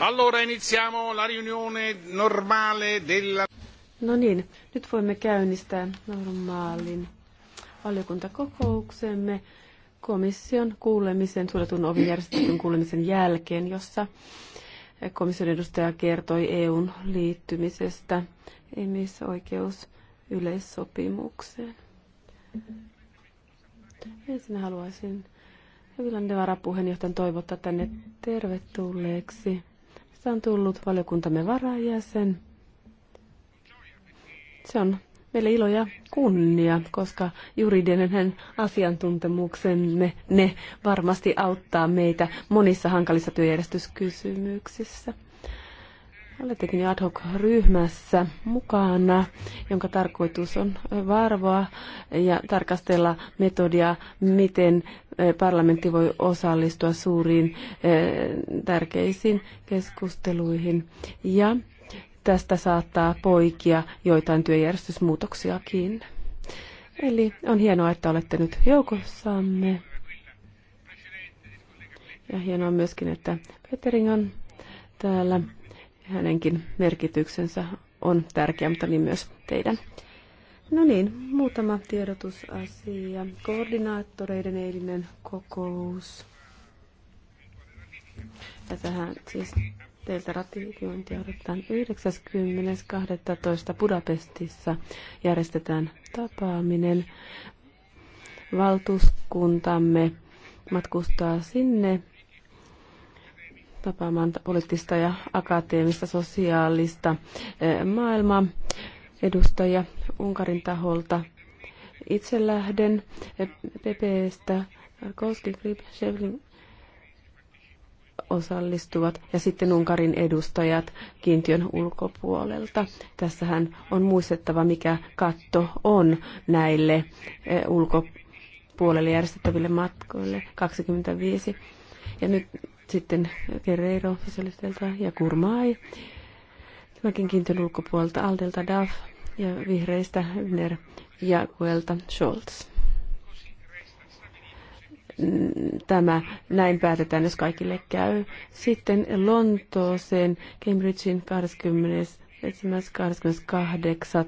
Allora iniziamo la riunione normale della... No niin, nyt voimme käynnistää normaalin valiokuntakokouksemme komission kuulemisen, suljetun ovin järjestetyn kuulemisen jälkeen, jossa komission edustaja kertoi EUn liittymisestä ihmisoikeus yleissopimukseen. Ensin haluaisin Vilan varapuheenjohtajan toivottaa tänne tervetulleeksi. Tästä on tullut valiokuntamme varajäsen. Se on meille ilo ja kunnia, koska juridinen asiantuntemuksemme ne varmasti auttaa meitä monissa hankalissa työjärjestyskysymyksissä olettekin ad hoc-ryhmässä mukana, jonka tarkoitus on varvoa ja tarkastella metodia, miten e, parlamentti voi osallistua suuriin e, tärkeisiin keskusteluihin. Ja tästä saattaa poikia joitain työjärjestysmuutoksiakin. Eli on hienoa, että olette nyt joukossamme. Ja hienoa myöskin, että Petering on täällä. Hänenkin merkityksensä on tärkeä, mutta niin myös teidän. No niin, muutama tiedotusasia. Koordinaattoreiden eilinen kokous. Ja tähän siis teiltä ratifiointi odotetaan 90.12. Budapestissa järjestetään tapaaminen. Valtuuskuntamme matkustaa sinne tapaamaan poliittista ja akateemista sosiaalista eh, maailmaa edustajia Unkarin taholta. Itse lähden eh, PPstä. Koski, Grip, Shevlin osallistuvat ja sitten Unkarin edustajat kiintiön ulkopuolelta. Tässähän on muistettava, mikä katto on näille eh, ulkopuolelle järjestettäville matkoille 25. Ja nyt sitten Guerrero sosialisteilta ja Kurmai. Tämäkin kiintyn ulkopuolelta Aldelta Duff ja vihreistä Hübner ja Kuelta Scholz. Tämä näin päätetään, jos kaikille käy. Sitten Lontooseen, Cambridgein 28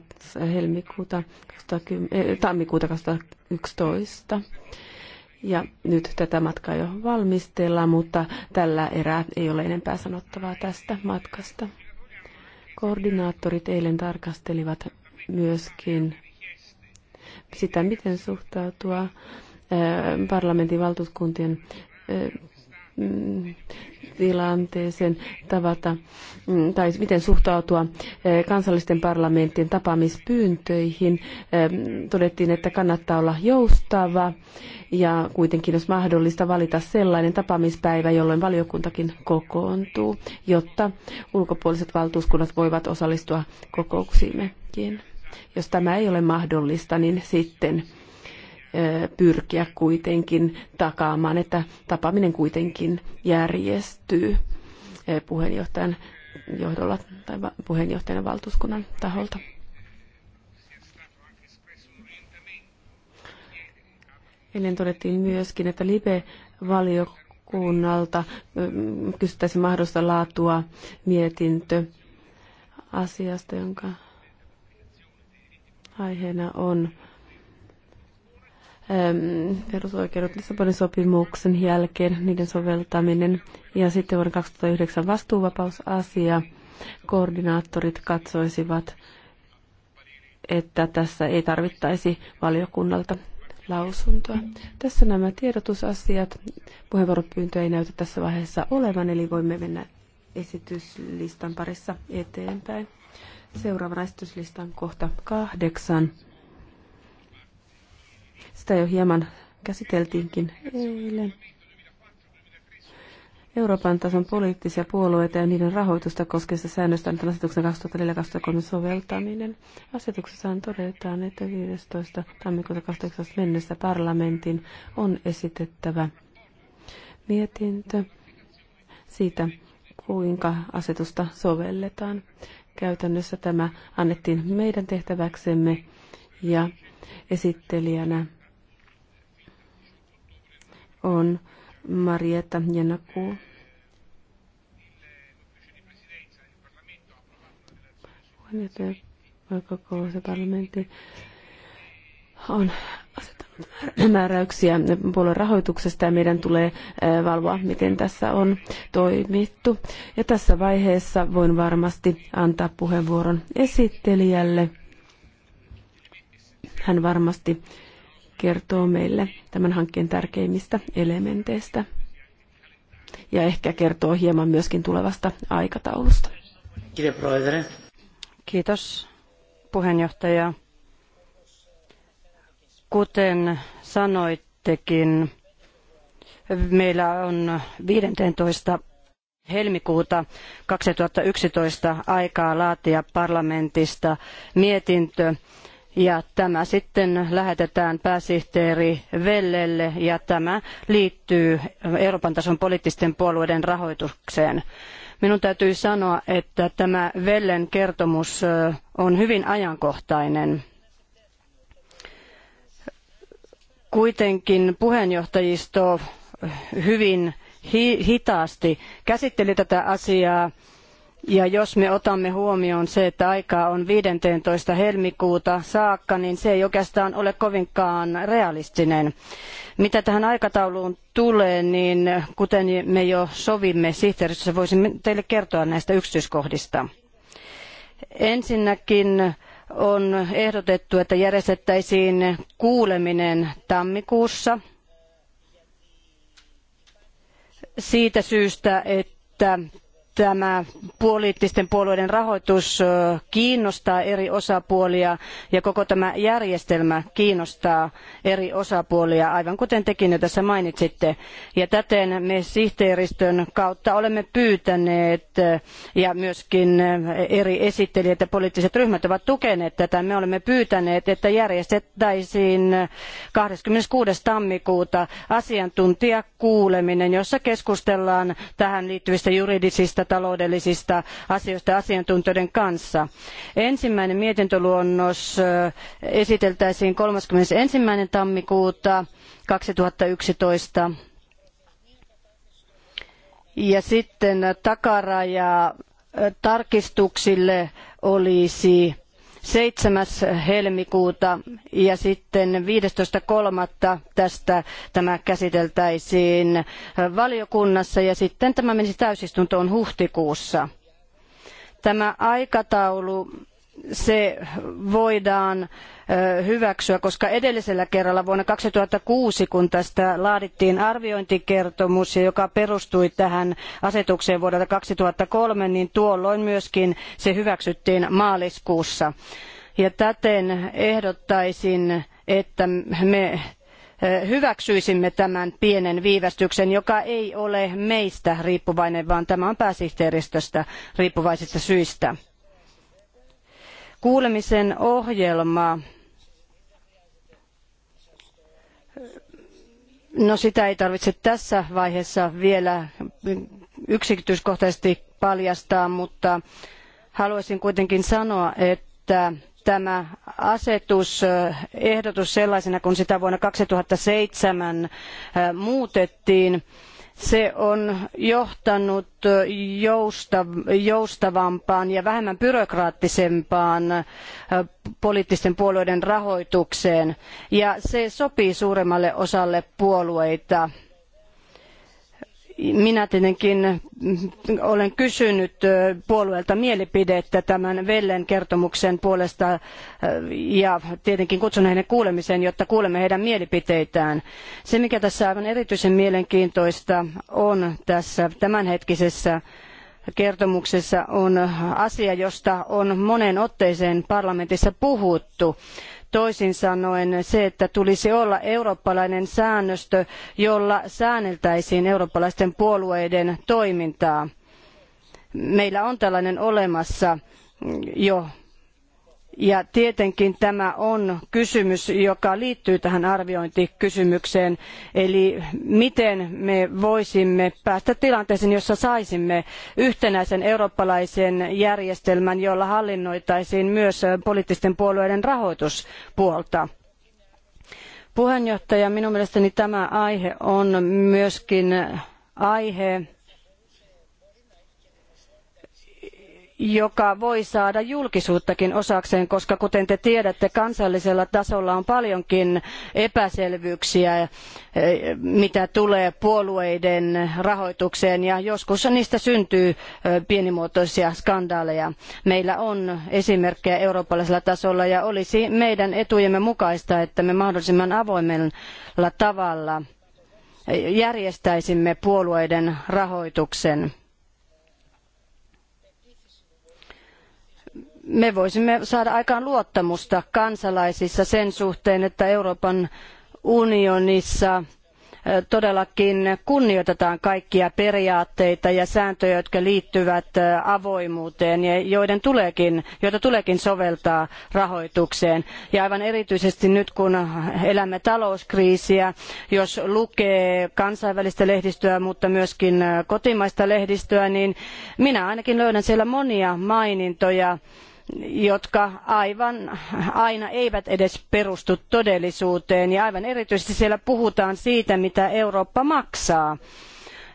helmikuuta, 20, eh, tammikuuta 2011. Ja nyt tätä matkaa jo valmistellaan, mutta tällä erää ei ole enempää sanottavaa tästä matkasta. Koordinaattorit eilen tarkastelivat myöskin sitä, miten suhtautua parlamentin valtuuskuntien tilanteeseen tavata mm, tai miten suhtautua eh, kansallisten parlamenttien tapaamispyyntöihin. Eh, todettiin, että kannattaa olla joustava ja kuitenkin jos mahdollista valita sellainen tapaamispäivä, jolloin valiokuntakin kokoontuu, jotta ulkopuoliset valtuuskunnat voivat osallistua kokouksiimmekin. Jos tämä ei ole mahdollista, niin sitten pyrkiä kuitenkin takaamaan, että tapaaminen kuitenkin järjestyy puheenjohtajan johdolla tai puheenjohtajan valtuuskunnan taholta. Eilen todettiin myöskin, että LIBE-valiokunnalta kysyttäisiin mahdollista laatua mietintö asiasta, jonka aiheena on perusoikeudet Lissabonin sopimuksen jälkeen, niiden soveltaminen ja sitten vuoden 2009 vastuuvapausasia. Koordinaattorit katsoisivat, että tässä ei tarvittaisi valiokunnalta lausuntoa. Tässä nämä tiedotusasiat. Puheenvuoropyyntö ei näytä tässä vaiheessa olevan, eli voimme mennä esityslistan parissa eteenpäin. Seuraava esityslistan kohta kahdeksan. Sitä jo hieman käsiteltiinkin eilen. Euroopan tason poliittisia puolueita ja niiden rahoitusta koskevista säännöstä on asetuksen 2004-2003 soveltaminen. Asetuksessaan todetaan, että 15. tammikuuta 8. mennessä parlamentin on esitettävä mietintö siitä, kuinka asetusta sovelletaan. Käytännössä tämä annettiin meidän tehtäväksemme ja esittelijänä on Marietta Janaku. Puheenjohtaja koko se parlamentti on asettanut määräyksiä puolueen rahoituksesta ja meidän tulee valvoa, miten tässä on toimittu. Ja tässä vaiheessa voin varmasti antaa puheenvuoron esittelijälle. Hän varmasti kertoo meille tämän hankkeen tärkeimmistä elementeistä ja ehkä kertoo hieman myöskin tulevasta aikataulusta. Kiitos puheenjohtaja. Kuten sanoittekin, meillä on 15 helmikuuta 2011 aikaa laatia parlamentista mietintö ja tämä sitten lähetetään pääsihteeri Vellelle ja tämä liittyy Euroopan tason poliittisten puolueiden rahoitukseen. Minun täytyy sanoa, että tämä Vellen kertomus on hyvin ajankohtainen. Kuitenkin puheenjohtajisto hyvin hitaasti käsitteli tätä asiaa ja jos me otamme huomioon se, että aikaa on 15. helmikuuta saakka, niin se ei oikeastaan ole kovinkaan realistinen. Mitä tähän aikatauluun tulee, niin kuten me jo sovimme sihteeristössä, voisin teille kertoa näistä yksityiskohdista. Ensinnäkin on ehdotettu, että järjestettäisiin kuuleminen tammikuussa siitä syystä, että tämä poliittisten puolueiden rahoitus kiinnostaa eri osapuolia ja koko tämä järjestelmä kiinnostaa eri osapuolia, aivan kuten tekin jo tässä mainitsitte. Ja täten me sihteeristön kautta olemme pyytäneet ja myöskin eri esittelijät ja poliittiset ryhmät ovat tukeneet tätä. Me olemme pyytäneet, että järjestettäisiin 26. tammikuuta asiantuntijakuuleminen, jossa keskustellaan tähän liittyvistä juridisista taloudellisista asioista asiantuntijoiden kanssa. Ensimmäinen mietintöluonnos esiteltäisiin 31. tammikuuta 2011 ja sitten takaraja tarkistuksille olisi Seitsemäs helmikuuta ja sitten kolmatta tästä tämä käsiteltäisiin valiokunnassa ja sitten tämä menisi täysistuntoon huhtikuussa. Tämä aikataulu se voidaan hyväksyä, koska edellisellä kerralla vuonna 2006, kun tästä laadittiin arviointikertomus, joka perustui tähän asetukseen vuodelta 2003, niin tuolloin myöskin se hyväksyttiin maaliskuussa. Ja täten ehdottaisin, että me hyväksyisimme tämän pienen viivästyksen, joka ei ole meistä riippuvainen, vaan tämä on pääsihteeristöstä riippuvaisista syistä kuulemisen ohjelma No sitä ei tarvitse tässä vaiheessa vielä yksityiskohtaisesti paljastaa, mutta haluaisin kuitenkin sanoa, että tämä asetusehdotus sellaisena, kun sitä vuonna 2007 muutettiin, se on johtanut joustavampaan ja vähemmän byrokraattisempaan poliittisten puolueiden rahoitukseen ja se sopii suuremmalle osalle puolueita minä tietenkin olen kysynyt puolueelta mielipidettä tämän Vellen kertomuksen puolesta ja tietenkin kutsun heidän kuulemiseen, jotta kuulemme heidän mielipiteitään. Se, mikä tässä aivan erityisen mielenkiintoista on tässä tämänhetkisessä kertomuksessa on asia, josta on monen otteeseen parlamentissa puhuttu. Toisin sanoen se, että tulisi olla eurooppalainen säännöstö, jolla säänneltäisiin eurooppalaisten puolueiden toimintaa. Meillä on tällainen olemassa jo ja tietenkin tämä on kysymys, joka liittyy tähän arviointikysymykseen, eli miten me voisimme päästä tilanteeseen, jossa saisimme yhtenäisen eurooppalaisen järjestelmän, jolla hallinnoitaisiin myös poliittisten puolueiden rahoituspuolta puheenjohtaja, minun mielestäni tämä aihe on myöskin aihe, joka voi saada julkisuuttakin osakseen, koska kuten te tiedätte, kansallisella tasolla on paljonkin epäselvyyksiä, eh, mitä tulee puolueiden rahoitukseen ja joskus niistä syntyy eh, pienimuotoisia skandaaleja. Meillä on esimerkkejä eurooppalaisella tasolla ja olisi meidän etujemme mukaista, että me mahdollisimman avoimella tavalla eh, järjestäisimme puolueiden rahoituksen me voisimme saada aikaan luottamusta kansalaisissa sen suhteen, että Euroopan unionissa todellakin kunnioitetaan kaikkia periaatteita ja sääntöjä, jotka liittyvät avoimuuteen ja joiden tuleekin, joita tuleekin soveltaa rahoitukseen. Ja aivan erityisesti nyt kun elämme talouskriisiä, jos lukee kansainvälistä lehdistöä, mutta myöskin kotimaista lehdistöä, niin minä ainakin löydän siellä monia mainintoja jotka aivan aina eivät edes perustu todellisuuteen ja aivan erityisesti siellä puhutaan siitä mitä Eurooppa maksaa.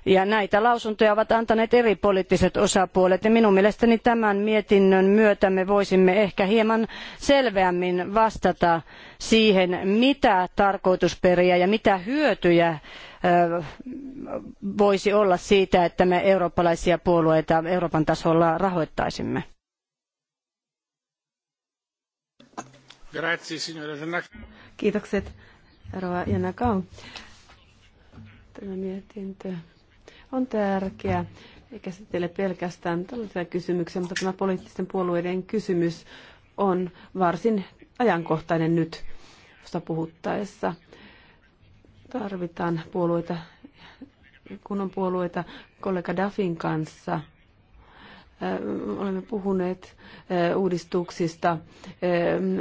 Ja näitä lausuntoja ovat antaneet eri poliittiset osapuolet ja minun mielestäni tämän mietinnön myötä me voisimme ehkä hieman selveämmin vastata siihen, mitä tarkoitusperiä ja mitä hyötyjä voisi olla siitä, että me eurooppalaisia puolueita Euroopan tasolla rahoittaisimme. Grazie, signora Jannak. Kiitokset, Tämä mietintö on tärkeä. Ei käsittele pelkästään tällaisia kysymyksiä, mutta tämä poliittisten puolueiden kysymys on varsin ajankohtainen nyt josta puhuttaessa. Tarvitaan puolueita, kunnon puolueita kollega Dafin kanssa – olemme puhuneet uudistuksista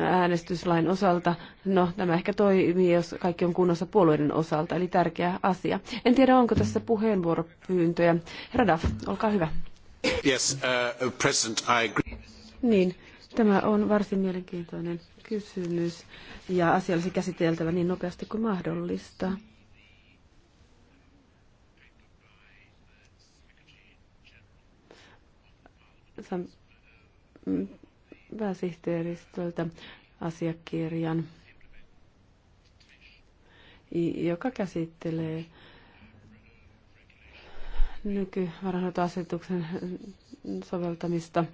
äänestyslain osalta. No, tämä ehkä toimii, jos kaikki on kunnossa puolueiden osalta, eli tärkeä asia. En tiedä, onko tässä puheenvuoropyyntöjä. Herra Duff, olkaa hyvä. Yes, uh, uh President, I agree. Niin, tämä on varsin mielenkiintoinen kysymys ja asia olisi käsiteltävä niin nopeasti kuin mahdollista. Mm, pääsihteeristöltä asiakirjan, joka käsittelee nykyvarainhoitoasetuksen soveltamista.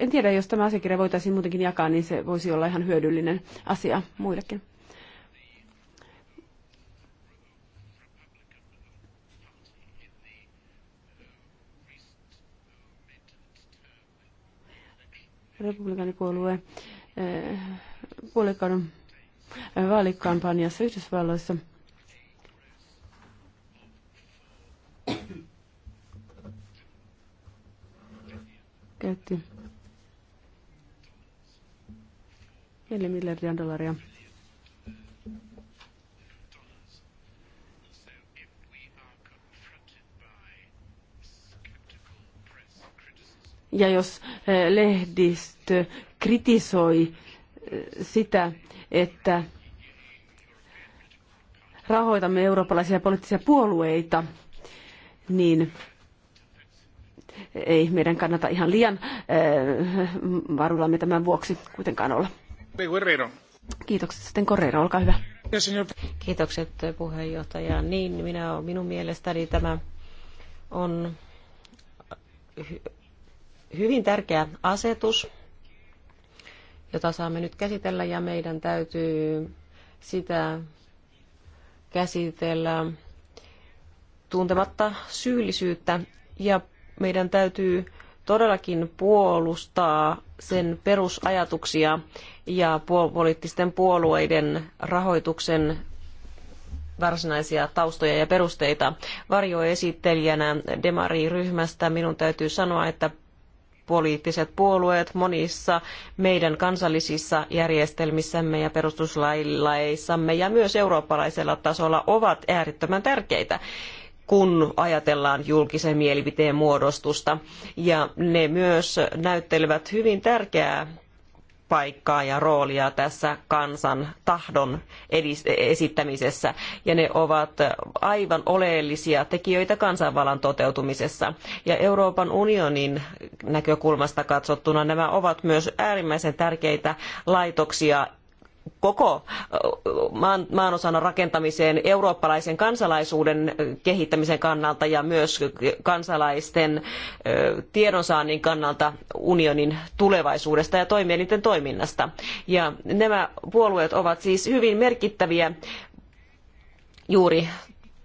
En tiedä, jos tämä asiakirja voitaisiin muutenkin jakaa, niin se voisi olla ihan hyödyllinen asia muillekin. republikaanipuolueen eh, puolikkaan eh, vaalikampanjassa Yhdysvalloissa. Käytti 4 miljardia dollaria. Ja jos lehdistö kritisoi eh, sitä, että rahoitamme eurooppalaisia poliittisia puolueita, niin ei meidän kannata ihan liian eh, varullamme tämän vuoksi kuitenkaan olla. Kiitokset sitten Correro, olkaa hyvä. Kiitokset puheenjohtaja. Niin, minä, minun mielestäni tämä on hyvin tärkeä asetus, jota saamme nyt käsitellä ja meidän täytyy sitä käsitellä tuntematta syyllisyyttä ja meidän täytyy todellakin puolustaa sen perusajatuksia ja poliittisten puolueiden rahoituksen varsinaisia taustoja ja perusteita. Varjoesittelijänä Demari-ryhmästä minun täytyy sanoa, että poliittiset puolueet monissa meidän kansallisissa järjestelmissämme ja perustuslaillaissamme ja myös eurooppalaisella tasolla ovat äärettömän tärkeitä kun ajatellaan julkisen mielipiteen muodostusta. Ja ne myös näyttelevät hyvin tärkeää paikkaa ja roolia tässä kansan tahdon esittämisessä. Ja ne ovat aivan oleellisia tekijöitä kansanvallan toteutumisessa. Ja Euroopan unionin näkökulmasta katsottuna nämä ovat myös äärimmäisen tärkeitä laitoksia koko maan, maanosan rakentamiseen eurooppalaisen kansalaisuuden kehittämisen kannalta ja myös kansalaisten tiedonsaannin kannalta unionin tulevaisuudesta ja toimielinten toiminnasta. Ja nämä puolueet ovat siis hyvin merkittäviä juuri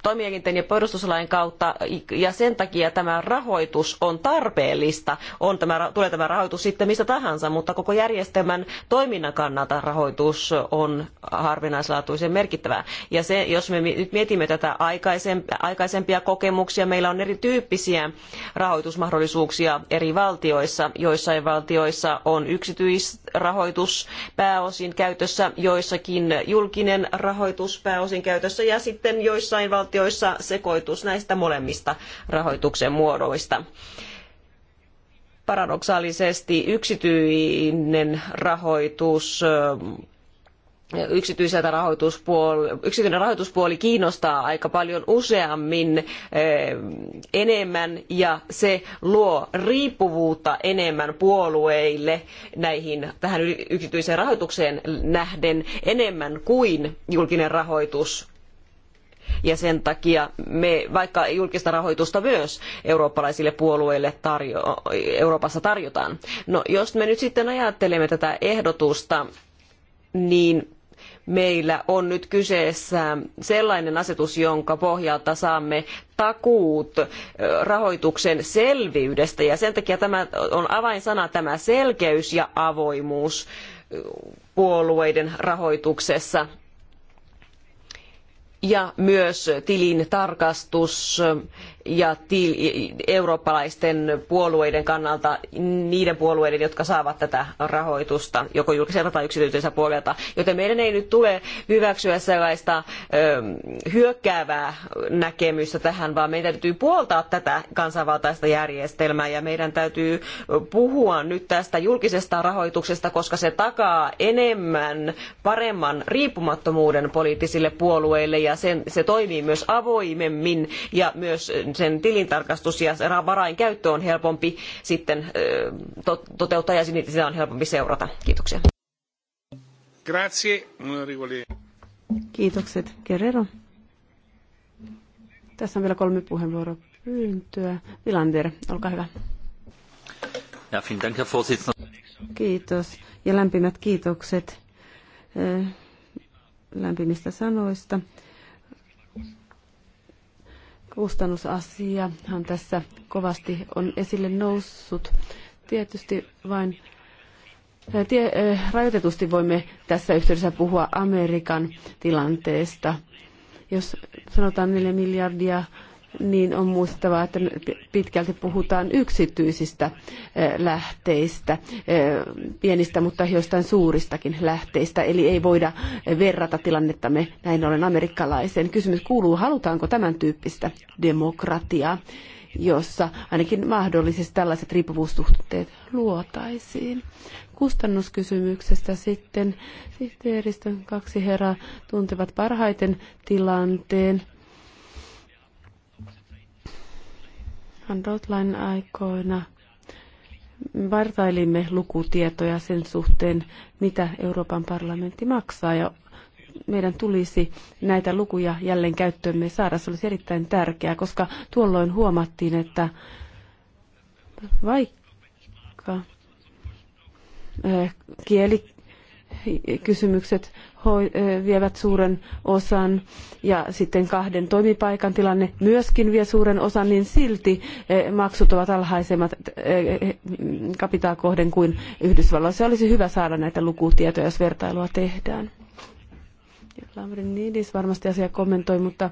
toimielinten ja perustuslain kautta ja sen takia tämä rahoitus on tarpeellista. On tämä, tulee tämä rahoitus sitten mistä tahansa, mutta koko järjestelmän toiminnan kannalta rahoitus on harvinaislaatuisen merkittävää. Ja se, jos me nyt mietimme tätä aikaisempia kokemuksia, meillä on erityyppisiä rahoitusmahdollisuuksia eri valtioissa. Joissain valtioissa on yksityisrahoitus pääosin käytössä, joissakin julkinen rahoitus pääosin käytössä ja sitten joissain valtioissa joissa sekoitus näistä molemmista rahoituksen muodoista paradoksaalisesti yksityinen rahoitus Yksityiseltä rahoituspuoli, yksityinen rahoituspuoli kiinnostaa aika paljon useammin eh, enemmän ja se luo riippuvuutta enemmän puolueille näihin, tähän yksityiseen rahoitukseen nähden enemmän kuin julkinen rahoitus ja sen takia me, vaikka julkista rahoitusta myös eurooppalaisille puolueille tarjo- Euroopassa tarjotaan. No jos me nyt sitten ajattelemme tätä ehdotusta, niin meillä on nyt kyseessä sellainen asetus, jonka pohjalta saamme takuut rahoituksen selvyydestä. Ja sen takia tämä on avainsana tämä selkeys ja avoimuus puolueiden rahoituksessa ja myös tilin tarkastus ja eurooppalaisten puolueiden kannalta niiden puolueiden, jotka saavat tätä rahoitusta joko julkiselta tai yksityiseltä puolelta. Joten meidän ei nyt tule hyväksyä sellaista ö, hyökkäävää näkemystä tähän, vaan meidän täytyy puoltaa tätä kansanvaltaista järjestelmää ja meidän täytyy puhua nyt tästä julkisesta rahoituksesta, koska se takaa enemmän paremman riippumattomuuden poliittisille puolueille ja sen, se toimii myös avoimemmin ja myös sen tilintarkastus ja käyttö on helpompi sitten to, toteuttaa ja sitä on helpompi seurata. Kiitoksia. Grazie, Kiitokset, Guerrero. Tässä on vielä kolme Pyyntöä, Vilander, olkaa hyvä. Ja, dank, Herr Kiitos ja lämpimät kiitokset lämpimistä sanoista kustannusasiahan tässä kovasti on esille noussut. Tietysti vain tie, rajoitetusti voimme tässä yhteydessä puhua Amerikan tilanteesta. Jos sanotaan 4 miljardia niin on muistettava, että pitkälti puhutaan yksityisistä eh, lähteistä, eh, pienistä, mutta joistain suuristakin lähteistä. Eli ei voida verrata tilannettamme näin ollen amerikkalaiseen. Kysymys kuuluu, halutaanko tämän tyyppistä demokratiaa, jossa ainakin mahdollisesti tällaiset riippuvuussuhteet luotaisiin. Kustannuskysymyksestä sitten sihteeristön kaksi herraa tuntevat parhaiten tilanteen. Van Rotlain aikoina vartailimme lukutietoja sen suhteen, mitä Euroopan parlamentti maksaa ja meidän tulisi näitä lukuja jälleen käyttöömme saada. Se olisi erittäin tärkeää, koska tuolloin huomattiin, että vaikka eh, kielikysymykset vievät suuren osan ja sitten kahden toimipaikan tilanne myöskin vie suuren osan, niin silti maksut ovat alhaisemmat kapitaa kohden kuin Yhdysvalloissa. Olisi hyvä saada näitä lukutietoja, jos vertailua tehdään niidis varmasti asia kommentoi, mutta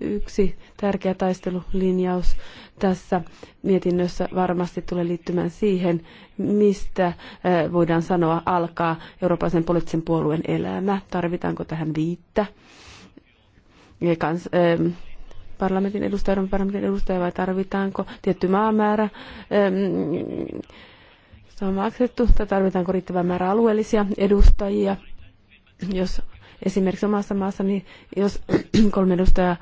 yksi tärkeä taistelulinjaus tässä mietinnössä varmasti tulee liittymään siihen, mistä voidaan sanoa alkaa Euroopan poliittisen puolueen elämä. Tarvitaanko tähän viittä? Kans, parlamentin edustaja, parlamentin edustaja vai tarvitaanko tietty maamäärä? Se on maksettu tai tarvitaanko riittävä määrä alueellisia edustajia? Jos Esimerkiksi omassa maassani, jos kolme edustajaa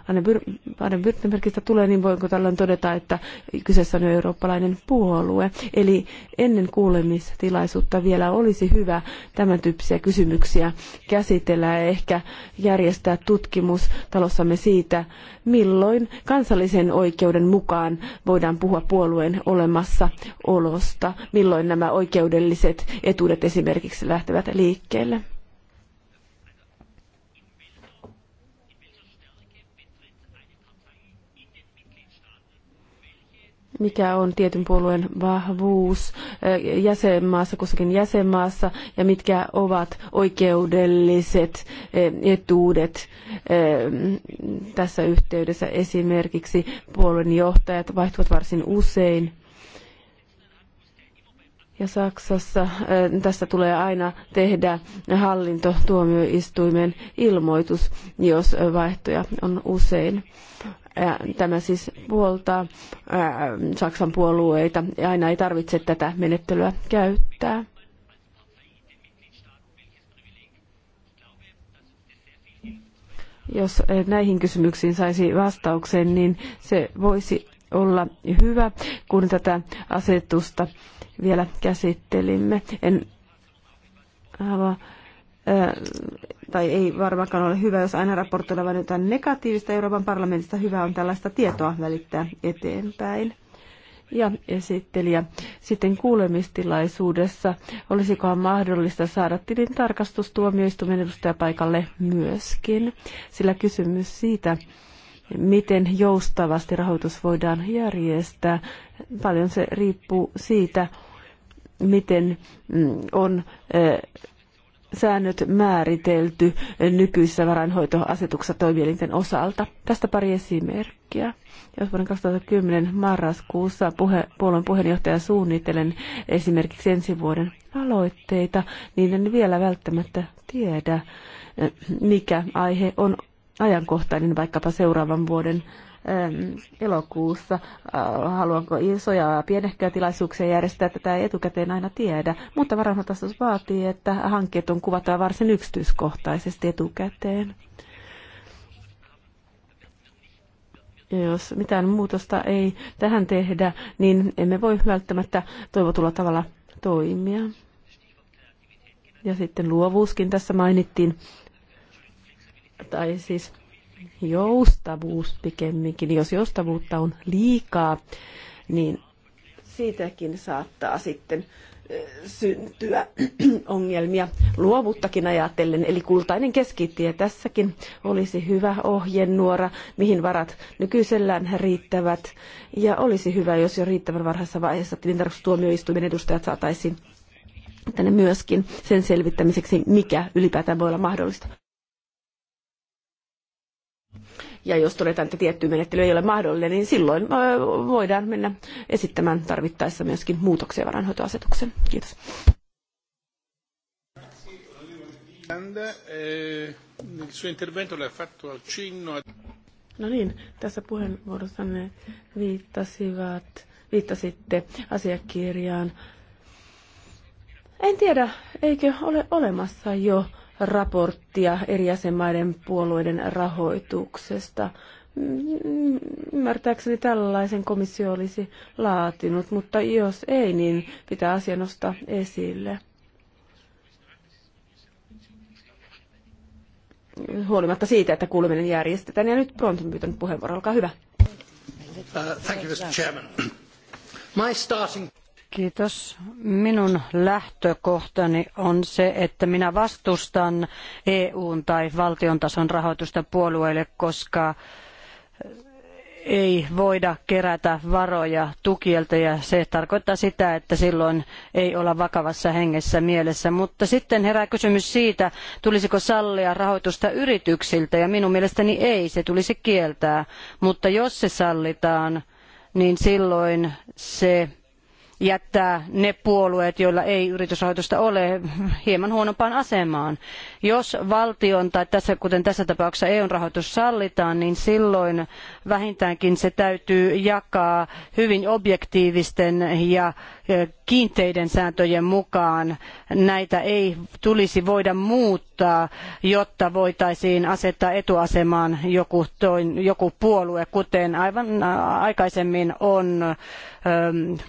Baden-Württembergistä tulee, niin voinko tällöin todeta, että kyseessä on eurooppalainen puolue. Eli ennen kuulemistilaisuutta vielä olisi hyvä tämän tyyppisiä kysymyksiä käsitellä ja ehkä järjestää tutkimus talossamme siitä, milloin kansallisen oikeuden mukaan voidaan puhua puolueen olemassaolosta, milloin nämä oikeudelliset etuudet esimerkiksi lähtevät liikkeelle. mikä on tietyn puolueen vahvuus jäsenmaassa, kussakin jäsenmaassa, ja mitkä ovat oikeudelliset etuudet tässä yhteydessä. Esimerkiksi puolueen johtajat vaihtuvat varsin usein. Ja Saksassa äh, tästä tulee aina tehdä hallintotuomioistuimen ilmoitus, jos vaihtoja on usein. Äh, tämä siis puoltaa äh, Saksan puolueita ja aina ei tarvitse tätä menettelyä käyttää. Jos näihin kysymyksiin saisi vastauksen, niin se voisi olla hyvä, kun tätä asetusta vielä käsittelimme. En halua tai ei varmaankaan ole hyvä, jos aina raportoilla vain jotain negatiivista Euroopan parlamentista. Hyvä on tällaista tietoa välittää eteenpäin. Ja esittelijä sitten kuulemistilaisuudessa, olisikohan mahdollista saada tilin tarkastustuomioistuimen edustaja paikalle myöskin, sillä kysymys siitä, miten joustavasti rahoitus voidaan järjestää. Paljon se riippuu siitä, miten mm, on säännöt määritelty nykyisessä varainhoitoasetuksessa toimielinten osalta. Tästä pari esimerkkiä. Jos vuoden 2010 marraskuussa puhe, puolueen puheenjohtaja suunnittelen esimerkiksi ensi vuoden aloitteita, niin en vielä välttämättä tiedä, mikä aihe on ajankohtainen vaikkapa seuraavan vuoden ähm, elokuussa. Äh, haluanko isoja pienehköjä tilaisuuksia järjestää, tätä ei etukäteen aina tiedä, mutta varhaisvastaus vaatii, että hankkeet on kuvattava varsin yksityiskohtaisesti etukäteen. Ja jos mitään muutosta ei tähän tehdä, niin emme voi välttämättä toivotulla tavalla toimia. Ja sitten luovuuskin tässä mainittiin tai siis joustavuus pikemminkin, jos joustavuutta on liikaa, niin siitäkin saattaa sitten syntyä ongelmia luovuuttakin ajatellen. Eli kultainen keskitie tässäkin olisi hyvä ohjenuora, mihin varat nykyisellään riittävät. Ja olisi hyvä, jos jo riittävän varhaisessa vaiheessa tilintarkastustuomioistuimen edustajat saataisiin tänne myöskin sen selvittämiseksi, mikä ylipäätään voi olla mahdollista. Ja jos todetaan, että tietty menettely ei ole mahdollinen, niin silloin voidaan mennä esittämään tarvittaessa myöskin muutoksia varainhoitoasetukseen. Kiitos. Eh, no niin, tässä puheenvuorossanne viittasivat, viittasitte asiakirjaan. En tiedä, eikö ole olemassa jo raporttia eri jäsenmaiden puolueiden rahoituksesta. Mm, ymmärtääkseni tällaisen komissio olisi laatinut, mutta jos ei, niin pitää asia nostaa esille. Huolimatta siitä, että kuuleminen järjestetään. Ja nyt Bront on pyytänyt puheenvuoro. Olkaa hyvä. Uh, thank you, Mr. Chairman. My starting... Kiitos. Minun lähtökohtani on se, että minä vastustan EUn tai valtion tason rahoitusta puolueille, koska ei voida kerätä varoja tukielta ja se tarkoittaa sitä, että silloin ei olla vakavassa hengessä mielessä. Mutta sitten herää kysymys siitä, tulisiko sallia rahoitusta yrityksiltä ja minun mielestäni ei, se tulisi kieltää. Mutta jos se sallitaan, niin silloin se jättää ne puolueet, joilla ei yritysrahoitusta ole, hieman huonompaan asemaan. Jos valtion tai tässä, kuten tässä tapauksessa EUn rahoitus sallitaan, niin silloin vähintäänkin se täytyy jakaa hyvin objektiivisten ja kiinteiden sääntöjen mukaan näitä ei tulisi voida muuttaa, jotta voitaisiin asettaa etuasemaan joku, toin, joku puolue, kuten aivan aikaisemmin on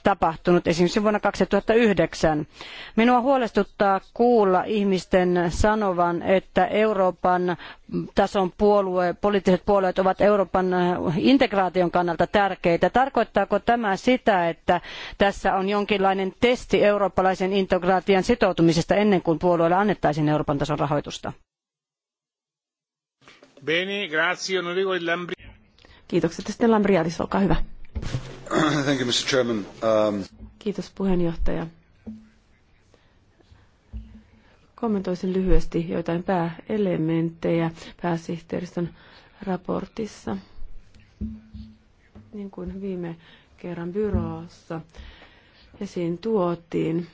tapahtunut esimerkiksi vuonna 2009. Minua huolestuttaa kuulla ihmisten sanovan, että Euroopan tason puolue, poliittiset puolueet ovat Euroopan äh, integraation kannalta tärkeitä. Tarkoittaako tämä sitä, että tässä on jonkinlainen testi eurooppalaisen integraation sitoutumisesta ennen kuin puolueelle annettaisiin Euroopan tason rahoitusta? Bene, grazie, onorevole Lambri. Kiitokset. Sitten Lambriadis, olkaa hyvä. Thank you, Mr. Chairman. Um... Kiitos puheenjohtaja kommentoisin lyhyesti joitain pääelementtejä pääsihteeristön raportissa. Niin kuin viime kerran byroossa esiin tuotiin,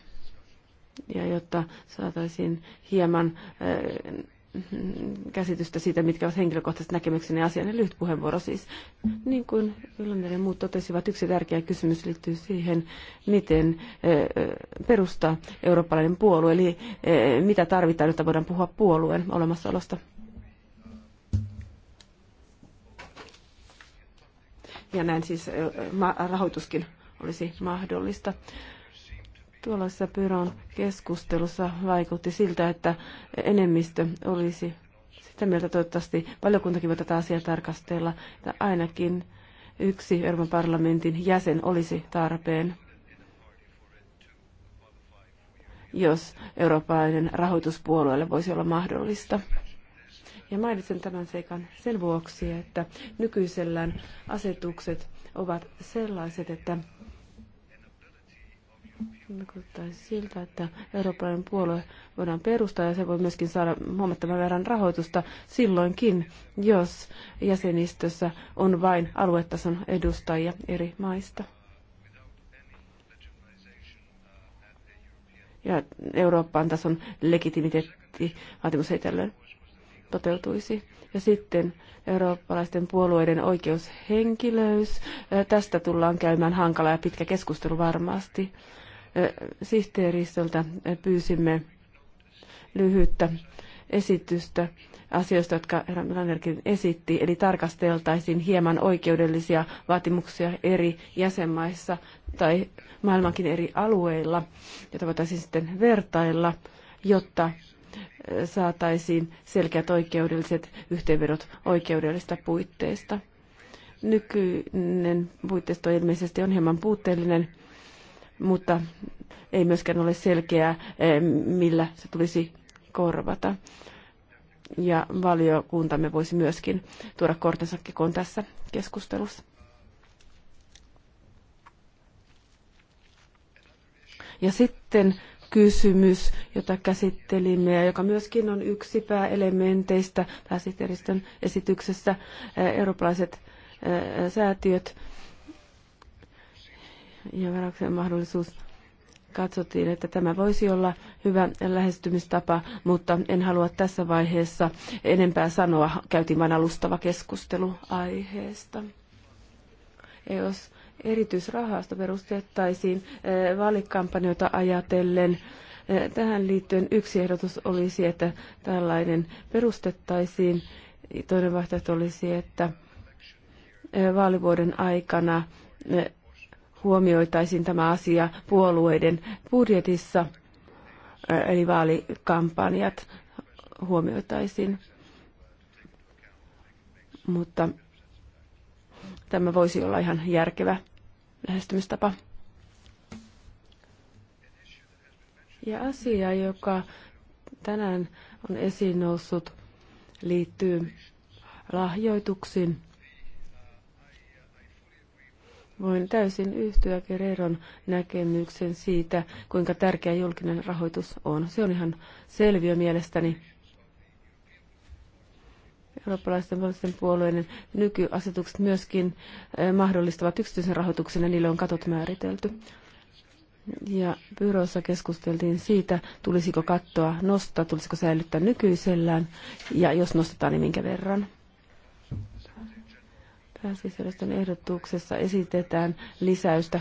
ja jotta saataisiin hieman eh, käsitystä siitä, mitkä ovat henkilökohtaiset näkemykseni asian. Ja lyhyt puheenvuoro siis. Niin kuin Ylönen ja muut totesivat, yksi tärkeä kysymys liittyy siihen, miten eh, eh, perustaa eurooppalainen puolue, eli eh, mitä tarvitaan, jotta voidaan puhua puolueen olemassaolosta. Ja näin siis rahoituskin olisi mahdollista. Tuollaisessa Pyron keskustelussa vaikutti siltä, että enemmistö olisi sitä mieltä toivottavasti valiokuntakin voi tätä asiaa tarkastella, että ainakin yksi Euroopan parlamentin jäsen olisi tarpeen, jos eurooppalainen rahoituspuolueelle voisi olla mahdollista. Ja mainitsen tämän seikan sen vuoksi, että nykyisellään asetukset ovat sellaiset, että Vaikuttaisi siltä, että eurooppalainen puolue voidaan perustaa ja se voi myöskin saada huomattavan verran rahoitusta silloinkin, jos jäsenistössä on vain aluetason edustajia eri maista. Ja Euroopan tason legitimiteetti vaatimus ei tällöin toteutuisi. Ja sitten eurooppalaisten puolueiden oikeushenkilöys. Tästä tullaan käymään hankala ja pitkä keskustelu varmasti sihteeristöltä pyysimme lyhyttä esitystä asioista, jotka Rannerkin esitti, eli tarkasteltaisiin hieman oikeudellisia vaatimuksia eri jäsenmaissa tai maailmankin eri alueilla, joita voitaisiin sitten vertailla, jotta saataisiin selkeät oikeudelliset yhteenvedot oikeudellista puitteista. Nykyinen puitteisto ilmeisesti on hieman puutteellinen mutta ei myöskään ole selkeää, eh, millä se tulisi korvata. Ja valiokuntamme voisi myöskin tuoda kortensa kekoon tässä keskustelussa. Ja sitten kysymys, jota käsittelimme ja joka myöskin on yksi pääelementeistä pääsihteeristön esityksessä, eh, eurooppalaiset eh, säätiöt ja varauksen mahdollisuus katsottiin, että tämä voisi olla hyvä lähestymistapa, mutta en halua tässä vaiheessa enempää sanoa. Käytiin vain alustava keskustelu aiheesta. Jos erityisrahasto perustettaisiin eh, vaalikampanjoita ajatellen, eh, Tähän liittyen yksi ehdotus olisi, että tällainen perustettaisiin. Toinen vaihtoehto olisi, että eh, vaalivuoden aikana huomioitaisiin tämä asia puolueiden budjetissa, eli vaalikampanjat huomioitaisiin. Mutta tämä voisi olla ihan järkevä lähestymistapa. Ja asia, joka tänään on esiin noussut, liittyy lahjoituksiin. Voin täysin yhtyä Kereron näkemyksen siitä, kuinka tärkeä julkinen rahoitus on. Se on ihan selviö mielestäni. Eurooppalaisten poliittisten puolueiden nykyasetukset myöskin eh, mahdollistavat yksityisen rahoituksen ja niille on katot määritelty. Ja byrossa keskusteltiin siitä, tulisiko kattoa nostaa, tulisiko säilyttää nykyisellään ja jos nostetaan, niin minkä verran. Pääsihteeristön ehdotuksessa esitetään lisäystä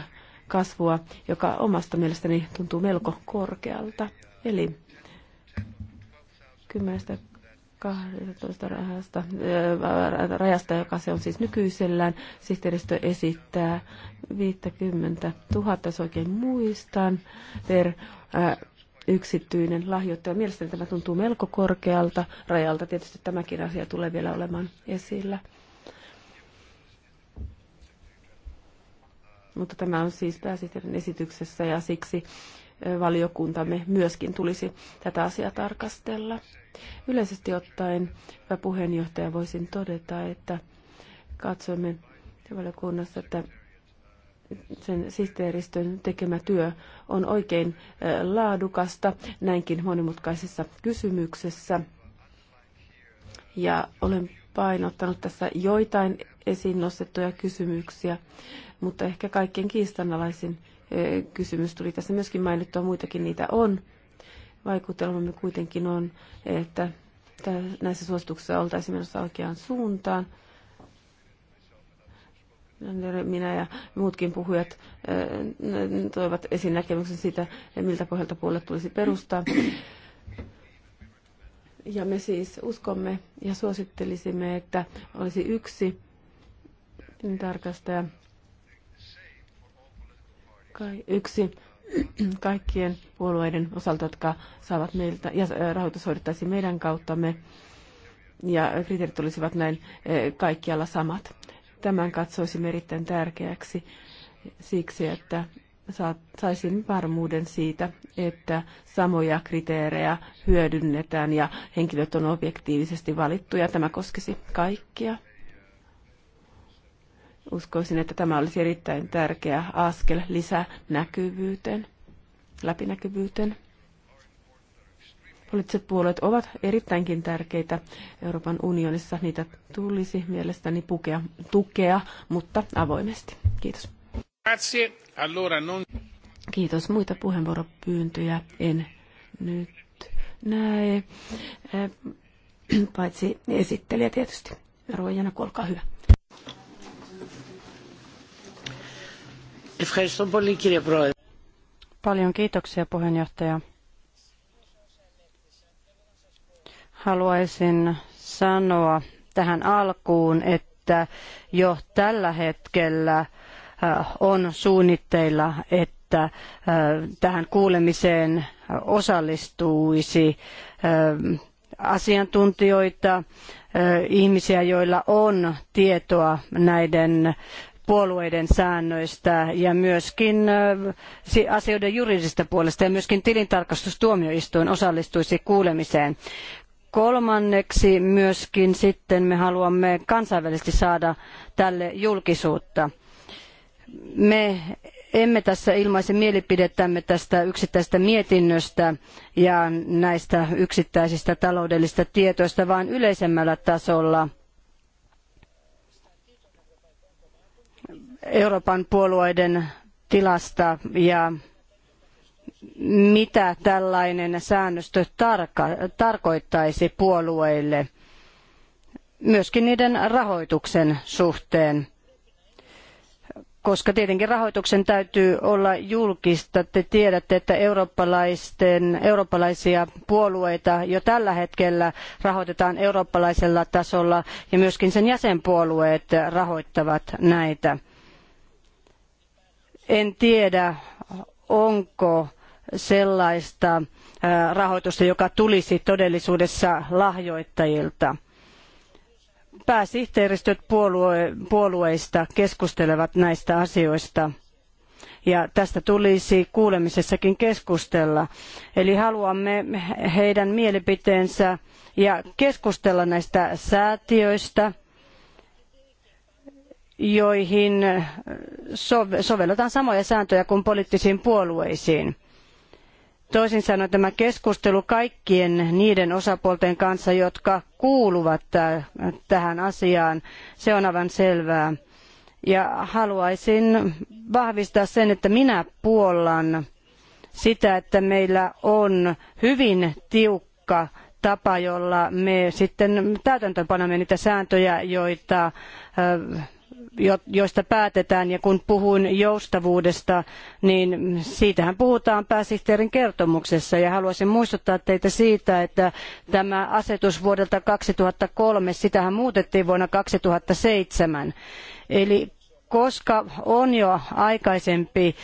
kasvua, joka omasta mielestäni tuntuu melko korkealta. Eli 10 12 rahasta, äh, rajasta, joka se on siis nykyisellään. Sihteeristö esittää 50 000, jos oikein muistan, per äh, yksityinen lahjoittaja. Mielestäni tämä tuntuu melko korkealta rajalta. Tietysti tämäkin asia tulee vielä olemaan esillä. Mutta tämä on siis pääsihteerin esityksessä ja siksi valiokuntamme myöskin tulisi tätä asiaa tarkastella. Yleisesti ottaen, hyvä puheenjohtaja, voisin todeta, että katsoimme valiokunnassa, että sen sihteeristön tekemä työ on oikein laadukasta näinkin monimutkaisessa kysymyksessä. Ja olen painottanut tässä joitain esiin nostettuja kysymyksiä, mutta ehkä kaikkien kiistanalaisin kysymys tuli tässä myöskin mainittua, muitakin niitä on. Vaikutelmamme kuitenkin on, että näissä suosituksissa oltaisiin menossa oikeaan suuntaan. Minä ja muutkin puhujat toivat esiin näkemyksen siitä, miltä pohjalta puolet tulisi perustaa. Ja me siis uskomme ja suosittelisimme, että olisi yksi tarkastaja, yksi kaikkien puolueiden osalta, jotka saavat meiltä, ja rahoitus hoidettaisiin meidän kauttamme, ja kriteerit olisivat näin kaikkialla samat. Tämän katsoisimme erittäin tärkeäksi siksi, että saisin varmuuden siitä, että samoja kriteerejä hyödynnetään ja henkilöt on objektiivisesti valittu ja tämä koskisi kaikkia. Uskoisin, että tämä olisi erittäin tärkeä askel lisänäkyvyyteen, läpinäkyvyyteen. Poliittiset puolueet ovat erittäinkin tärkeitä Euroopan unionissa. Niitä tulisi mielestäni pukea, tukea, mutta avoimesti. Kiitos. Kiitos. Muita puheenvuoropyyntöjä en nyt näe, äh, paitsi esittelijä tietysti. Roijana, olkaa hyvä. Paljon kiitoksia puheenjohtaja. Haluaisin sanoa tähän alkuun, että jo tällä hetkellä – on suunnitteilla, että tähän kuulemiseen osallistuisi asiantuntijoita, ihmisiä, joilla on tietoa näiden puolueiden säännöistä ja myöskin asioiden juridisesta puolesta ja myöskin tilintarkastustuomioistuin osallistuisi kuulemiseen. Kolmanneksi myöskin sitten me haluamme kansainvälisesti saada tälle julkisuutta. Me emme tässä ilmaise mielipidettämme tästä yksittäisestä mietinnöstä ja näistä yksittäisistä taloudellisista tietoista, vaan yleisemmällä tasolla Euroopan puolueiden tilasta ja mitä tällainen säännöstö tarka- tarkoittaisi puolueille, myöskin niiden rahoituksen suhteen koska tietenkin rahoituksen täytyy olla julkista. Te tiedätte, että eurooppalaisten, eurooppalaisia puolueita jo tällä hetkellä rahoitetaan eurooppalaisella tasolla ja myöskin sen jäsenpuolueet rahoittavat näitä. En tiedä, onko sellaista rahoitusta, joka tulisi todellisuudessa lahjoittajilta pääsihteeristöt puolue, puolueista keskustelevat näistä asioista. Ja tästä tulisi kuulemisessakin keskustella. Eli haluamme heidän mielipiteensä ja keskustella näistä säätiöistä, joihin sovelletaan samoja sääntöjä kuin poliittisiin puolueisiin. Toisin sanoen tämä keskustelu kaikkien niiden osapuolten kanssa, jotka kuuluvat tähän asiaan, se on aivan selvää. Ja haluaisin vahvistaa sen, että minä puollan sitä, että meillä on hyvin tiukka tapa, jolla me sitten täytäntöönpanemme niitä sääntöjä, joita joista päätetään. Ja kun puhuin joustavuudesta, niin siitähän puhutaan pääsihteerin kertomuksessa. Ja haluaisin muistuttaa teitä siitä, että tämä asetus vuodelta 2003, sitähän muutettiin vuonna 2007. Eli koska on jo aikaisempi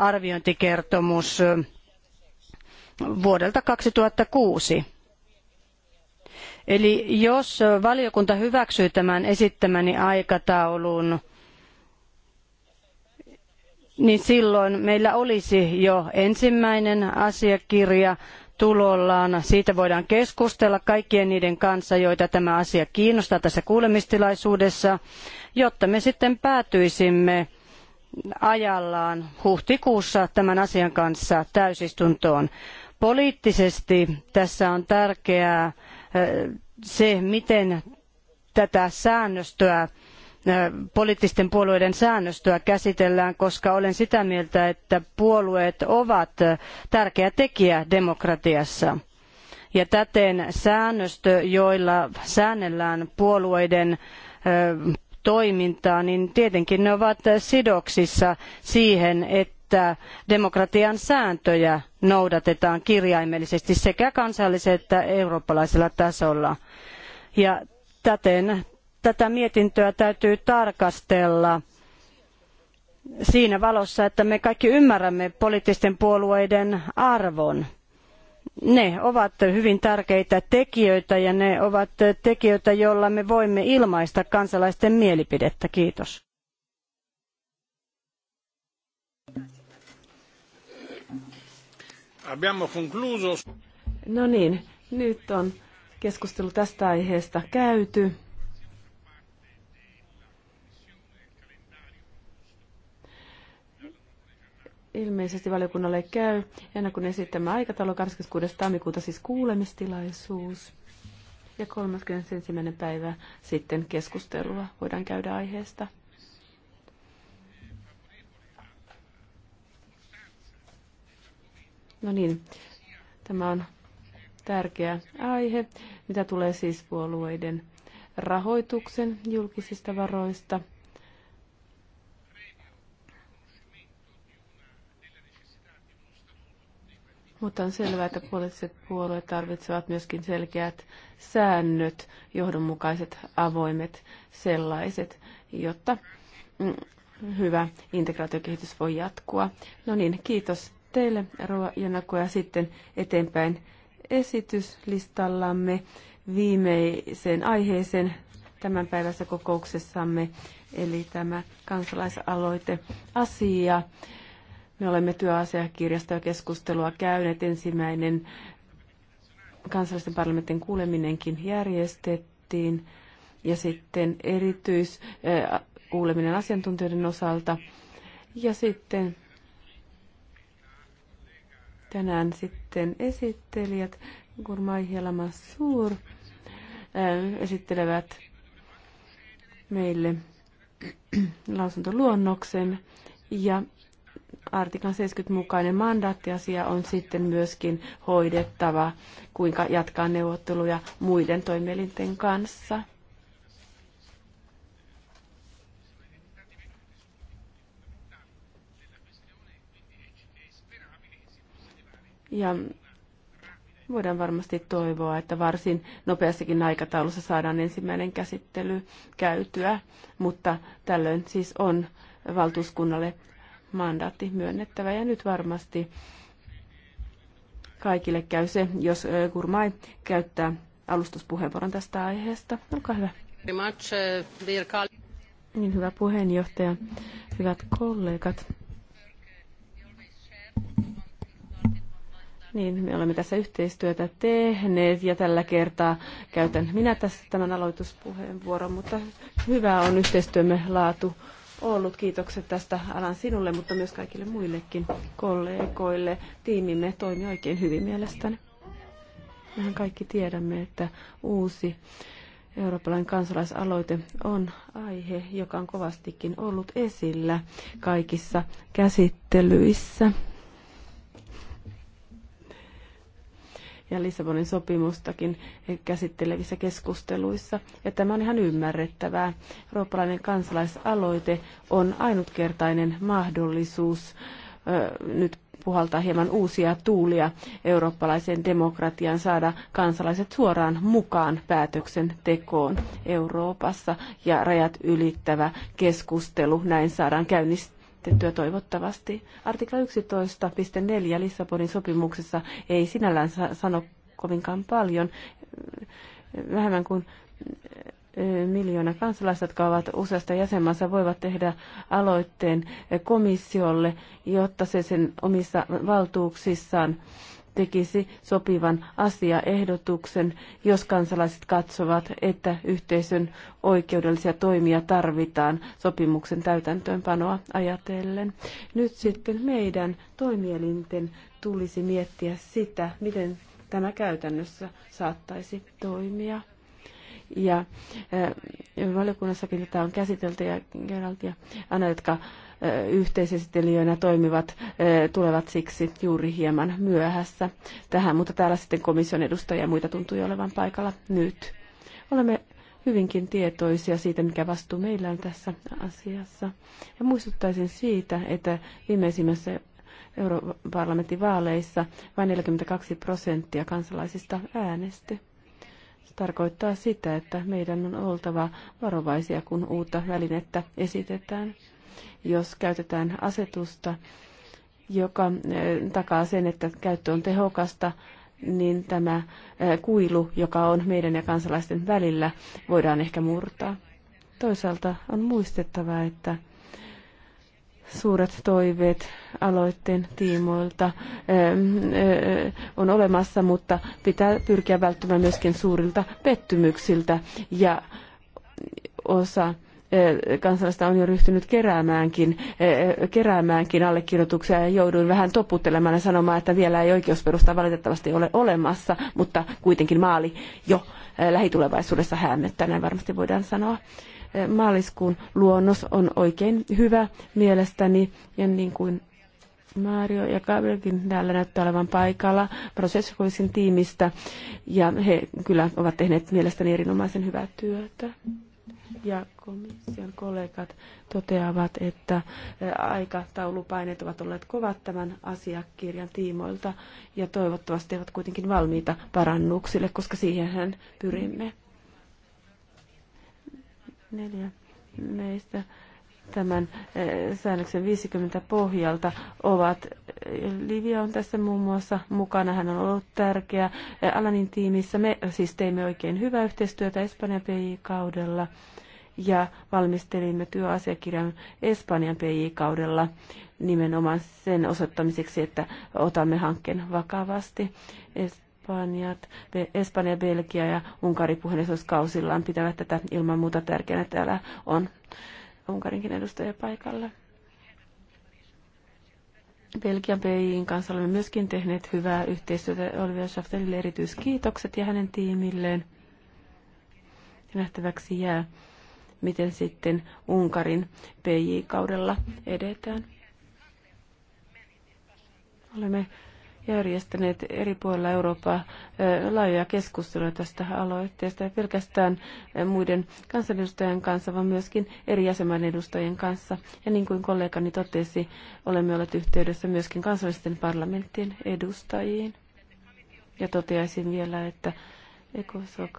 arviointikertomus vuodelta 2006, Eli jos valiokunta hyväksyy tämän esittämäni aikataulun, niin silloin meillä olisi jo ensimmäinen asiakirja tulollaan. Siitä voidaan keskustella kaikkien niiden kanssa, joita tämä asia kiinnostaa tässä kuulemistilaisuudessa, jotta me sitten päätyisimme ajallaan huhtikuussa tämän asian kanssa täysistuntoon. Poliittisesti tässä on tärkeää se, miten tätä säännöstöä poliittisten puolueiden säännöstöä käsitellään, koska olen sitä mieltä, että puolueet ovat tärkeä tekijä demokratiassa. Ja täten säännöstö, joilla säännellään puolueiden toimintaa, niin tietenkin ne ovat sidoksissa siihen, että että demokratian sääntöjä noudatetaan kirjaimellisesti sekä kansallisella että eurooppalaisella tasolla. Ja täten tätä mietintöä täytyy tarkastella siinä valossa, että me kaikki ymmärrämme poliittisten puolueiden arvon. Ne ovat hyvin tärkeitä tekijöitä ja ne ovat tekijöitä, joilla me voimme ilmaista kansalaisten mielipidettä. Kiitos. Abbiamo concluso. No niin, nyt on keskustelu tästä aiheesta käyty. Ilmeisesti valiokunnalle käy, ennen kuin esittämä aikataulu 26. tammikuuta siis kuulemistilaisuus. Ja 31. päivä sitten keskustelua voidaan käydä aiheesta. No niin, tämä on tärkeä aihe, mitä tulee siis puolueiden rahoituksen julkisista varoista. Mutta on selvää, että poliittiset puolueet tarvitsevat myöskin selkeät säännöt, johdonmukaiset, avoimet sellaiset, jotta mm, hyvä integraatiokehitys voi jatkua. No niin, kiitos teille, Rova Janako, ja sitten eteenpäin esityslistallamme viimeiseen aiheeseen tämän päivässä kokouksessamme, eli tämä kansalaisaloite asia. Me olemme työasiakirjasta ja keskustelua käyneet. Ensimmäinen kansallisten parlamentin kuuleminenkin järjestettiin ja sitten erityiskuuleminen asiantuntijoiden osalta ja sitten tänään sitten esittelijät kun Helama Suur äh, esittelevät meille lausuntoluonnoksen ja artiklan 70 mukainen mandaattiasia on sitten myöskin hoidettava, kuinka jatkaa neuvotteluja muiden toimielinten kanssa. Ja voidaan varmasti toivoa, että varsin nopeassakin aikataulussa saadaan ensimmäinen käsittely käytyä, mutta tällöin siis on valtuuskunnalle mandaatti myönnettävä ja nyt varmasti kaikille käy se, jos Kurmai käyttää alustuspuheenvuoron tästä aiheesta. Olkaa hyvä. Uh, niin hyvä puheenjohtaja, hyvät kollegat. Niin, me olemme tässä yhteistyötä tehneet ja tällä kertaa käytän minä tässä tämän aloituspuheenvuoron, mutta hyvä on yhteistyömme laatu ollut. Kiitokset tästä alan sinulle, mutta myös kaikille muillekin kollegoille. Tiimimme toimii oikein hyvin mielestäni. Mehän kaikki tiedämme, että uusi eurooppalainen kansalaisaloite on aihe, joka on kovastikin ollut esillä kaikissa käsittelyissä. ja Lissabonin sopimustakin käsittelevissä keskusteluissa. Ja tämä on ihan ymmärrettävää. Eurooppalainen kansalaisaloite on ainutkertainen mahdollisuus ö, nyt puhaltaa hieman uusia tuulia eurooppalaiseen demokratiaan, saada kansalaiset suoraan mukaan päätöksentekoon Euroopassa ja rajat ylittävä keskustelu näin saadaan käynnistää esitettyä toivottavasti. Artikla 11.4 Lissabonin sopimuksessa ei sinällään sano kovinkaan paljon, vähemmän kuin miljoona kansalaista, jotka ovat useasta jäsenmaassa, voivat tehdä aloitteen komissiolle, jotta se sen omissa valtuuksissaan tekisi sopivan asiaehdotuksen, jos kansalaiset katsovat, että yhteisön oikeudellisia toimia tarvitaan sopimuksen täytäntöönpanoa ajatellen. Nyt sitten meidän toimielinten tulisi miettiä sitä, miten tämä käytännössä saattaisi toimia. Ja eh, valiokunnassakin tätä on käsitelty ja Geralt ja Anna, jotka yhteisesittelijöinä toimivat tulevat siksi juuri hieman myöhässä tähän, mutta täällä sitten komission edustajia ja muita tuntui olevan paikalla nyt. Olemme hyvinkin tietoisia siitä, mikä vastuu meillä on tässä asiassa. Ja muistuttaisin siitä, että viimeisimmässä europarlamentin vaaleissa vain 42 prosenttia kansalaisista äänesti. Se tarkoittaa sitä, että meidän on oltava varovaisia, kun uutta välinettä esitetään jos käytetään asetusta, joka eh, takaa sen, että käyttö on tehokasta, niin tämä eh, kuilu, joka on meidän ja kansalaisten välillä, voidaan ehkä murtaa. Toisaalta on muistettava, että suuret toiveet aloitteen tiimoilta eh, on olemassa, mutta pitää pyrkiä välttämään myöskin suurilta pettymyksiltä ja osa Eh, kansalaista on jo ryhtynyt keräämäänkin, eh, keräämäänkin allekirjoituksia ja jouduin vähän toputtelemaan ja sanomaan, että vielä ei oikeusperusta valitettavasti ole olemassa, mutta kuitenkin maali jo eh, lähitulevaisuudessa häämöttää, näin varmasti voidaan sanoa maaliskuun luonnos on oikein hyvä mielestäni ja niin kuin Mario ja Gabrielkin täällä näyttää olevan paikalla Prosesskovisin tiimistä ja he kyllä ovat tehneet mielestäni erinomaisen hyvää työtä ja komission kollegat toteavat, että aikataulupaineet ovat olleet kovat tämän asiakirjan tiimoilta ja toivottavasti ovat kuitenkin valmiita parannuksille, koska siihenhän pyrimme. Neljä meistä tämän säännöksen 50 pohjalta ovat. Livia on tässä muun muassa mukana, hän on ollut tärkeä Alanin tiimissä. Me siis teimme oikein hyvää yhteistyötä Espanjan PI-kaudella ja valmistelimme työasiakirjan Espanjan PI-kaudella nimenomaan sen osoittamiseksi, että otamme hankkeen vakavasti. Espanjat, Espanja, Belgia ja Unkari puheenjohtajuuskausillaan pitävät tätä ilman muuta tärkeänä. Täällä on Unkarinkin edustaja paikalla. Belgian PIin kanssa olemme myöskin tehneet hyvää yhteistyötä. Olivia Schaftelille erityiskiitokset ja hänen tiimilleen. Nähtäväksi jää, miten sitten Unkarin PJ-kaudella edetään. Olemme järjestäneet eri puolilla Eurooppaa laajoja keskusteluja tästä aloitteesta, ja pelkästään muiden kansanedustajien kanssa, vaan myöskin eri jäsenmaiden edustajien kanssa. Ja niin kuin kollegani totesi, olemme olleet yhteydessä myöskin kansallisten parlamenttien edustajiin. Ja toteaisin vielä, että ECOSOC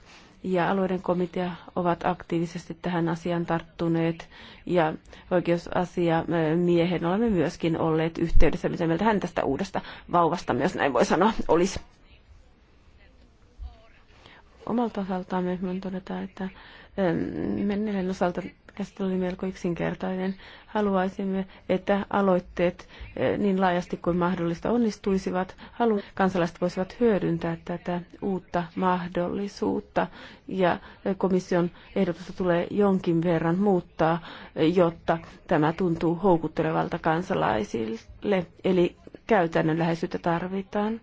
ja alueiden komitea ovat aktiivisesti tähän asiaan tarttuneet ja oikeusasiamiehen olemme myöskin olleet yhteydessä, mitä mieltä hän tästä uudesta vauvasta myös näin voi sanoa olisi. Omalta osaltaan me todetaan, että menneiden osalta Käsittely oli melko yksinkertainen. Haluaisimme, että aloitteet eh, niin laajasti kuin mahdollista onnistuisivat. Halu- kansalaiset voisivat hyödyntää tätä uutta mahdollisuutta ja eh, komission ehdotusta tulee jonkin verran muuttaa, eh, jotta tämä tuntuu houkuttelevalta kansalaisille. Eli käytännönläheisyyttä tarvitaan.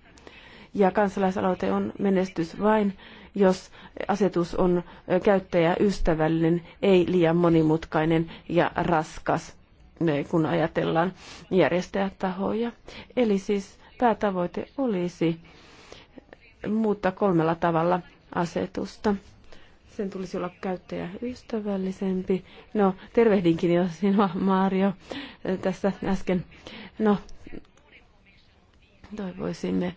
Ja kansalaisaloite on menestys vain, jos asetus on käyttäjäystävällinen, ei liian monimutkainen ja raskas, kun ajatellaan järjestäjätahoja. Eli siis päätavoite olisi muuttaa kolmella tavalla asetusta. Sen tulisi olla käyttäjäystävällisempi. No, tervehdinkin jo sinua, Mario, tässä äsken. No, Toivoisin, e,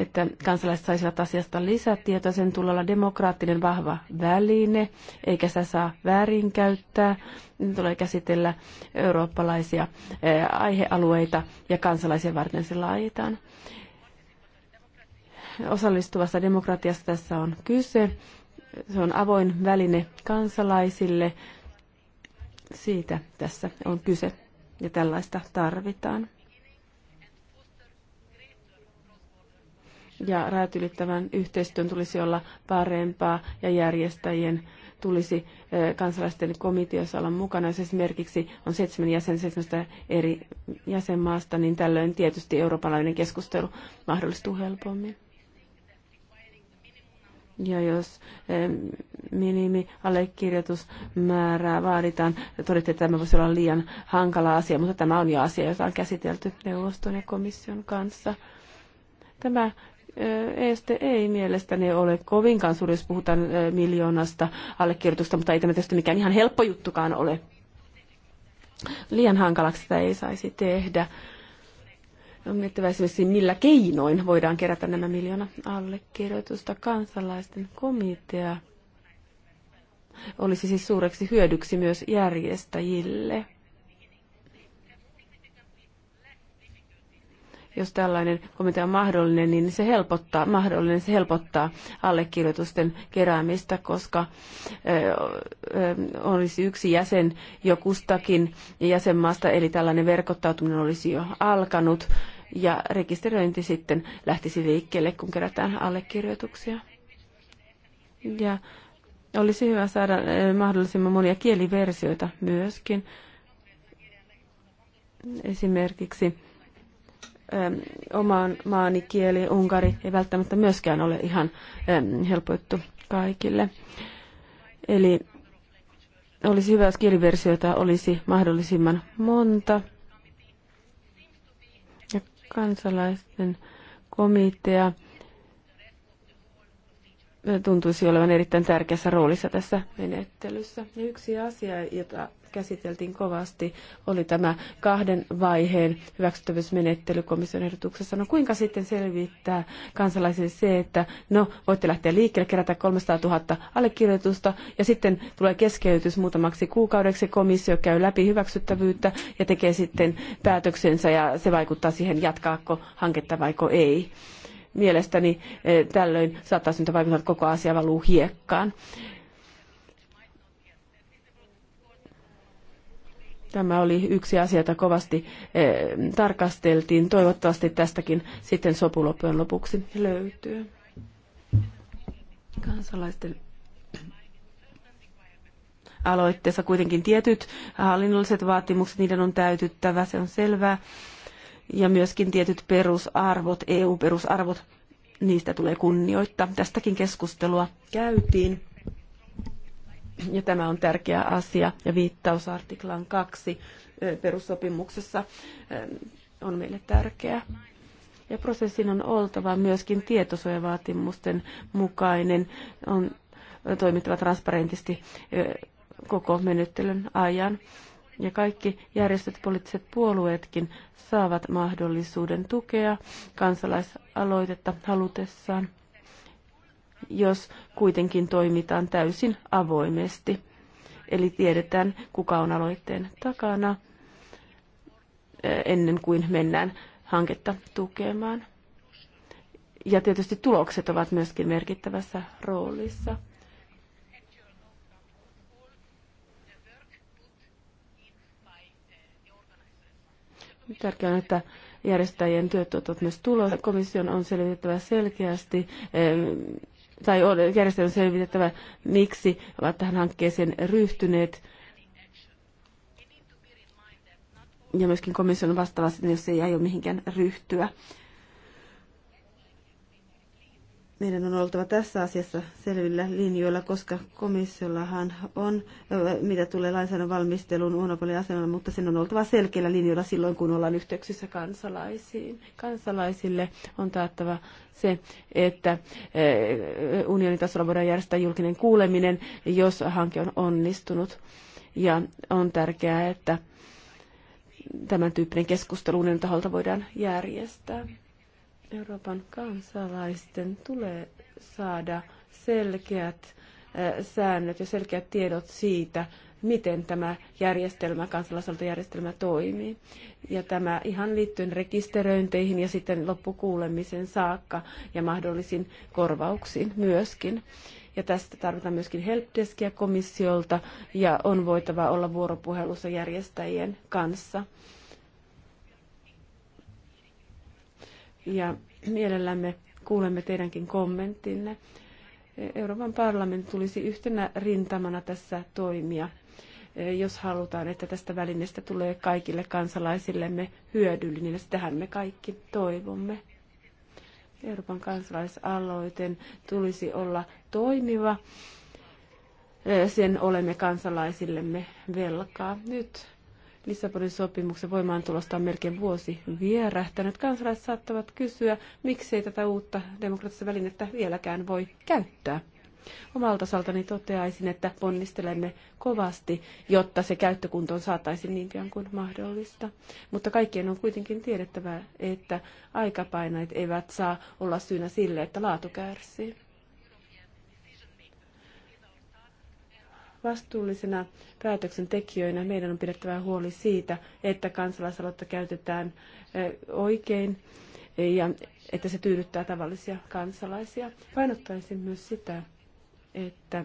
että kansalaiset saisivat asiasta lisätietoa. Sen tulee olla demokraattinen vahva väline, eikä sitä saa väärinkäyttää. Tulee käsitellä eurooppalaisia e, aihealueita ja kansalaisia varten se laajitaan. Osallistuvassa demokratiassa tässä on kyse. Se on avoin väline kansalaisille. Siitä tässä on kyse ja tällaista tarvitaan. ja rajat ylittävän yhteistyön tulisi olla parempaa ja järjestäjien tulisi kansalaisten komiteoissa olla mukana. Jos esimerkiksi on seitsemän jäsen seitsemästä eri jäsenmaasta, niin tällöin tietysti eurooppalainen keskustelu mahdollistuu helpommin. Ja jos minimi vaaditaan, todettiin, että tämä voisi olla liian hankala asia, mutta tämä on jo asia, jota on käsitelty neuvoston ja komission kanssa. Tämä este ei mielestäni ole kovinkaan suuri, jos puhutaan miljoonasta allekirjoitusta, mutta ei tämä tietysti mikään ihan helppo juttukaan ole. Liian hankalaksi sitä ei saisi tehdä. On miettivä esimerkiksi, millä keinoin voidaan kerätä nämä miljoona allekirjoitusta. Kansalaisten komitea olisi siis suureksi hyödyksi myös järjestäjille. jos tällainen komitea on mahdollinen, niin se helpottaa, mahdollinen, se helpottaa allekirjoitusten keräämistä, koska olisi yksi jäsen jo kustakin jäsenmaasta, eli tällainen verkottautuminen olisi jo alkanut ja rekisteröinti sitten lähtisi liikkeelle, kun kerätään allekirjoituksia. Ja olisi hyvä saada mahdollisimman monia kieliversioita myöskin. Esimerkiksi omaan maani kieli, unkari, ei välttämättä myöskään ole ihan helpoittu kaikille. Eli olisi hyvä, jos kieliversioita olisi mahdollisimman monta. Ja kansalaisten komitea tuntuisi olevan erittäin tärkeässä roolissa tässä menettelyssä. Yksi asia, jota käsiteltiin kovasti, oli tämä kahden vaiheen hyväksyttävyysmenettely komission ehdotuksessa. No kuinka sitten selvittää kansalaisille se, että no voitte lähteä liikkeelle, kerätä 300 000 allekirjoitusta ja sitten tulee keskeytys muutamaksi kuukaudeksi. Komissio käy läpi hyväksyttävyyttä ja tekee sitten päätöksensä ja se vaikuttaa siihen, jatkaako hanketta vaiko ei mielestäni eh, tällöin saattaa syntyä vaikuttaa, että koko asia valuu hiekkaan. Tämä oli yksi asia, jota kovasti eh, tarkasteltiin. Toivottavasti tästäkin sitten sopu loppujen lopuksi löytyy. Kansalaisten aloitteessa kuitenkin tietyt hallinnolliset vaatimukset, niiden on täytyttävä, se on selvää ja myöskin tietyt perusarvot, EU-perusarvot, niistä tulee kunnioittaa. Tästäkin keskustelua käytiin. Ja tämä on tärkeä asia ja viittaus artiklan kaksi perussopimuksessa on meille tärkeä. Ja prosessin on oltava myöskin tietosuojavaatimusten mukainen. On toimittava transparentisti koko menettelyn ajan ja kaikki järjestöt, poliittiset puolueetkin saavat mahdollisuuden tukea kansalaisaloitetta halutessaan, jos kuitenkin toimitaan täysin avoimesti. Eli tiedetään, kuka on aloitteen takana eh, ennen kuin mennään hanketta tukemaan. Ja tietysti tulokset ovat myöskin merkittävässä roolissa. Tärkeää on, että järjestäjien työt ovat myös tulos. Komission on selvitettävä selkeästi, tai järjestäjien on selvitettävä, miksi ovat tähän hankkeeseen ryhtyneet. Ja myöskin komission on vastaava, jos ei aio mihinkään ryhtyä meidän on oltava tässä asiassa selvillä linjoilla, koska komissiollahan on, mitä tulee lainsäädännön valmisteluun monopoliasemalla, mutta sen on oltava selkeillä linjoilla silloin, kun ollaan yhteyksissä kansalaisiin. Kansalaisille on taattava se, että unionin tasolla voidaan järjestää julkinen kuuleminen, jos hanke on onnistunut. Ja on tärkeää, että tämän tyyppinen keskustelu unionin taholta voidaan järjestää. Euroopan kansalaisten tulee saada selkeät säännöt ja selkeät tiedot siitä, miten tämä järjestelmä, järjestelmä toimii. Ja tämä ihan liittyen rekisteröinteihin ja sitten loppukuulemisen saakka ja mahdollisiin korvauksiin myöskin. Ja tästä tarvitaan myöskin helpdeskiä komissiolta ja on voitava olla vuoropuhelussa järjestäjien kanssa ja mielellämme kuulemme teidänkin kommenttinne. Euroopan parlamentti tulisi yhtenä rintamana tässä toimia, jos halutaan, että tästä välineestä tulee kaikille kansalaisillemme hyödyllinen. Sitähän me kaikki toivomme. Euroopan kansalaisaloiten tulisi olla toimiva. Sen olemme kansalaisillemme velkaa. Nyt Lissabonin sopimuksen voimaantulosta on melkein vuosi vierähtänyt. Kansalaiset saattavat kysyä, miksei tätä uutta demokraattista välinettä vieläkään voi käyttää. Omalta osaltani toteaisin, että ponnistelemme kovasti, jotta se käyttökuntoon saataisiin niin pian kuin mahdollista. Mutta kaikkien on kuitenkin tiedettävä, että aikapainait eivät saa olla syynä sille, että laatu kärsii. Vastuullisena päätöksentekijöinä meidän on pidettävä huoli siitä, että kansalaisaloitetta käytetään oikein ja että se tyydyttää tavallisia kansalaisia. Painottaisin myös sitä, että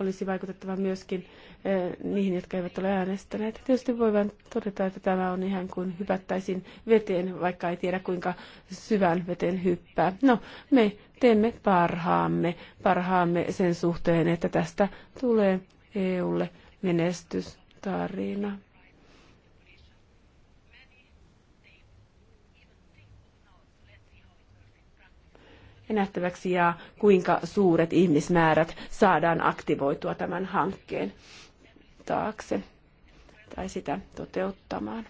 olisi vaikutettava myöskin eh, niihin, jotka eivät ole äänestäneet. Tietysti voi vain todeta, että tämä on ihan kuin hypättäisiin veteen, vaikka ei tiedä kuinka syvään veteen hyppää. No, me teemme parhaamme, parhaamme sen suhteen, että tästä tulee EUlle menestystarina. nähtäväksi ja kuinka suuret ihmismäärät saadaan aktivoitua tämän hankkeen taakse tai sitä toteuttamaan.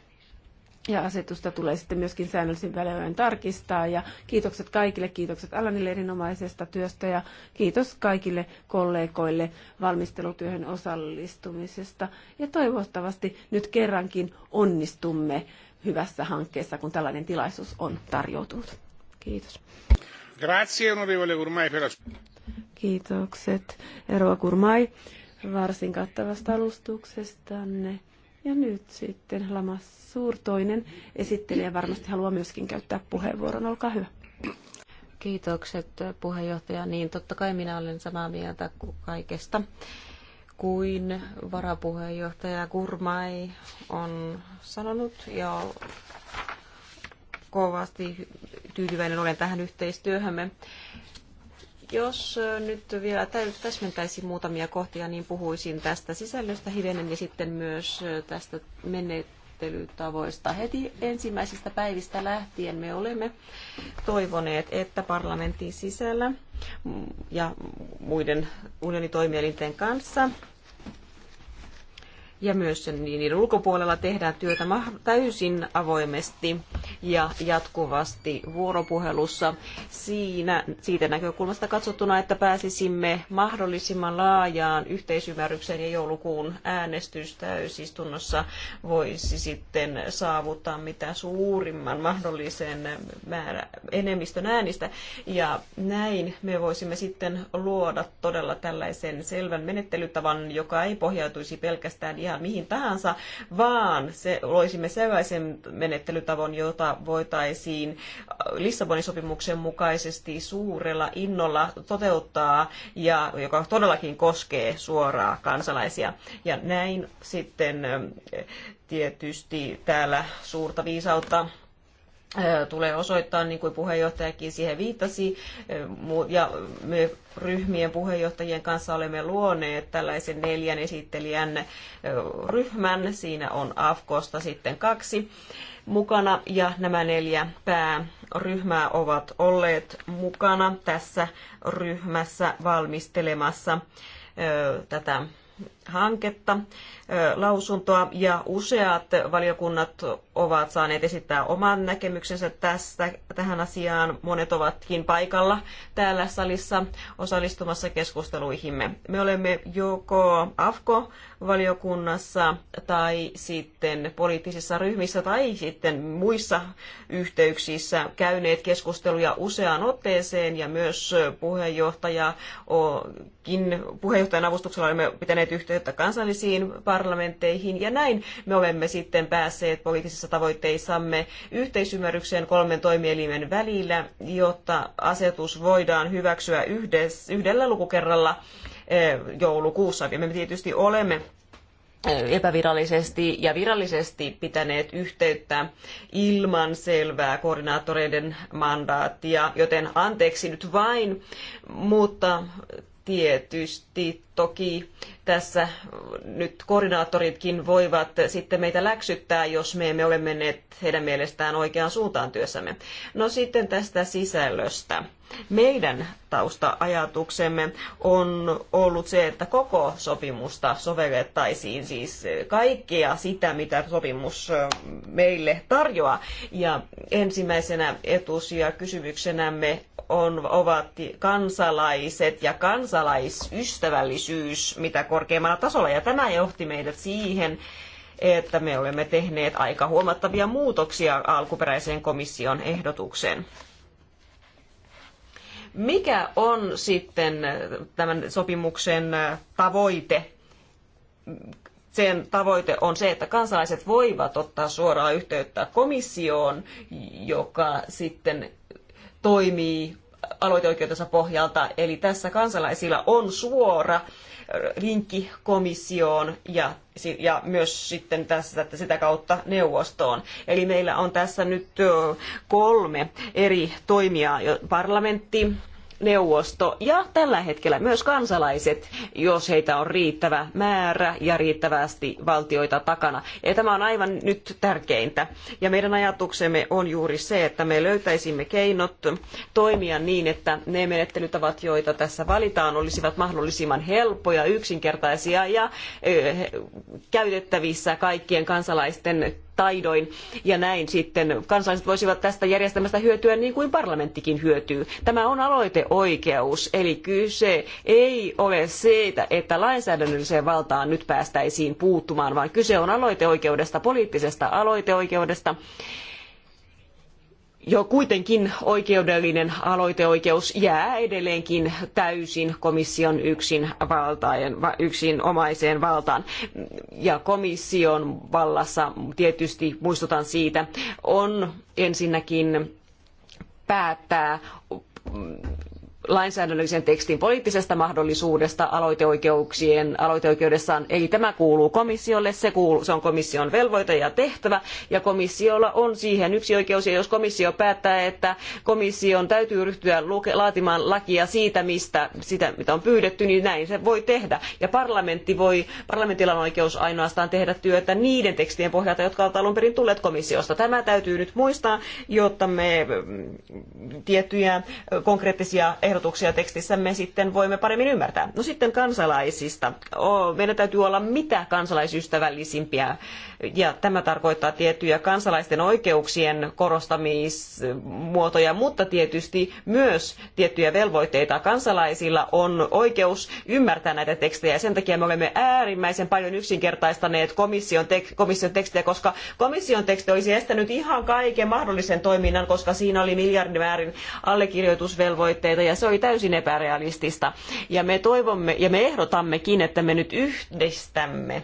Ja asetusta tulee sitten myöskin säännöllisin välein tarkistaa. Ja kiitokset kaikille, kiitokset Alanille erinomaisesta työstä ja kiitos kaikille kollegoille valmistelutyöhön osallistumisesta. Ja toivottavasti nyt kerrankin onnistumme hyvässä hankkeessa, kun tällainen tilaisuus on tarjoutunut. Kiitos. Kiitokset, Eroa Kurmai varsin kattavasta alustuksestanne. Ja nyt sitten Lamas Suurtoinen esittelijä varmasti haluaa myöskin käyttää puheenvuoron. Olkaa hyvä. Kiitokset puheenjohtaja. Niin totta kai minä olen samaa mieltä kaikesta kuin varapuheenjohtaja Kurmai on sanonut ja kovasti tyytyväinen olen tähän yhteistyöhömme. Jos nyt vielä täsmentäisin muutamia kohtia, niin puhuisin tästä sisällöstä hivenen ja sitten myös tästä menettelytavoista. Heti ensimmäisistä päivistä lähtien me olemme toivoneet, että parlamentin sisällä ja muiden unionitoimielinten kanssa ja myös niiden ulkopuolella tehdään työtä täysin avoimesti ja jatkuvasti vuoropuhelussa siinä, siitä näkökulmasta katsottuna, että pääsisimme mahdollisimman laajaan yhteisymmärrykseen ja joulukuun äänestys täysistunnossa voisi sitten saavuttaa mitä suurimman mahdollisen määrä, enemmistön äänistä. Ja näin me voisimme sitten luoda todella tällaisen selvän menettelytavan, joka ei pohjautuisi pelkästään ihan mihin tahansa, vaan se, loisimme sellaisen menettelytavon, jota voitaisiin äh, Lissabonin sopimuksen mukaisesti suurella innolla toteuttaa, ja joka todellakin koskee suoraa kansalaisia. Ja näin sitten äh, tietysti täällä suurta viisautta tulee osoittaa, niin kuin puheenjohtajakin siihen viittasi, ja me ryhmien puheenjohtajien kanssa olemme luoneet tällaisen neljän esittelijän ryhmän. Siinä on AFKosta sitten kaksi mukana, ja nämä neljä pääryhmää ovat olleet mukana tässä ryhmässä valmistelemassa tätä hanketta, lausuntoa ja useat valiokunnat ovat saaneet esittää oman näkemyksensä tästä, tähän asiaan. Monet ovatkin paikalla täällä salissa osallistumassa keskusteluihimme. Me olemme joko AFKO-valiokunnassa tai sitten poliittisissa ryhmissä tai sitten muissa yhteyksissä käyneet keskusteluja useaan otteeseen ja myös puheenjohtajakin puheenjohtajan avustuksella olemme pitäneet yhteyttä yhteyttä kansallisiin parlamentteihin ja näin me olemme sitten päässeet poliittisissa tavoitteissamme yhteisymmärrykseen kolmen toimielimen välillä, jotta asetus voidaan hyväksyä yhdessä, yhdellä lukukerralla eh, joulukuussa. Ja me tietysti olemme eh, epävirallisesti ja virallisesti pitäneet yhteyttä ilman selvää koordinaattoreiden mandaattia, joten anteeksi nyt vain, mutta tietysti Toki tässä nyt koordinaattoritkin voivat sitten meitä läksyttää, jos me emme ole menneet heidän mielestään oikeaan suuntaan työssämme. No sitten tästä sisällöstä. Meidän tausta-ajatuksemme on ollut se, että koko sopimusta sovellettaisiin siis kaikkea sitä, mitä sopimus meille tarjoaa. Ja ensimmäisenä etusia kysymyksenämme on, ovat kansalaiset ja kansalaisystävällisyys työllisyys mitä korkeammalla tasolla. Ja tämä johti meidät siihen, että me olemme tehneet aika huomattavia muutoksia alkuperäiseen komission ehdotukseen. Mikä on sitten tämän sopimuksen tavoite? Sen tavoite on se, että kansalaiset voivat ottaa suoraan yhteyttä komissioon, joka sitten toimii aloiteoikeutensa pohjalta. Eli tässä kansalaisilla on suora äh, linkki komissioon ja, ja myös sitten tässä, sitä kautta neuvostoon. Eli meillä on tässä nyt kolme eri toimijaa, parlamentti, neuvosto ja tällä hetkellä myös kansalaiset, jos heitä on riittävä määrä ja riittävästi valtioita takana. Ja tämä on aivan nyt tärkeintä. Ja meidän ajatuksemme on juuri se, että me löytäisimme keinot toimia niin, että ne menettelytavat, joita tässä valitaan, olisivat mahdollisimman helppoja, yksinkertaisia ja käytettävissä kaikkien kansalaisten taidoin ja näin sitten kansalaiset voisivat tästä järjestelmästä hyötyä niin kuin parlamenttikin hyötyy. Tämä on aloiteoikeus, eli kyse ei ole siitä, että lainsäädännölliseen valtaan nyt päästäisiin puuttumaan, vaan kyse on aloiteoikeudesta, poliittisesta aloiteoikeudesta jo kuitenkin oikeudellinen aloiteoikeus jää edelleenkin täysin komission yksin, valtaan, yksin omaiseen valtaan. Ja komission vallassa, tietysti muistutan siitä, on ensinnäkin päättää lainsäädännöllisen tekstin poliittisesta mahdollisuudesta aloiteoikeuksien, aloiteoikeudessaan. Eli tämä kuuluu komissiolle, se, kuuluu, se on komission velvoite ja tehtävä, ja komissiolla on siihen yksi oikeus, ja jos komissio päättää, että komission täytyy ryhtyä laatimaan lakia siitä, mistä, sitä, mitä on pyydetty, niin näin se voi tehdä. Ja parlamentti voi, parlamentilla on oikeus ainoastaan tehdä työtä niiden tekstien pohjalta, jotka ovat alun perin tulleet komissiosta. Tämä täytyy nyt muistaa, jotta me mm, tiettyjä konkreettisia ehdotuksia tekstissä me sitten voimme paremmin ymmärtää. No sitten kansalaisista. Meidän täytyy olla mitä kansalaisystävällisimpiä ja tämä tarkoittaa tiettyjä kansalaisten oikeuksien korostamismuotoja, mutta tietysti myös tiettyjä velvoitteita. Kansalaisilla on oikeus ymmärtää näitä tekstejä ja sen takia me olemme äärimmäisen paljon yksinkertaistaneet komission, tek- komission tekstejä, koska komission teksti olisi estänyt ihan kaiken mahdollisen toiminnan, koska siinä oli miljardimäärin allekirjoitusvelvoitteita ja se oli täysin epärealistista. Ja me toivomme ja me ehdotammekin, että me nyt yhdistämme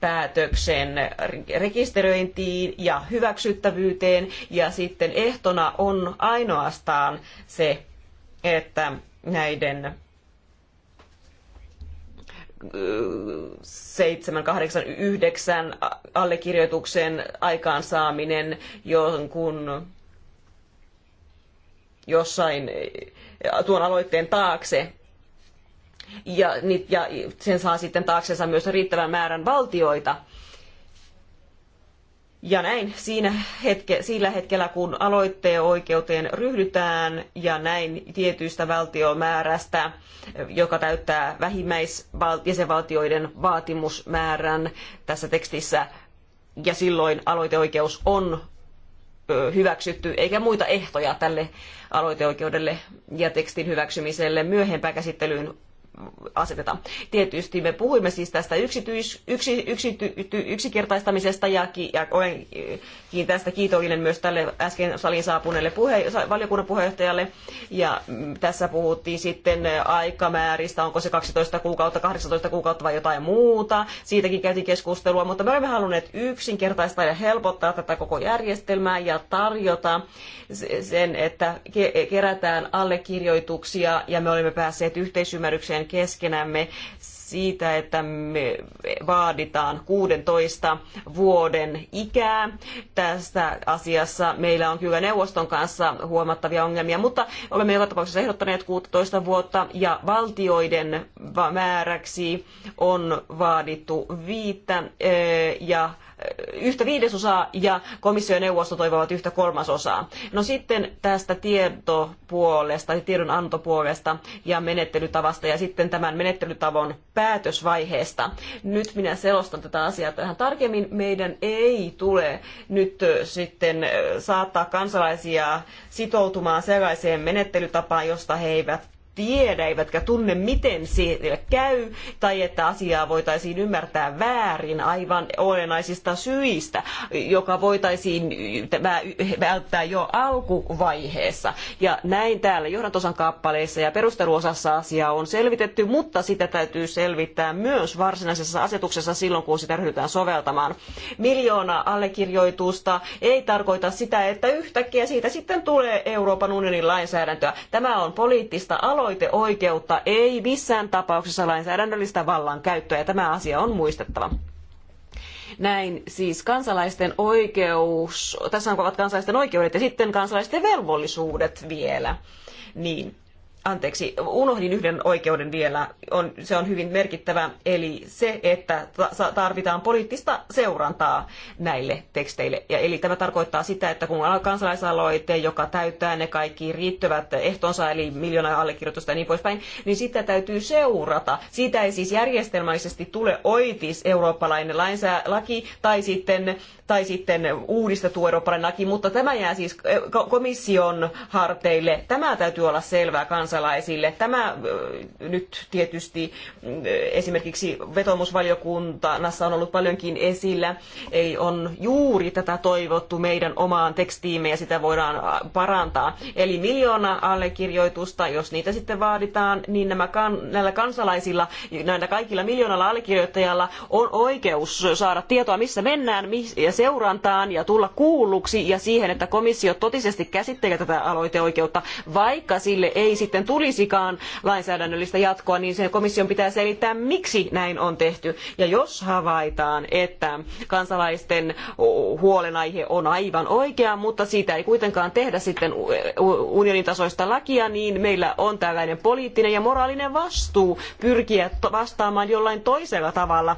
päätöksen rekisteröintiin ja hyväksyttävyyteen ja sitten ehtona on ainoastaan se, että näiden 7, 8, 9 allekirjoituksen aikaansaaminen jonkun jossain eh, tuon aloitteen taakse. Ja, ja sen saa sitten taaksensa myös riittävän määrän valtioita. Ja näin siinä hetke, sillä hetkellä, kun aloitteen oikeuteen ryhdytään ja näin tietyistä valtiomäärästä, eh, joka täyttää vähimmäisjäsenvaltioiden vaatimusmäärän tässä tekstissä, ja silloin aloiteoikeus on hyväksytty, eikä muita ehtoja tälle aloiteoikeudelle ja tekstin hyväksymiselle myöhempään käsittelyyn aseteta. Tietysti me puhuimme siis tästä yksityis, yksi, yksi yksikertaistamisesta ja, ja olen tästä kiitollinen myös tälle äsken salin saapuneelle puhe, valiokunnan puheenjohtajalle. Ja mm, tässä puhuttiin sitten aikamääristä, onko se 12 kuukautta, 18 kuukautta vai jotain muuta. Siitäkin käytiin keskustelua, mutta me olemme halunneet yksinkertaistaa ja helpottaa tätä koko järjestelmää ja tarjota sen, että kerätään allekirjoituksia ja me olemme päässeet yhteisymmärrykseen keskenämme siitä, että me vaaditaan 16 vuoden ikää. Tässä asiassa meillä on kyllä neuvoston kanssa huomattavia ongelmia, mutta olemme joka tapauksessa ehdottaneet 16 vuotta ja valtioiden määräksi on vaadittu viittä ja yhtä viidesosaa ja komissio ja neuvosto toivovat yhtä kolmasosaa. No sitten tästä tietopuolesta ja tiedonantopuolesta ja menettelytavasta ja sitten tämän menettelytavon päätösvaiheesta. Nyt minä selostan tätä asiaa tähän tarkemmin. Meidän ei tule nyt sitten saattaa kansalaisia sitoutumaan sellaiseen menettelytapaan, josta he eivät tiedä, eivätkä tunne, miten siellä käy, tai että asiaa voitaisiin ymmärtää väärin aivan olennaisista syistä, joka voitaisiin välttää jo alkuvaiheessa. Ja näin täällä johdantosan kappaleissa ja perusteluosassa asiaa on selvitetty, mutta sitä täytyy selvittää myös varsinaisessa asetuksessa silloin, kun sitä ryhdytään soveltamaan. Miljoona allekirjoitusta ei tarkoita sitä, että yhtäkkiä siitä sitten tulee Euroopan unionin lainsäädäntöä. Tämä on poliittista aloitetta aloiteoikeutta, ei missään tapauksessa lainsäädännöllistä vallankäyttöä, ja tämä asia on muistettava. Näin siis kansalaisten oikeus, tässä ovat kansalaisten oikeudet ja sitten kansalaisten velvollisuudet vielä. Niin anteeksi, unohdin yhden oikeuden vielä, on, se on hyvin merkittävä, eli se, että tarvitaan poliittista seurantaa näille teksteille. Ja, eli tämä tarkoittaa sitä, että kun kansalaisaloite, joka täyttää ne kaikki riittävät ehtonsa, eli miljoona allekirjoitusta ja niin poispäin, niin sitä täytyy seurata. Siitä ei siis järjestelmällisesti tule oitis eurooppalainen lainsää, laki tai sitten, tai sitten uudistettu eurooppalainen laki, mutta tämä jää siis eh, komission harteille. Tämä täytyy olla selvää kansalaisaloite kansalaisille. Tämä nyt tietysti esimerkiksi vetomusvaliokunnassa on ollut paljonkin esillä. Ei on juuri tätä toivottu meidän omaan tekstiimme ja sitä voidaan parantaa. Eli miljoona allekirjoitusta, jos niitä sitten vaaditaan, niin nämä kan, näillä kansalaisilla, näillä kaikilla miljoonalla allekirjoittajalla on oikeus saada tietoa, missä mennään ja seurantaan ja tulla kuulluksi ja siihen, että komissio totisesti käsittelee tätä aloiteoikeutta, vaikka sille ei sitten sitten tulisikaan lainsäädännöllistä jatkoa, niin sen komission pitää selittää, miksi näin on tehty. Ja jos havaitaan, että kansalaisten huolenaihe on aivan oikea, mutta siitä ei kuitenkaan tehdä sitten unionin tasoista lakia, niin meillä on tällainen poliittinen ja moraalinen vastuu pyrkiä vastaamaan jollain toisella tavalla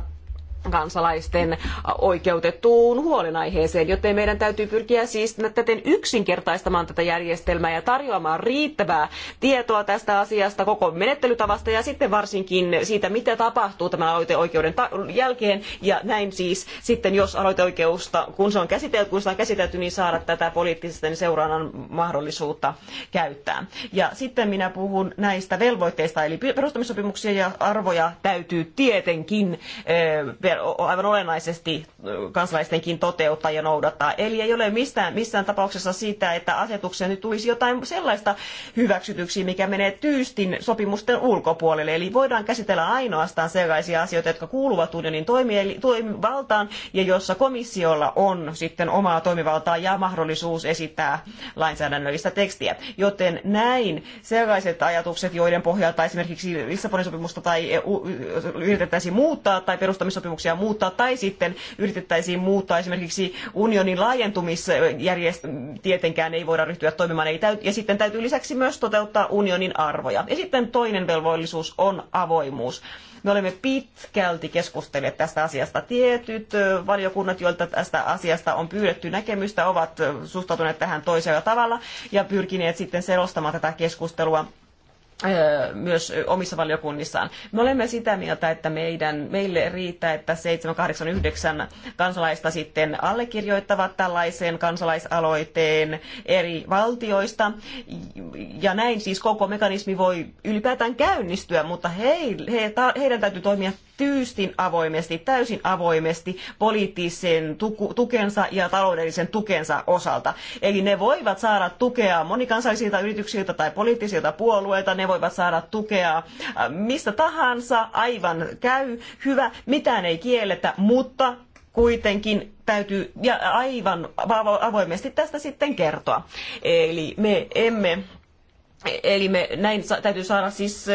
kansalaisten oikeutettuun huolenaiheeseen, joten meidän täytyy pyrkiä siis täten yksinkertaistamaan tätä järjestelmää ja tarjoamaan riittävää tietoa tästä asiasta, koko menettelytavasta ja sitten varsinkin siitä, mitä tapahtuu tämän aloiteoikeuden jälkeen. Ja näin siis sitten, jos aloiteoikeusta, kun se on käsitelty, kun se on käsitelty, niin saada tätä poliittisten seurannan mahdollisuutta käyttää. Ja sitten minä puhun näistä velvoitteista, eli perustamissopimuksia ja arvoja täytyy tietenkin eh, aivan olennaisesti kansalaistenkin toteuttaa ja noudattaa. Eli ei ole mistään, missään tapauksessa sitä, että asetukseen nyt tulisi jotain sellaista hyväksytyksiä, mikä menee tyystin sopimusten ulkopuolelle. Eli voidaan käsitellä ainoastaan sellaisia asioita, jotka kuuluvat unionin toimivaltaan ja jossa komissiolla on sitten omaa toimivaltaa ja mahdollisuus esittää lainsäädännöllistä tekstiä. Joten näin sellaiset ajatukset, joiden pohjalta esimerkiksi Lissabonin sopimusta tai yritettäisiin muuttaa tai perustamissopimuksen sopimuksia muuttaa tai sitten yritettäisiin muuttaa esimerkiksi unionin laajentumisjärjestelmää tietenkään ei voida ryhtyä toimimaan ei täyt- ja sitten täytyy lisäksi myös toteuttaa unionin arvoja. Ja sitten toinen velvollisuus on avoimuus. Me olemme pitkälti keskustelleet tästä asiasta. Tietyt valiokunnat, joilta tästä asiasta on pyydetty näkemystä, ovat suhtautuneet tähän toisella tavalla ja pyrkineet sitten selostamaan tätä keskustelua myös omissa valiokunnissaan. Me olemme sitä mieltä, että meidän, meille riittää, että 789 8, kansalaista sitten allekirjoittavat tällaisen kansalaisaloitteen eri valtioista. Ja näin siis koko mekanismi voi ylipäätään käynnistyä, mutta he, he, heidän täytyy toimia tyystin avoimesti, täysin avoimesti poliittisen tukensa ja taloudellisen tukensa osalta. Eli ne voivat saada tukea monikansallisilta yrityksiltä tai poliittisilta puolueilta, ne voivat saada tukea äh, mistä tahansa, aivan käy, hyvä, mitään ei kielletä, mutta kuitenkin täytyy ja aivan avoimesti tästä sitten kertoa. Eli me emme Eli me näin täytyy saada siis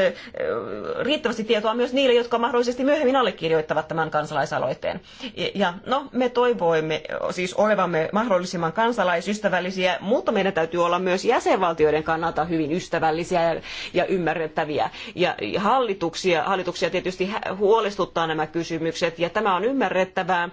riittävästi tietoa myös niille, jotka mahdollisesti myöhemmin allekirjoittavat tämän kansalaisaloitteen. Ja no, me toivoimme siis olevamme mahdollisimman kansalaisystävällisiä, mutta meidän täytyy olla myös jäsenvaltioiden kannalta hyvin ystävällisiä ja, ja ymmärrettäviä. Ja hallituksia, hallituksia tietysti huolestuttaa nämä kysymykset ja tämä on ymmärrettävää.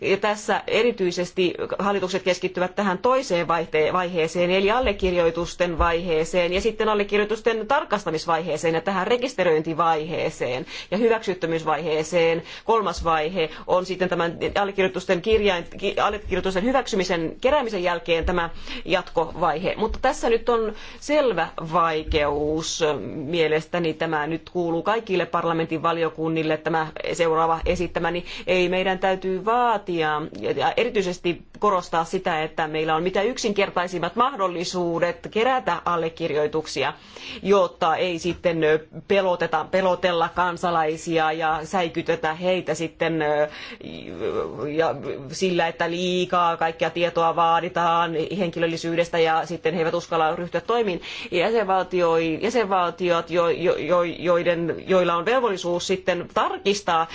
Ja tässä erityisesti hallitukset keskittyvät tähän toiseen vaiheeseen, eli allekirjoitusten vaiheeseen ja sitten sitten allekirjoitusten tarkastamisvaiheeseen ja tähän rekisteröintivaiheeseen ja hyväksyttömyysvaiheeseen. Kolmas vaihe on sitten tämän allekirjoitusten, kirjain, allekirjoitusten hyväksymisen keräämisen jälkeen tämä jatkovaihe. Mutta tässä nyt on selvä vaikeus mielestäni. Tämä nyt kuuluu kaikille parlamentin valiokunnille tämä seuraava esittämäni. Ei meidän täytyy vaatia ja erityisesti korostaa sitä, että meillä on mitä yksinkertaisimmat mahdollisuudet kerätä allekirjoituksia oikeuksia, jotta ei sitten peloteta, pelotella kansalaisia ja säikytetä heitä sitten ja sillä, että liikaa kaikkea tietoa vaaditaan henkilöllisyydestä ja sitten he eivät uskalla ryhtyä toimiin. Jäsenvaltio, jäsenvaltiot, jo, jo, joiden, joilla on velvollisuus sitten tarkistaa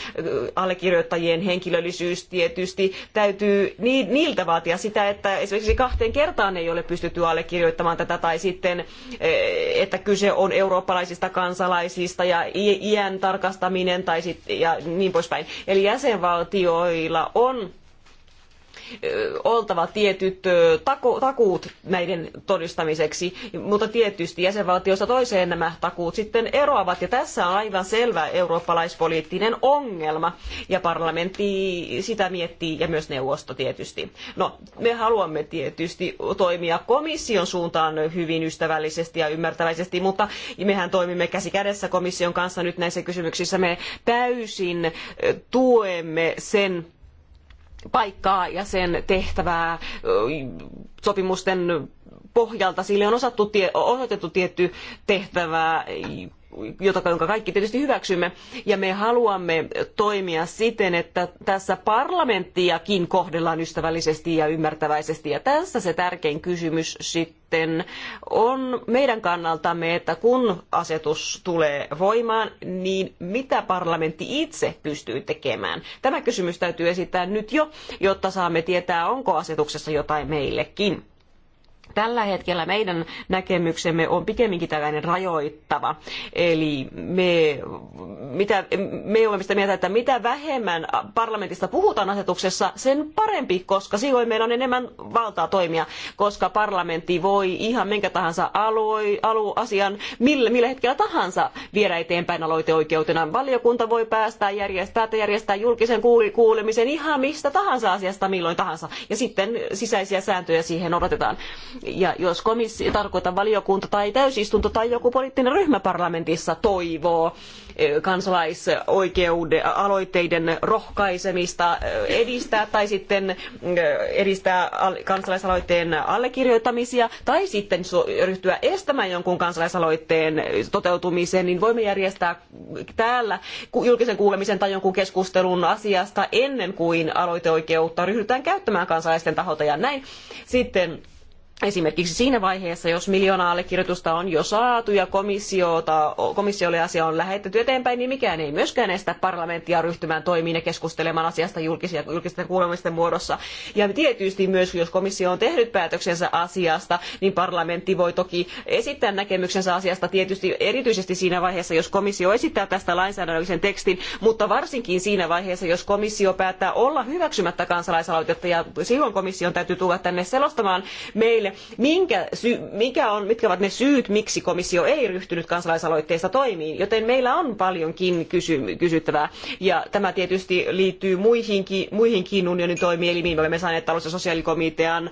allekirjoittajien henkilöllisyys tietysti, täytyy niiltä vaatia sitä, että esimerkiksi kahteen kertaan ei ole pystytty allekirjoittamaan tätä tai sitten että kyse on eurooppalaisista kansalaisista ja iän tarkastaminen tai sit, ja niin poispäin. Eli jäsenvaltioilla on oltava tietyt taku, takuut näiden todistamiseksi, mutta tietysti jäsenvaltiosta toiseen nämä takuut sitten eroavat. Ja tässä on aivan selvä eurooppalaispoliittinen ongelma ja parlamentti sitä miettii ja myös neuvosto tietysti. No, me haluamme tietysti toimia komission suuntaan hyvin ystävällisesti ja ymmärtäväisesti, mutta mehän toimimme käsi kädessä komission kanssa nyt näissä kysymyksissä. Me täysin tuemme sen paikkaa ja sen tehtävää sopimusten pohjalta. Sille on osattu, osoitettu tietty tehtävä jota, jonka kaikki tietysti hyväksymme, ja me haluamme toimia siten, että tässä parlamenttiakin kohdellaan ystävällisesti ja ymmärtäväisesti. Ja tässä se tärkein kysymys sitten on meidän kannaltamme, että kun asetus tulee voimaan, niin mitä parlamentti itse pystyy tekemään? Tämä kysymys täytyy esittää nyt jo, jotta saamme tietää, onko asetuksessa jotain meillekin. Tällä hetkellä meidän näkemyksemme on pikemminkin tällainen rajoittava. Eli me, mitä, me olemme sitä mieltä, että mitä vähemmän parlamentista puhutaan asetuksessa, sen parempi, koska silloin meillä on enemmän valtaa toimia, koska parlamentti voi ihan minkä tahansa alue, alue asian millä, millä hetkellä tahansa viedä eteenpäin aloiteoikeutena. Valiokunta voi päästä järjestää, järjestää julkisen kuulemisen ihan mistä tahansa asiasta milloin tahansa. Ja sitten sisäisiä sääntöjä siihen odotetaan. Ja jos komissio, tarkoitan valiokunta tai täysistunto tai joku poliittinen ryhmä parlamentissa toivoo kansalaisoikeuden aloitteiden rohkaisemista edistää tai sitten edistää kansalaisaloitteen allekirjoittamisia tai sitten ryhtyä estämään jonkun kansalaisaloitteen toteutumisen, niin voimme järjestää täällä julkisen kuulemisen tai jonkun keskustelun asiasta ennen kuin aloiteoikeutta ryhdytään käyttämään kansalaisten taholta ja näin sitten Esimerkiksi siinä vaiheessa, jos miljoona allekirjoitusta on jo saatu ja komissiota, komissiolle asia on lähetetty eteenpäin, niin mikään ei myöskään estä parlamenttia ryhtymään toimiin ja keskustelemaan asiasta julkisia, julkisten kuulemisten muodossa. Ja tietysti myös, jos komissio on tehnyt päätöksensä asiasta, niin parlamentti voi toki esittää näkemyksensä asiasta tietysti erityisesti siinä vaiheessa, jos komissio esittää tästä lainsäädännöllisen tekstin, mutta varsinkin siinä vaiheessa, jos komissio päättää olla hyväksymättä kansalaisaloitetta ja silloin komission täytyy tulla tänne selostamaan meille, niin mikä on, mitkä ovat ne syyt, miksi komissio ei ryhtynyt kansalaisaloitteesta toimiin, joten meillä on paljonkin kysy- kysyttävää. Ja tämä tietysti liittyy muihinkin, muihinkin unionin toimielimiin. Me olemme saaneet talous- ja sosiaalikomitean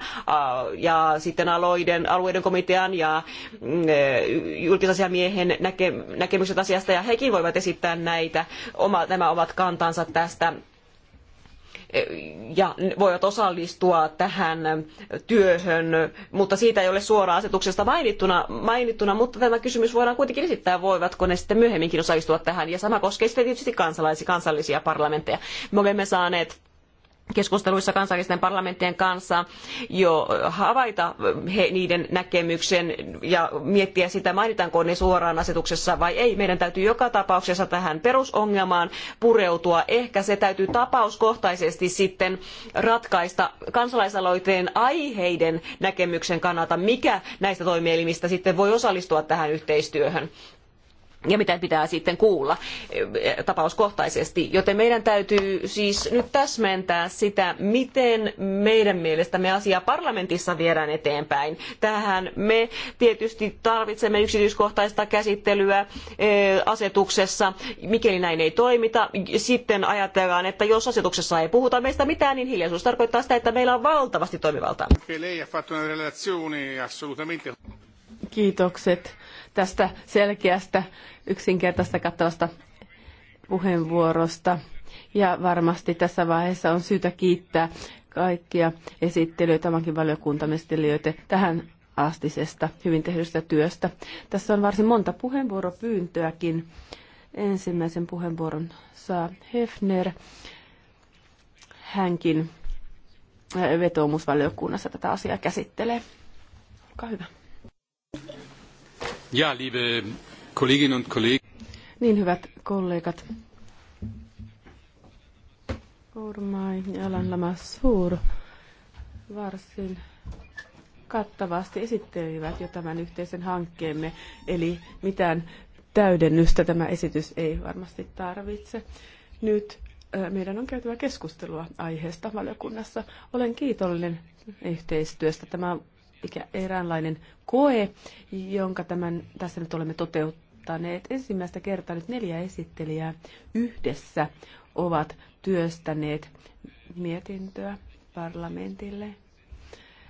ja sitten aloiden, alueiden komitean ja mm, e, julkisasiamiehen näke, näkemykset asiasta, ja hekin voivat esittää näitä, oma, nämä omat kantansa tästä ja voivat osallistua tähän työhön, mutta siitä ei ole suoraan asetuksesta mainittuna, mainittuna mutta tämä kysymys voidaan kuitenkin esittää, voivatko ne sitten myöhemminkin osallistua tähän. Ja sama koskee sitten tietysti kansalaisia, kansallisia parlamentteja. Me olemme saaneet keskusteluissa kansallisten parlamenttien kanssa jo havaita he, niiden näkemyksen ja miettiä sitä, mainitaanko ne suoraan asetuksessa vai ei. Meidän täytyy joka tapauksessa tähän perusongelmaan pureutua. Ehkä se täytyy tapauskohtaisesti sitten ratkaista kansalaisaloitteen aiheiden näkemyksen kannalta, mikä näistä toimielimistä sitten voi osallistua tähän yhteistyöhön ja mitä pitää sitten kuulla eh, tapauskohtaisesti. Joten meidän täytyy siis nyt täsmentää sitä, miten meidän mielestämme asia parlamentissa viedään eteenpäin. Tähän me tietysti tarvitsemme yksityiskohtaista käsittelyä eh, asetuksessa. Mikäli näin ei toimita, sitten ajatellaan, että jos asetuksessa ei puhuta meistä mitään, niin hiljaisuus tarkoittaa sitä, että meillä on valtavasti toimivaltaa. Kiitokset tästä selkeästä, yksinkertaista kattavasta puheenvuorosta. Ja varmasti tässä vaiheessa on syytä kiittää kaikkia esittelyitä, tämänkin valiokuntamistielijöitä tähän astisesta hyvin tehdystä työstä. Tässä on varsin monta puheenvuoropyyntöäkin. Ensimmäisen puheenvuoron saa Hefner. Hänkin äh, vetoomusvaliokunnassa tätä asiaa käsittelee. Olkaa hyvä. Ja, liebe Kolleginnen und Kollegen. Niin, hyvät kollegat. Ormai Jalanlama Suur varsin kattavasti esittelivät jo tämän yhteisen hankkeemme, eli mitään täydennystä tämä esitys ei varmasti tarvitse. Nyt meidän on käytävä keskustelua aiheesta valiokunnassa. Olen kiitollinen yhteistyöstä. Tämä on mikä eräänlainen koe, jonka tämän, tässä nyt olemme toteuttaneet. Ensimmäistä kertaa nyt neljä esittelijää yhdessä ovat työstäneet mietintöä parlamentille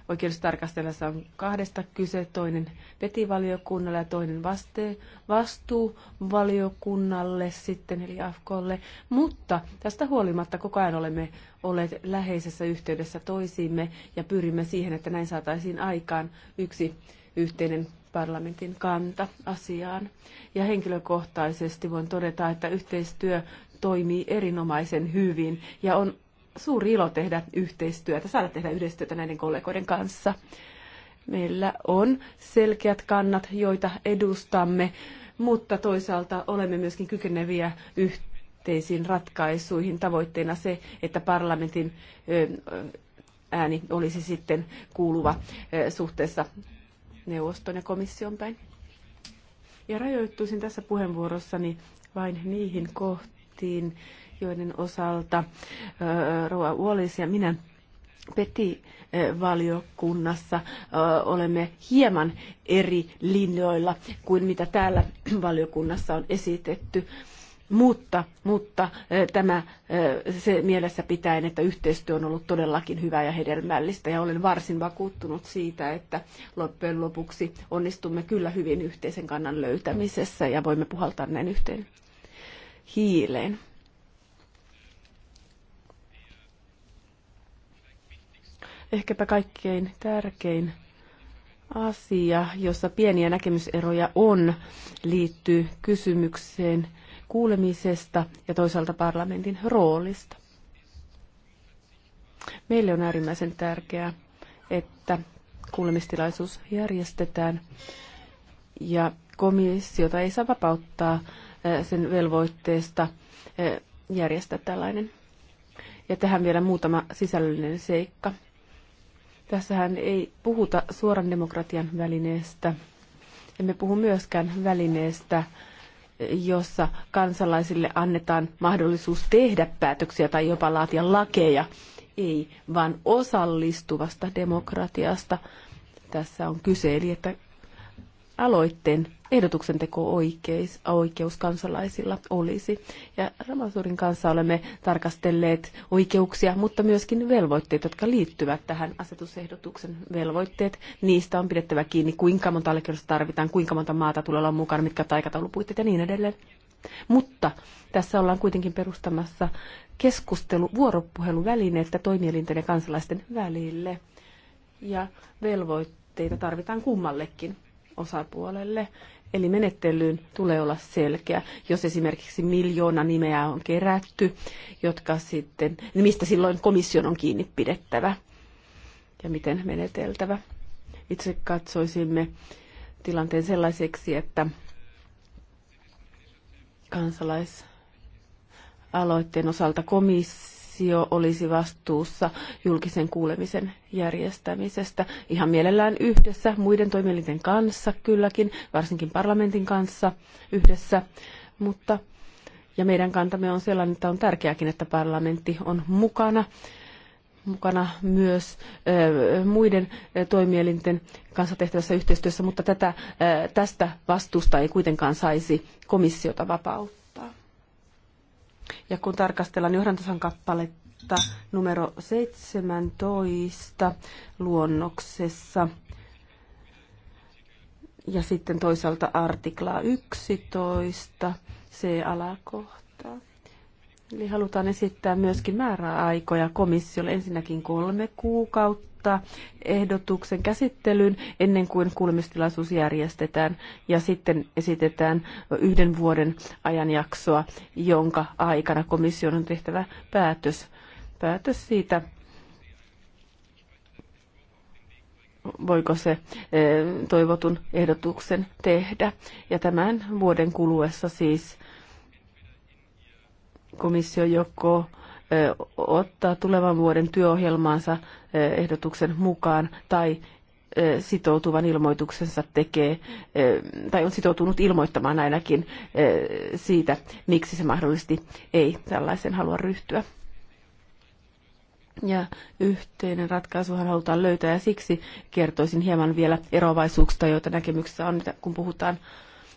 Oikeustarkastellassa on kahdesta kyse, toinen petivaliokunnalle ja toinen vaste, vastuuvaliokunnalle sitten, eli AFKlle. Mutta tästä huolimatta koko ajan olemme olleet läheisessä yhteydessä toisiimme ja pyrimme siihen, että näin saataisiin aikaan yksi yhteinen parlamentin kanta asiaan. Ja henkilökohtaisesti voin todeta, että yhteistyö toimii erinomaisen hyvin ja on suuri ilo tehdä yhteistyötä, saada tehdä yhteistyötä näiden kollegoiden kanssa. Meillä on selkeät kannat, joita edustamme, mutta toisaalta olemme myöskin kykeneviä yhteisiin ratkaisuihin. Tavoitteena se, että parlamentin ääni olisi sitten kuuluva suhteessa neuvoston ja komission päin. Ja rajoittuisin tässä puheenvuorossani vain niihin kohtiin, kohtiin, joiden osalta Roa Wallis ja minä PETI-valiokunnassa olemme hieman eri linjoilla kuin mitä täällä valiokunnassa on esitetty. Mutta, mutta tämä se mielessä pitäen, että yhteistyö on ollut todellakin hyvää ja hedelmällistä ja olen varsin vakuuttunut siitä, että loppujen lopuksi onnistumme kyllä hyvin yhteisen kannan löytämisessä ja voimme puhaltaa näin yhteen hiileen. ehkäpä kaikkein tärkein asia, jossa pieniä näkemyseroja on, liittyy kysymykseen kuulemisesta ja toisaalta parlamentin roolista. Meille on äärimmäisen tärkeää, että kuulemistilaisuus järjestetään ja komissiota ei saa vapauttaa sen velvoitteesta järjestää tällainen. Ja tähän vielä muutama sisällöllinen seikka. Tässähän ei puhuta suoran demokratian välineestä. Emme puhu myöskään välineestä, jossa kansalaisille annetaan mahdollisuus tehdä päätöksiä tai jopa laatia lakeja. Ei, vaan osallistuvasta demokratiasta. Tässä on kyse, eli että aloitteen ehdotuksen teko oikeus, oikeus kansalaisilla olisi. Ja Ramasurin kanssa olemme tarkastelleet oikeuksia, mutta myöskin velvoitteet, jotka liittyvät tähän asetusehdotuksen velvoitteet. Niistä on pidettävä kiinni, kuinka monta allekirjoitusta tarvitaan, kuinka monta maata tulee olla mukana, mitkä taikataulupuitteet ja niin edelleen. Mutta tässä ollaan kuitenkin perustamassa keskustelu, vuoropuheluvälineettä toimielinten ja kansalaisten välille. Ja velvoitteita tarvitaan kummallekin osapuolelle. Eli menettelyyn tulee olla selkeä, jos esimerkiksi miljoona nimeä on kerätty, jotka sitten, niin mistä silloin komission on kiinni pidettävä ja miten meneteltävä. Itse katsoisimme tilanteen sellaiseksi, että kansalaisaloitteen osalta komissio komissio olisi vastuussa julkisen kuulemisen järjestämisestä ihan mielellään yhdessä muiden toimielinten kanssa kylläkin, varsinkin parlamentin kanssa yhdessä, mutta ja meidän kantamme on sellainen, että on tärkeääkin, että parlamentti on mukana mukana myös muiden toimielinten kanssa tehtävässä yhteistyössä, mutta tätä, tästä vastuusta ei kuitenkaan saisi komissiota vapauttaa ja kun tarkastellaan johdantosan kappaletta numero 17 luonnoksessa ja sitten toisaalta artiklaa 11, se alakohta Eli halutaan esittää myöskin määräaikoja komissiolle ensinnäkin kolme kuukautta ehdotuksen käsittelyyn ennen kuin kuulemistilaisuus järjestetään ja sitten esitetään yhden vuoden ajanjaksoa, jonka aikana komission on tehtävä päätös, päätös siitä, voiko se e, toivotun ehdotuksen tehdä. Ja tämän vuoden kuluessa siis komissio joko ottaa tulevan vuoden työohjelmaansa ehdotuksen mukaan tai sitoutuvan ilmoituksensa tekee, tai on sitoutunut ilmoittamaan ainakin siitä, miksi se mahdollisesti ei tällaisen halua ryhtyä. Ja yhteinen ratkaisuhan halutaan löytää, ja siksi kertoisin hieman vielä eroavaisuuksista, joita näkemyksessä on, kun puhutaan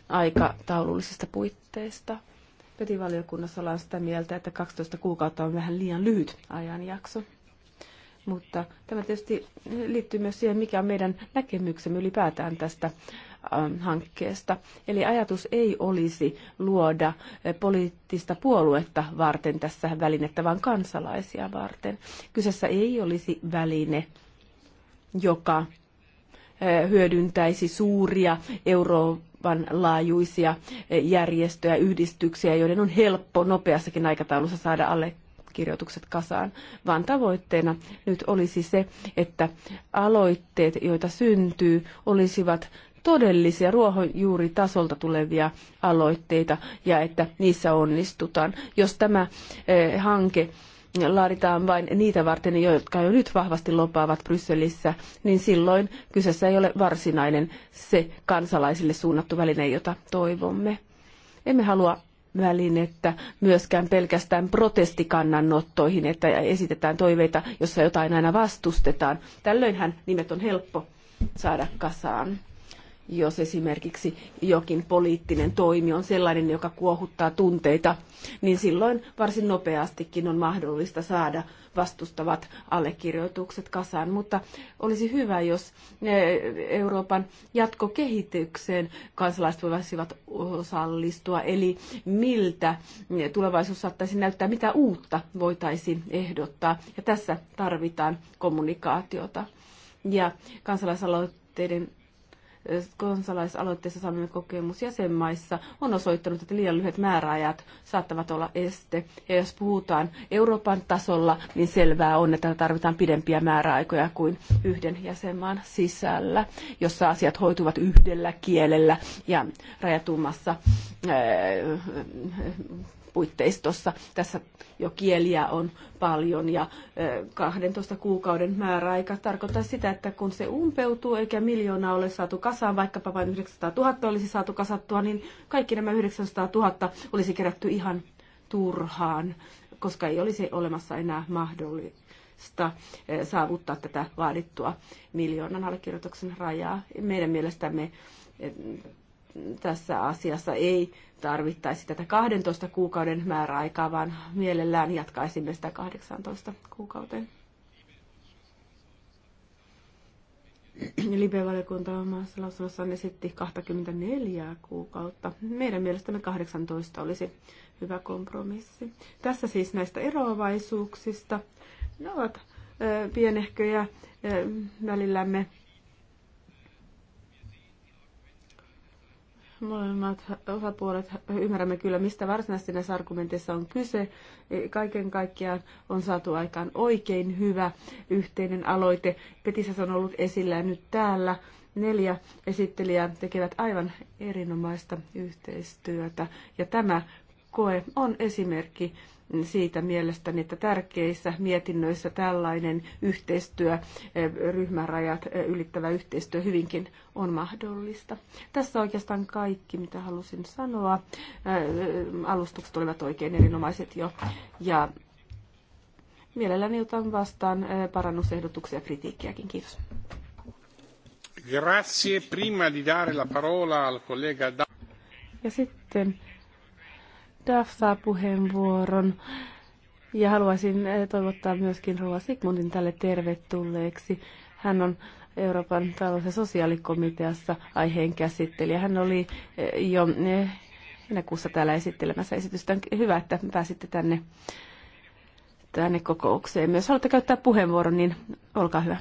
aikataulullisista puitteista. Petivaliokunnassa ollaan sitä mieltä, että 12 kuukautta on vähän liian lyhyt ajanjakso. Mutta tämä tietysti liittyy myös siihen, mikä on meidän näkemyksemme ylipäätään tästä ähm, hankkeesta. Eli ajatus ei olisi luoda äh, poliittista puoluetta varten tässä välinettä, vaan kansalaisia varten. Kyseessä ei olisi väline, joka äh, hyödyntäisi suuria Euroopan Euroopan laajuisia eh, järjestöjä, yhdistyksiä, joiden on helppo nopeassakin aikataulussa saada alle kirjoitukset kasaan, vaan tavoitteena nyt olisi se, että aloitteet, joita syntyy, olisivat todellisia ruohonjuuritasolta tulevia aloitteita ja että niissä onnistutaan. Jos tämä eh, hanke laaditaan vain niitä varten, jotka jo nyt vahvasti lopaavat Brysselissä, niin silloin kyseessä ei ole varsinainen se kansalaisille suunnattu väline, jota toivomme. Emme halua välinettä myöskään pelkästään protestikannanottoihin, että esitetään toiveita, jossa jotain aina vastustetaan. Tällöinhän nimet on helppo saada kasaan jos esimerkiksi jokin poliittinen toimi on sellainen, joka kuohuttaa tunteita, niin silloin varsin nopeastikin on mahdollista saada vastustavat allekirjoitukset kasaan. Mutta olisi hyvä, jos eh, Euroopan jatkokehitykseen kansalaiset voisivat osallistua, eli miltä eh, tulevaisuus saattaisi näyttää, mitä uutta voitaisiin ehdottaa. Ja tässä tarvitaan kommunikaatiota. Ja kansalaisaloitteiden kansalaisaloitteessa saamme kokemus jäsenmaissa on osoittanut, että liian lyhyet määräajat saattavat olla este. Ja jos puhutaan Euroopan tasolla, niin selvää on, että tarvitaan pidempiä määräaikoja kuin yhden jäsenmaan sisällä, jossa asiat hoituvat yhdellä kielellä ja rajatummassa puitteistossa. Tässä jo kieliä on paljon ja 12 kuukauden määräaika tarkoittaa sitä, että kun se umpeutuu eikä miljoonaa ole saatu kasaan, vaikkapa vain 900 000 olisi saatu kasattua, niin kaikki nämä 900 000 olisi kerätty ihan turhaan, koska ei olisi olemassa enää mahdollista saavuttaa tätä vaadittua miljoonan allekirjoituksen rajaa. Meidän mielestämme tässä asiassa ei tarvittaisi tätä 12 kuukauden määräaikaa, vaan mielellään jatkaisimme sitä 18 kuukauteen. Libe-valiokunta omassa lausunnossaan esitti 24 kuukautta. Meidän mielestämme 18 olisi hyvä kompromissi. Tässä siis näistä eroavaisuuksista. Ne ovat pienehköjä välillämme Molemmat osapuolet ymmärrämme kyllä, mistä varsinaisesti näissä argumenteissa on kyse. E, kaiken kaikkiaan on saatu aikaan oikein hyvä yhteinen aloite. Petissä on ollut esillä ja nyt täällä neljä esittelijää tekevät aivan erinomaista yhteistyötä. Ja tämä koe on esimerkki siitä mielestäni, että tärkeissä mietinnöissä tällainen yhteistyö, eh, ryhmärajat eh, ylittävä yhteistyö hyvinkin on mahdollista. Tässä oikeastaan kaikki, mitä halusin sanoa. Eh, alustukset olivat oikein erinomaiset jo. Ja mielelläni otan vastaan parannusehdotuksia ja kritiikkiäkin. Kiitos. Grazie. Prima di dare la parola al collega ja sitten Duff saa puheenvuoron. Ja haluaisin eh, toivottaa myöskin Rova Sigmundin tälle tervetulleeksi. Hän on Euroopan talous- ja sosiaalikomiteassa aiheen käsittelijä. Hän oli eh, jo eh, heinäkuussa täällä esittelemässä esitystä. Hyvä, että pääsitte tänne, tänne kokoukseen. Myös haluatte käyttää puheenvuoron, niin olkaa hyvä.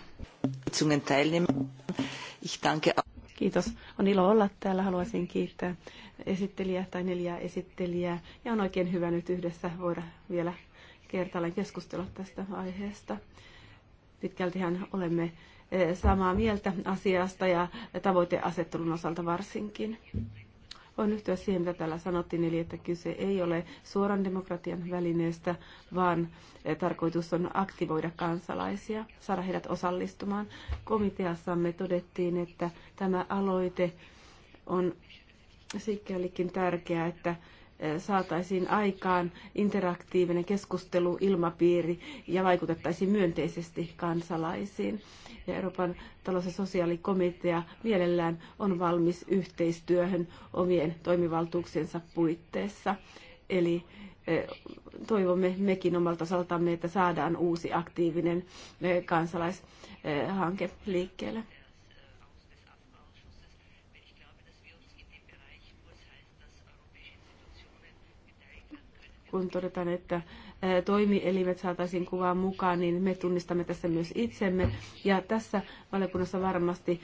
Kiitos. On ilo olla täällä. Haluaisin kiittää esittelijää tai neljää esittelijää. Ja on oikein hyvä nyt yhdessä voida vielä kertaalleen keskustella tästä aiheesta. Pitkältihän olemme eh, samaa mieltä asiasta ja tavoiteasettelun osalta varsinkin. Voin yhtyä siihen, mitä täällä sanottiin, eli että kyse ei ole suoran demokratian välineestä, vaan eh, tarkoitus on aktivoida kansalaisia, saada heidät osallistumaan. Komiteassamme todettiin, että tämä aloite on sikälikin tärkeää, että eh, saataisiin aikaan interaktiivinen keskustelu, ilmapiiri ja vaikutettaisiin myönteisesti kansalaisiin ja Euroopan talous- ja sosiaalikomitea mielellään on valmis yhteistyöhön omien toimivaltuuksiensa puitteissa. Eli eh, toivomme mekin omalta osaltamme, että saadaan uusi aktiivinen eh, kansalaishanke eh, liikkeelle. Kun todetaan, että toimielimet saataisiin kuvaan mukaan, niin me tunnistamme tässä myös itsemme. Ja tässä valiokunnassa varmasti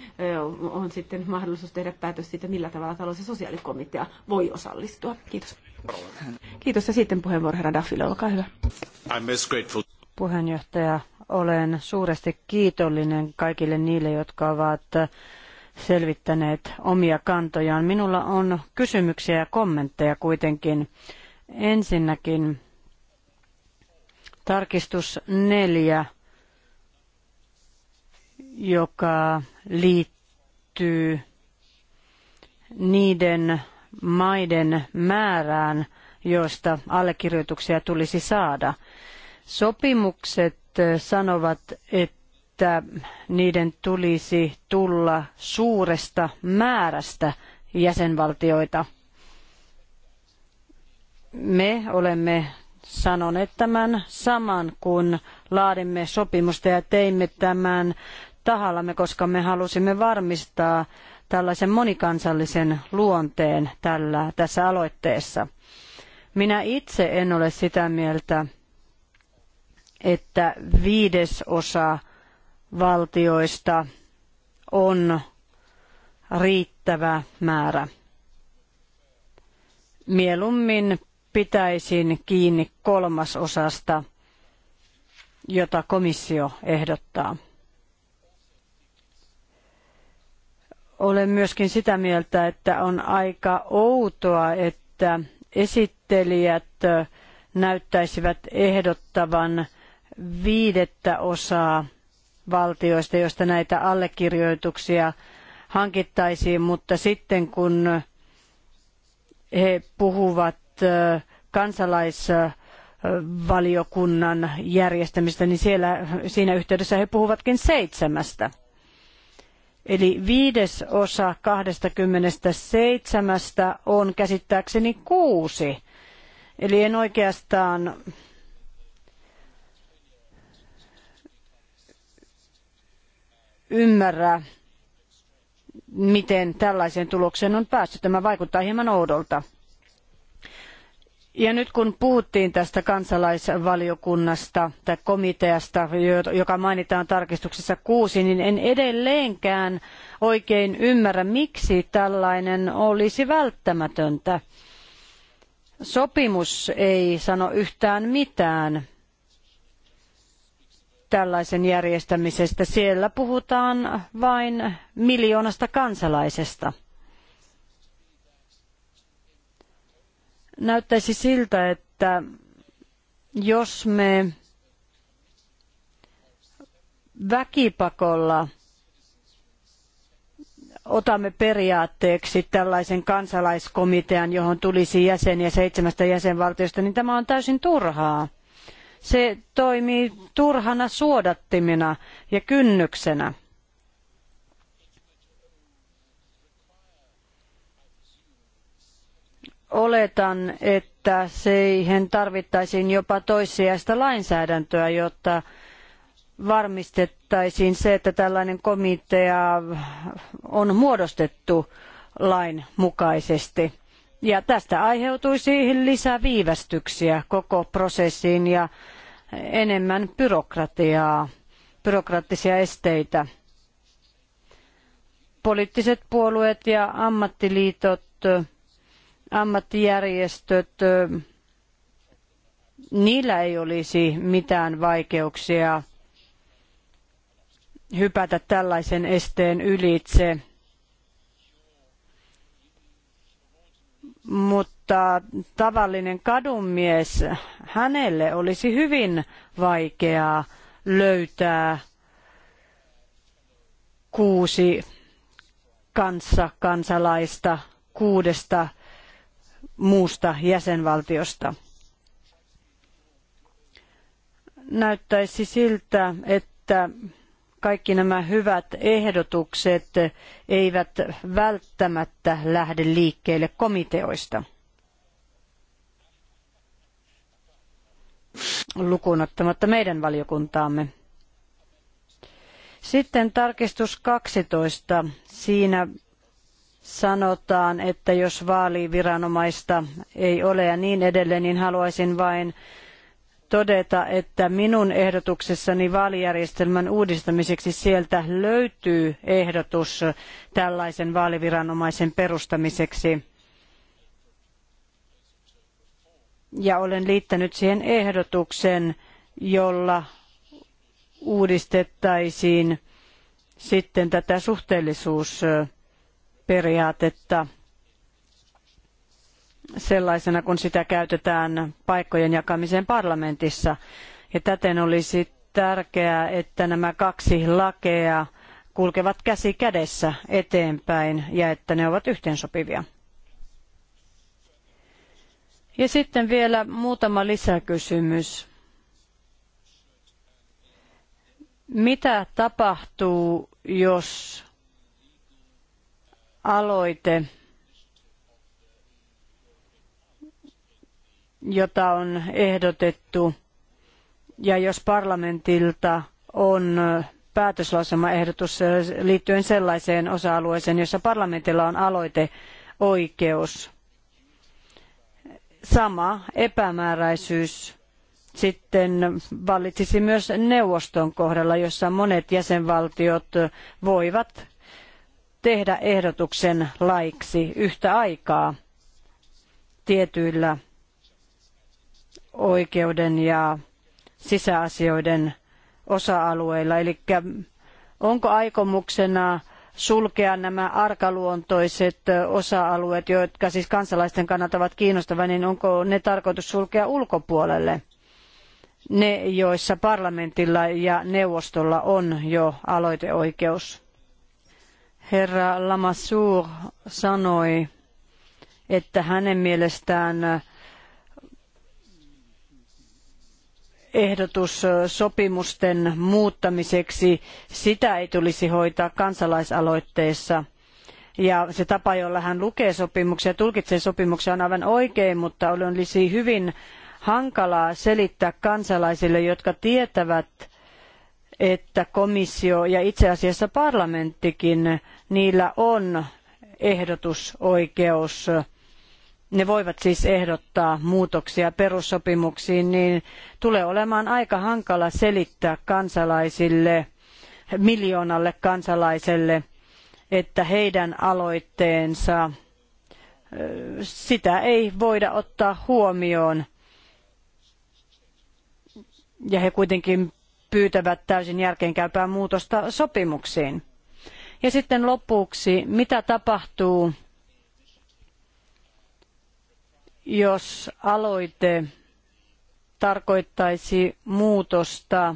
on sitten mahdollisuus tehdä päätös siitä, millä tavalla talous- ja sosiaalikomitea voi osallistua. Kiitos. Kiitos ja sitten puheenvuoro herra Daffilo, olkaa hyvä. Puheenjohtaja, olen suuresti kiitollinen kaikille niille, jotka ovat selvittäneet omia kantojaan. Minulla on kysymyksiä ja kommentteja kuitenkin. Ensinnäkin Tarkistus neljä, joka liittyy niiden maiden määrään, joista allekirjoituksia tulisi saada. Sopimukset sanovat, että niiden tulisi tulla suuresta määrästä jäsenvaltioita. Me olemme sanoneet tämän saman, kun laadimme sopimusta ja teimme tämän tahallamme, koska me halusimme varmistaa tällaisen monikansallisen luonteen tällä, tässä aloitteessa. Minä itse en ole sitä mieltä, että viidesosa valtioista on riittävä määrä. Mieluummin pitäisin kiinni kolmasosasta, jota komissio ehdottaa. Olen myöskin sitä mieltä, että on aika outoa, että esittelijät näyttäisivät ehdottavan viidettä osaa valtioista, joista näitä allekirjoituksia hankittaisiin, mutta sitten kun he puhuvat Äh, kansalaisvaliokunnan valiokunnan järjestämistä, niin siellä, siinä yhteydessä he puhuvatkin seitsemästä. Eli viides osa 27 on käsittääkseni kuusi. Eli en oikeastaan ymmärrä, miten tällaiseen tulokseen on päästy. Tämä vaikuttaa hieman oudolta. Ja nyt kun puhuttiin tästä kansalaisvaliokunnasta tai komiteasta, joka mainitaan tarkistuksessa kuusi, niin en edelleenkään oikein ymmärrä, miksi tällainen olisi välttämätöntä. Sopimus ei sano yhtään mitään tällaisen järjestämisestä. Siellä puhutaan vain miljoonasta kansalaisesta – Näyttäisi siltä, että jos me väkipakolla otamme periaatteeksi tällaisen kansalaiskomitean, johon tulisi jäseniä seitsemästä jäsenvaltiosta, niin tämä on täysin turhaa. Se toimii turhana suodattimina ja kynnyksenä. oletan, että siihen tarvittaisiin jopa toissijaista lainsäädäntöä, jotta varmistettaisiin se, että tällainen komitea on muodostettu lain mukaisesti. Ja tästä aiheutuisi lisää viivästyksiä koko prosessiin ja enemmän byrokratiaa, byrokraattisia esteitä. Poliittiset puolueet ja ammattiliitot ammattijärjestöt, niillä ei olisi mitään vaikeuksia hypätä tällaisen esteen ylitse. Mutta tavallinen kadunmies, hänelle olisi hyvin vaikeaa löytää kuusi kanssa kansalaista kuudesta muusta jäsenvaltiosta. Näyttäisi siltä, että kaikki nämä hyvät ehdotukset eivät välttämättä lähde liikkeelle komiteoista. lukuun ottamatta meidän valiokuntaamme. Sitten tarkistus 12. Siinä sanotaan, että jos vaaliviranomaista ei ole ja niin edelleen, niin haluaisin vain todeta, että minun ehdotuksessani vaalijärjestelmän uudistamiseksi sieltä löytyy ehdotus tällaisen vaaliviranomaisen perustamiseksi. Ja olen liittänyt siihen ehdotuksen, jolla uudistettaisiin sitten tätä suhteellisuusperiaatetta periaatetta sellaisena, kun sitä käytetään paikkojen jakamiseen parlamentissa. Ja täten olisi tärkeää, että nämä kaksi lakea kulkevat käsi kädessä eteenpäin ja että ne ovat yhteensopivia. Ja sitten vielä muutama lisäkysymys. Mitä tapahtuu, jos aloite, jota on ehdotettu. Ja jos parlamentilta on päätöslauselmaehdotus liittyen sellaiseen osa-alueeseen, jossa parlamentilla on aloiteoikeus. Sama epämääräisyys sitten vallitsisi myös neuvoston kohdalla, jossa monet jäsenvaltiot voivat tehdä ehdotuksen laiksi yhtä aikaa tietyillä oikeuden ja sisäasioiden osa-alueilla. Eli onko aikomuksena sulkea nämä arkaluontoiset osa-alueet, jotka siis kansalaisten kannalta ovat kiinnostavia, niin onko ne tarkoitus sulkea ulkopuolelle? Ne, joissa parlamentilla ja neuvostolla on jo aloiteoikeus. Herra Lamassur sanoi, että hänen mielestään ehdotus sopimusten muuttamiseksi, sitä ei tulisi hoitaa kansalaisaloitteessa. Ja se tapa, jolla hän lukee sopimuksia ja tulkitsee sopimuksia on aivan oikein, mutta olisi hyvin hankalaa selittää kansalaisille, jotka tietävät, että komissio ja itse asiassa parlamenttikin, niillä on ehdotusoikeus. Ne voivat siis ehdottaa muutoksia perussopimuksiin, niin tulee olemaan aika hankala selittää kansalaisille, miljoonalle kansalaiselle, että heidän aloitteensa sitä ei voida ottaa huomioon. Ja he kuitenkin pyytävät täysin järkeenkäypää muutosta sopimuksiin. Ja sitten lopuksi, mitä tapahtuu, jos aloite tarkoittaisi muutosta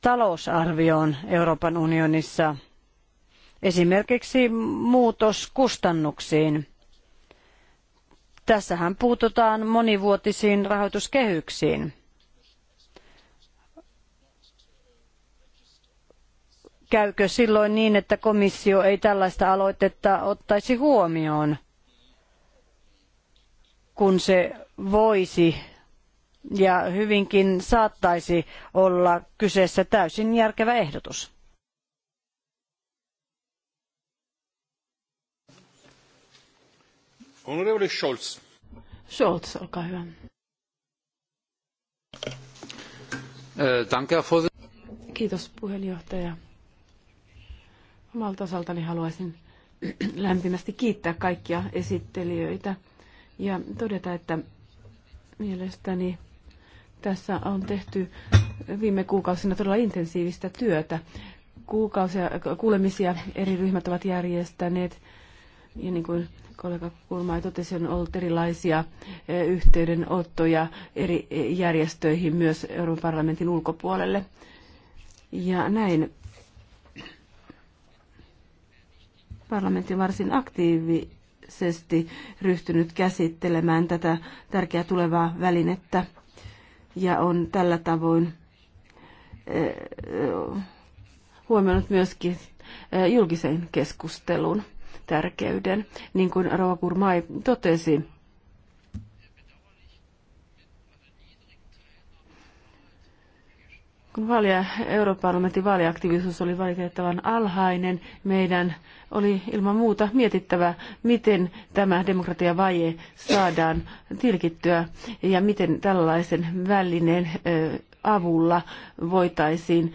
talousarvioon Euroopan unionissa, esimerkiksi muutos kustannuksiin. Tässähän puututaan monivuotisiin rahoituskehyksiin. käykö silloin niin, että komissio ei tällaista aloitetta ottaisi huomioon, kun se voisi ja hyvinkin saattaisi olla kyseessä täysin järkevä ehdotus. Honorable Scholz. Scholz, olkaa hyvä. Äh, Kiitos puheenjohtaja. Omalta osaltani haluaisin lämpimästi kiittää kaikkia esittelijöitä ja todeta, että mielestäni tässä on tehty viime kuukausina todella intensiivistä työtä. Kuukausia, kuulemisia eri ryhmät ovat järjestäneet ja niin kuin kollega Kulmai totesi, on ollut erilaisia e, yhteydenottoja eri e, järjestöihin myös Euroopan parlamentin ulkopuolelle. Ja näin parlamentti varsin aktiivisesti ryhtynyt käsittelemään tätä tärkeää tulevaa välinettä ja on tällä tavoin eh, eh, huomioinut myöskin eh, julkisen keskustelun tärkeyden. Niin kuin Rova Kurmai totesi, Kun vaalia, parlamentin vaaliaktiivisuus oli valitettavan alhainen, meidän oli ilman muuta mietittävä, miten tämä demokratiavaje saadaan tilkittyä ja miten tällaisen välineen avulla voitaisiin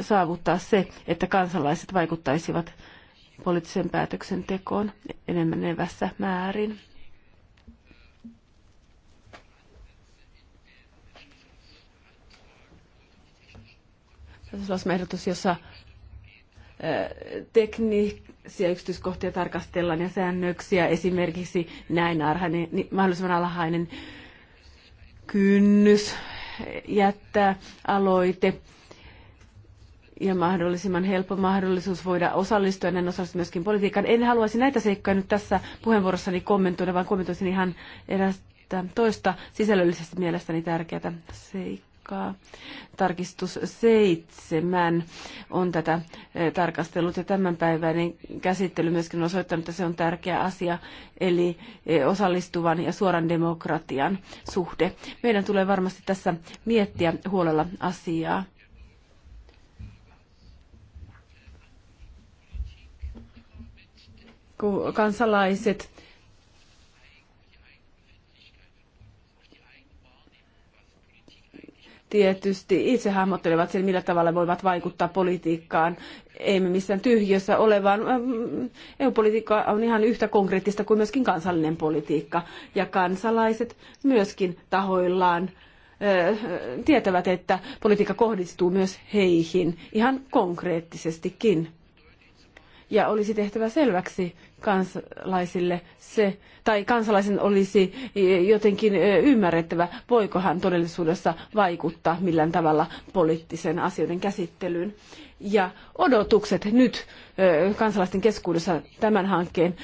saavuttaa se, että kansalaiset vaikuttaisivat poliittiseen päätöksentekoon enemmän määrin. päätöslausmaehdotus, jossa teknisiä yksityiskohtia tarkastellaan ja säännöksiä, esimerkiksi näin arhainen, niin mahdollisimman alhainen kynnys jättää aloite ja mahdollisimman helppo mahdollisuus voida osallistua ja osallistua myöskin politiikkaan. En haluaisi näitä seikkoja nyt tässä puheenvuorossani kommentoida, vaan kommentoisin ihan erästä toista sisällöllisesti mielestäni tärkeää seikkaa tarkkaa. Tarkistus seitsemän on tätä eh, tarkastellut ja tämänpäiväinen käsittely myöskin on osoittanut, että se on tärkeä asia, eli eh, osallistuvan ja suoran demokratian suhde. Meidän tulee varmasti tässä miettiä huolella asiaa. kansalaiset tietysti itse hahmottelevat sen, millä tavalla voivat vaikuttaa politiikkaan. Ei me missään tyhjössä ole, vaan ähm, EU-politiikka on ihan yhtä konkreettista kuin myöskin kansallinen politiikka. Ja kansalaiset myöskin tahoillaan äh, äh, tietävät, että politiikka kohdistuu myös heihin ihan konkreettisestikin. Ja olisi tehtävä selväksi kansalaisille se, tai kansalaisen olisi jotenkin ymmärrettävä, voiko hän todellisuudessa vaikuttaa millään tavalla poliittisen asioiden käsittelyyn. Ja odotukset nyt kansalaisten keskuudessa tämän hankkeen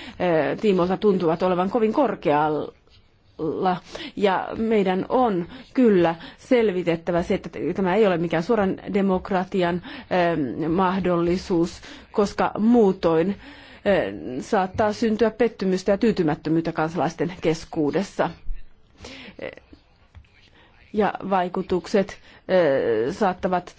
tiimoilta tuntuvat olevan kovin korkealla Ja meidän on kyllä selvitettävä se, että tämä ei ole mikään suoran demokratian mahdollisuus, koska muutoin saattaa syntyä pettymystä ja tyytymättömyyttä kansalaisten keskuudessa. Ja vaikutukset saattavat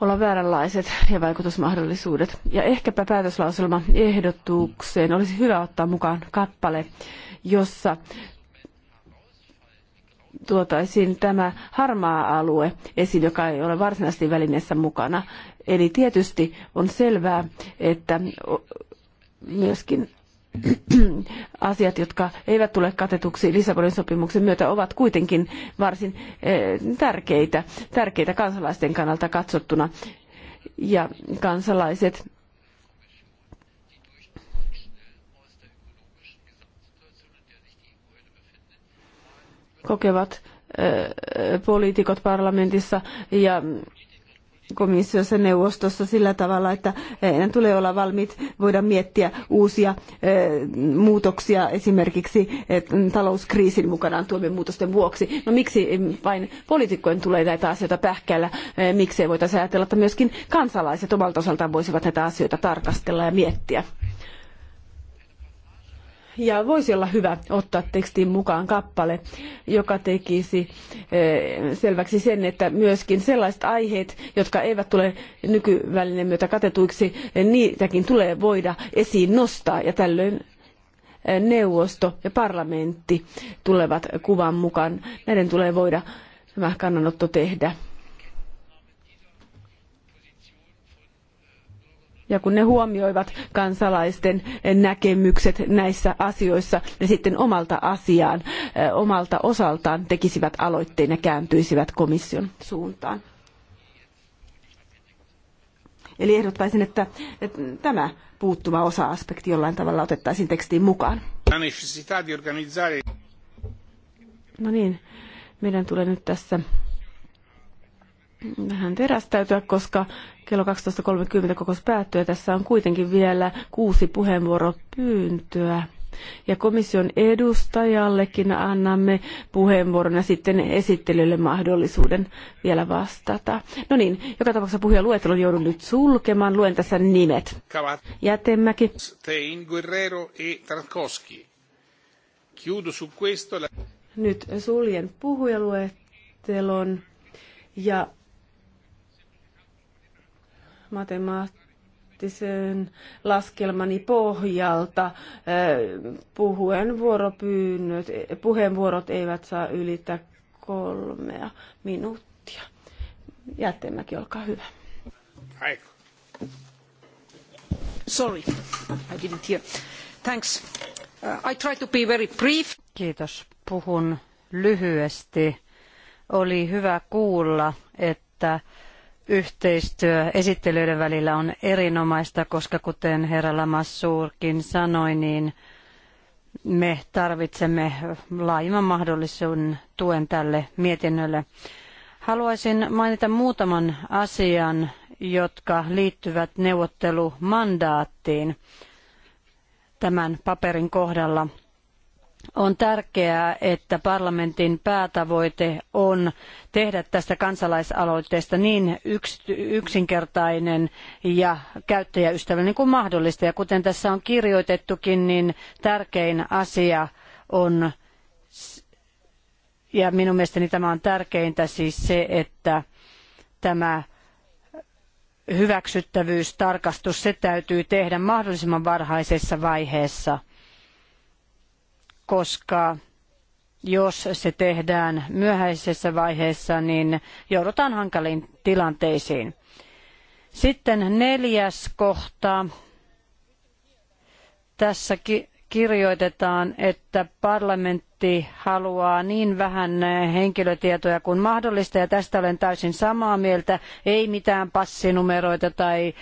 olla vääränlaiset ja vaikutusmahdollisuudet. Ja ehkäpä päätöslauselma ehdotukseen olisi hyvä ottaa mukaan kappale, jossa tuotaisiin tämä harmaa alue esiin, joka ei ole varsinaisesti välineessä mukana. Eli tietysti on selvää, että myöskin asiat, jotka eivät tule katetuksi Lissabonin sopimuksen myötä, ovat kuitenkin varsin eh, tärkeitä, tärkeitä kansalaisten kannalta katsottuna. Ja kansalaiset kokevat poliitikot parlamentissa ja komissiossa neuvostossa sillä tavalla, että heidän tulee olla valmiit voida miettiä uusia muutoksia esimerkiksi talouskriisin mukanaan tuomien muutosten vuoksi. No miksi vain poliitikkojen tulee näitä asioita pähkäillä? Miksei voitaisiin ajatella, että myöskin kansalaiset omalta osaltaan voisivat näitä asioita tarkastella ja miettiä? ja voisi olla hyvä ottaa tekstiin mukaan kappale, joka tekisi eh, selväksi sen, että myöskin sellaiset aiheet, jotka eivät tule nykyvälinen myötä katetuiksi, eh, niitäkin tulee voida esiin nostaa ja tällöin eh, neuvosto ja parlamentti tulevat kuvan mukaan. Näiden tulee voida tämä kannanotto tehdä ja kun ne huomioivat kansalaisten näkemykset näissä asioissa, ne sitten omalta asiaan, eh, omalta osaltaan tekisivät aloitteen ja kääntyisivät komission suuntaan. Eli ehdottaisin, että, että tämä puuttuva osa-aspekti jollain tavalla otettaisiin tekstiin mukaan. No niin, meidän tulee nyt tässä vähän terästäytyä, koska kello 12.30 kokous päättyy ja tässä on kuitenkin vielä kuusi puheenvuoropyyntöä. Ja komission edustajallekin annamme puheenvuoron ja sitten esittelylle mahdollisuuden vielä vastata. No niin, joka tapauksessa puhujan joudun nyt sulkemaan. Luen tässä nimet. Kavat. Jätemäki. Stein, Guerrero e Chiudo su questo la... Nyt suljen puhujaluettelon ja matemaattisen laskelmani pohjalta eh, puhuen vuoropyynnöt, puheenvuorot eivät saa ylittää kolmea minuuttia. Jättemäki, olkaa hyvä. Sorry, I didn't hear. Thanks. Uh, I try to be very brief. Kiitos. Puhun lyhyesti. Oli hyvä kuulla, että yhteistyö esittelyiden välillä on erinomaista, koska kuten herra Lamassuurkin sanoi, niin me tarvitsemme laajimman mahdollisen tuen tälle mietinnölle. Haluaisin mainita muutaman asian, jotka liittyvät neuvottelumandaattiin tämän paperin kohdalla – on tärkeää, että parlamentin päätavoite on tehdä tästä kansalaisaloitteesta niin yksinkertainen ja käyttäjäystävällinen kuin mahdollista. Ja kuten tässä on kirjoitettukin, niin tärkein asia on, ja minun mielestäni tämä on tärkeintä, siis se, että tämä hyväksyttävyystarkastus, se täytyy tehdä mahdollisimman varhaisessa vaiheessa – koska jos se tehdään myöhäisessä vaiheessa, niin joudutaan hankaliin tilanteisiin. Sitten neljäs kohta. Tässä kirjoitetaan, että parlamentti haluaa niin vähän henkilötietoja kuin mahdollista, ja tästä olen täysin samaa mieltä. Ei mitään passinumeroita tai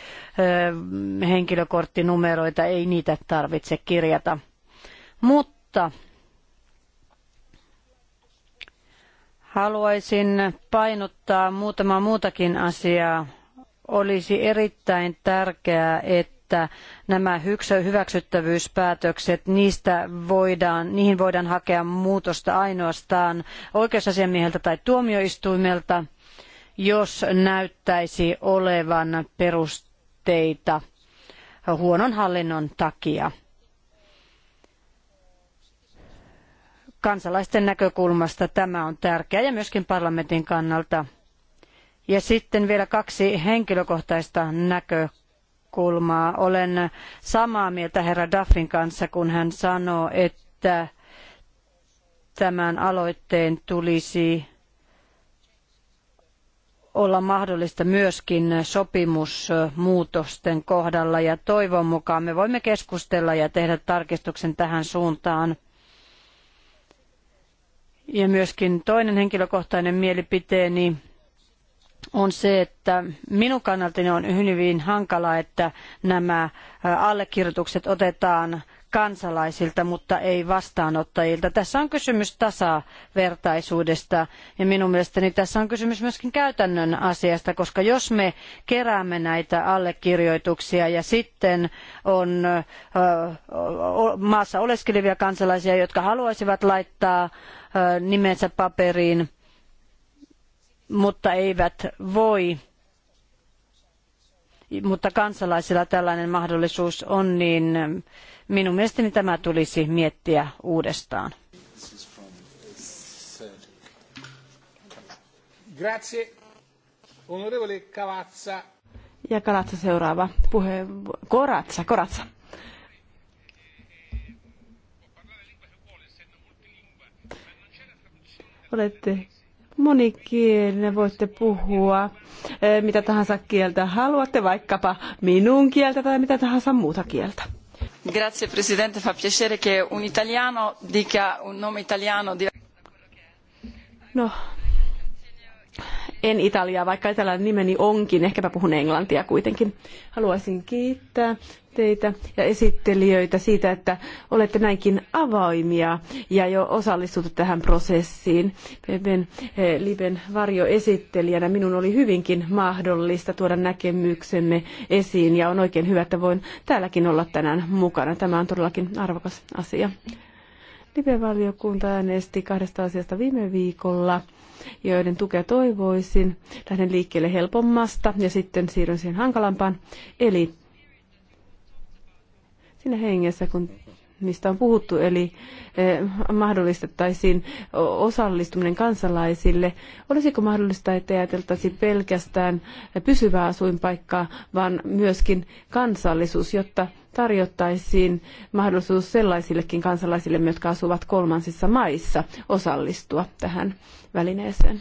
henkilökorttinumeroita, ei niitä tarvitse kirjata. Mutta mutta haluaisin painottaa muutama muutakin asiaa. Olisi erittäin tärkeää, että nämä hyväksyttävyyspäätökset, niistä voidaan, niihin voidaan hakea muutosta ainoastaan oikeusasiamieheltä tai tuomioistuimelta, jos näyttäisi olevan perusteita huonon hallinnon takia. kansalaisten näkökulmasta tämä on tärkeää ja myöskin parlamentin kannalta. Ja sitten vielä kaksi henkilökohtaista näkökulmaa. Olen samaa mieltä herra Duffin kanssa, kun hän sanoo, että tämän aloitteen tulisi olla mahdollista myöskin sopimusmuutosten kohdalla ja toivon mukaan me voimme keskustella ja tehdä tarkistuksen tähän suuntaan ja myöskin toinen henkilökohtainen mielipiteeni on se, että minun kannaltani on hyvin hankala, että nämä allekirjoitukset otetaan kansalaisilta, mutta ei vastaanottajilta. Tässä on kysymys tasavertaisuudesta ja minun mielestäni tässä on kysymys myöskin käytännön asiasta, koska jos me keräämme näitä allekirjoituksia ja sitten on maassa oleskelevia kansalaisia, jotka haluaisivat laittaa nimensä paperiin, mutta eivät voi. Mutta kansalaisilla tällainen mahdollisuus on, niin minun mielestäni tämä tulisi miettiä uudestaan. Grazie. Onorevole Cavazza. Ja Kalatsa seuraava puheenvuoro. Koratsa, Koratsa. olette monikielinen, voitte puhua eh, mitä tahansa kieltä haluatte, vaikkapa minun kieltä tai mitä tahansa muuta kieltä. Grazie Presidente, fa piacere che un italiano dica un nome italiano di. No, en Italiaa, vaikka Italian nimeni onkin. Ehkäpä puhun englantia kuitenkin. Haluaisin kiittää teitä ja esittelijöitä siitä, että olette näinkin avoimia ja jo osallistutte tähän prosessiin. Pepen eh, Liben varjoesittelijänä minun oli hyvinkin mahdollista tuoda näkemyksemme esiin ja on oikein hyvä, että voin täälläkin olla tänään mukana. Tämä on todellakin arvokas asia. libe valiokunta äänesti kahdesta asiasta viime viikolla joiden tukea toivoisin. Lähden liikkeelle helpommasta ja sitten siirryn siihen hankalampaan. Eli siinä hengessä, kun mistä on puhuttu, eli eh, mahdollistettaisiin osallistuminen kansalaisille. Olisiko mahdollista, että ajateltaisiin pelkästään pysyvää asuinpaikkaa, vaan myöskin kansallisuus, jotta tarjottaisiin mahdollisuus sellaisillekin kansalaisille, jotka asuvat kolmansissa maissa, osallistua tähän välineeseen.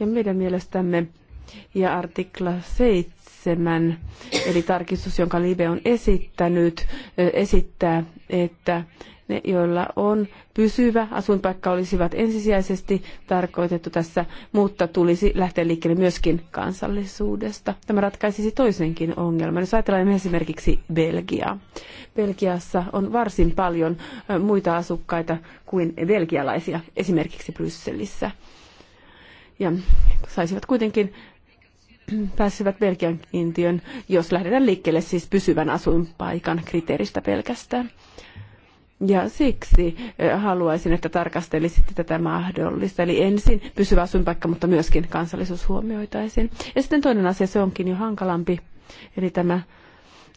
Ja meidän mielestämme ja artikla 7, eli tarkistus, jonka Live on esittänyt, esittää, että ne, joilla on pysyvä asuinpaikka, olisivat ensisijaisesti tarkoitettu tässä, mutta tulisi lähteä liikkeelle myöskin kansallisuudesta. Tämä ratkaisisi toisenkin ongelman. Jos ajatellaan esimerkiksi Belgiaa. Belgiassa on varsin paljon muita asukkaita kuin belgialaisia, esimerkiksi Brysselissä. Ja saisivat kuitenkin pääsevät Belgian kiintiön, jos lähdetään liikkeelle siis pysyvän asuinpaikan kriteeristä pelkästään. Ja siksi eh, haluaisin, että tarkastelisitte tätä mahdollista. Eli ensin pysyvä asuinpaikka, mutta myöskin kansallisuus huomioitaisiin. Ja sitten toinen asia, se onkin jo hankalampi, eli tämä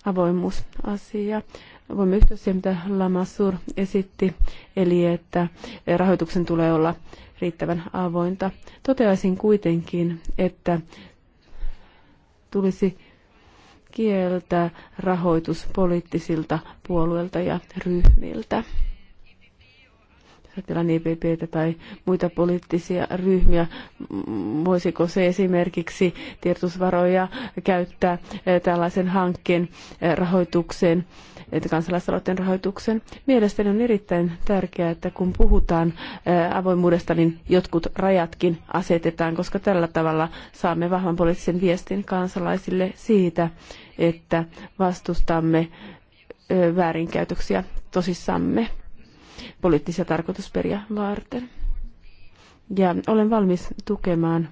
avoimuusasia. Voimme yhtyä siihen, mitä Lamassur esitti, eli että eh, rahoituksen tulee olla riittävän avointa. Toteaisin kuitenkin, että tulisi kieltä rahoituspoliittisilta puolueilta ja ryhmiltä. Ajatellaan EPPtä tai muita poliittisia ryhmiä. Voisiko se esimerkiksi tiedotusvaroja käyttää eh, tällaisen hankkeen eh, rahoitukseen? kansalaisaloitteen rahoituksen. Mielestäni on erittäin tärkeää, että kun puhutaan avoimuudesta, niin jotkut rajatkin asetetaan, koska tällä tavalla saamme vahvan poliittisen viestin kansalaisille siitä, että vastustamme väärinkäytöksiä tosissamme poliittisia tarkoitusperiä varten. Ja olen valmis tukemaan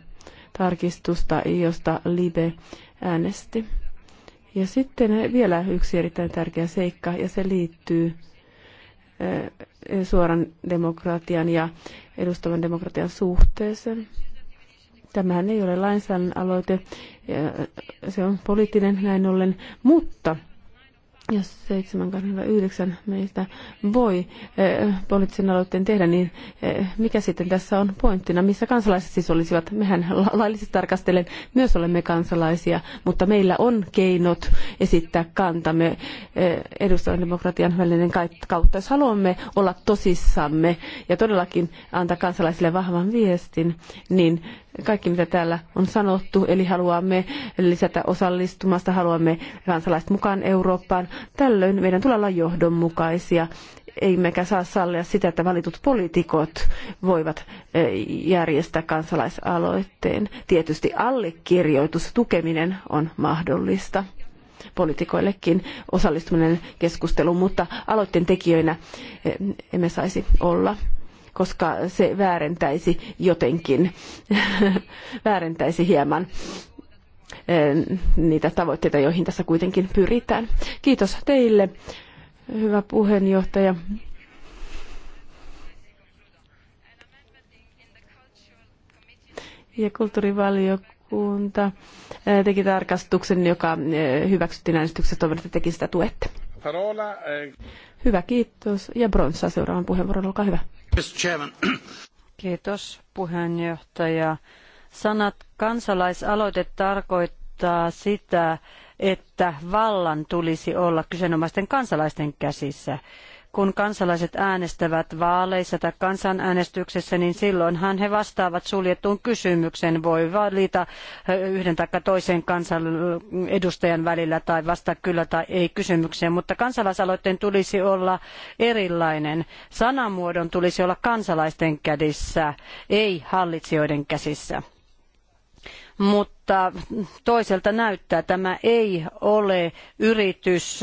tarkistusta, josta Libe äänesti. Ja sitten vielä yksi erittäin tärkeä seikka, ja se liittyy eh, suoran demokratian ja edustavan demokratian suhteeseen. Tämähän ei ole lainsäädännön aloite, se on poliittinen näin ollen, mutta ja 7-9 meistä voi äh, poliittisen aloitteen tehdä, niin äh, mikä sitten tässä on pointtina, missä kansalaiset siis olisivat? Mehän laillisesti tarkastellen myös olemme kansalaisia, mutta meillä on keinot esittää kantamme äh, edustavan demokratian välinen kautta. Jos haluamme olla tosissamme ja todellakin antaa kansalaisille vahvan viestin, niin kaikki, mitä täällä on sanottu, eli haluamme lisätä osallistumasta, haluamme kansalaiset mukaan Eurooppaan. Tällöin meidän tulee olla johdonmukaisia, emmekä saa sallia sitä, että valitut poliitikot voivat eh, järjestää kansalaisaloitteen. Tietysti allekirjoitus, tukeminen on mahdollista poliitikoillekin osallistuminen keskusteluun, mutta aloitteen tekijöinä eh, emme saisi olla koska se väärentäisi jotenkin, väärentäisi hieman eh, niitä tavoitteita, joihin tässä kuitenkin pyritään. Kiitos teille, hyvä puheenjohtaja. Ja kulttuurivaliokunta eh, teki tarkastuksen, joka eh, hyväksyttiin äänestyksessä. Toivon, että tekin sitä tuette. Hyvä, kiitos. Ja Bronsa seuraavan puheenvuoron, olkaa hyvä. Kiitos puheenjohtaja. Sanat kansalaisaloite tarkoittaa sitä, että vallan tulisi olla kyseenomaisten kansalaisten käsissä kun kansalaiset äänestävät vaaleissa tai kansanäänestyksessä, niin silloinhan he vastaavat suljettuun kysymykseen. Voi valita yhden tai toisen kansan edustajan välillä tai vastata kyllä tai ei kysymykseen, mutta kansalaisaloitteen tulisi olla erilainen. Sanamuodon tulisi olla kansalaisten kädissä, ei hallitsijoiden käsissä mutta toiselta näyttää tämä ei ole yritys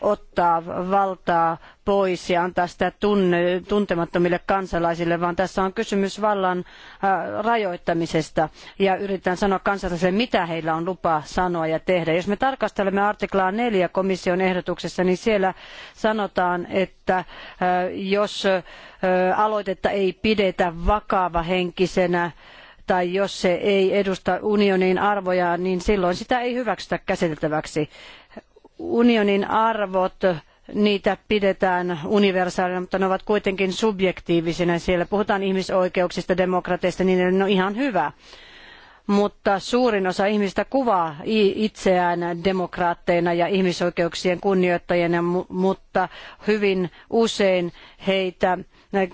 ottaa valtaa pois ja antaa sitä tunne, tuntemattomille kansalaisille, vaan tässä on kysymys vallan rajoittamisesta ja yritetään sanoa kansalaisille, mitä heillä on lupa sanoa ja tehdä. Jos me tarkastelemme artiklaa 4 komission ehdotuksessa, niin siellä sanotaan, että jos aloitetta ei pidetä vakava henkisenä, tai jos se ei edusta unionin arvoja, niin silloin sitä ei hyväksytä käsiteltäväksi unionin arvot, niitä pidetään universaalina, mutta ne ovat kuitenkin subjektiivisina. Siellä puhutaan ihmisoikeuksista, demokrateista, niin ne on ihan hyvä. Mutta suurin osa ihmistä kuvaa itseään demokraatteina ja ihmisoikeuksien kunnioittajina, mutta hyvin usein heitä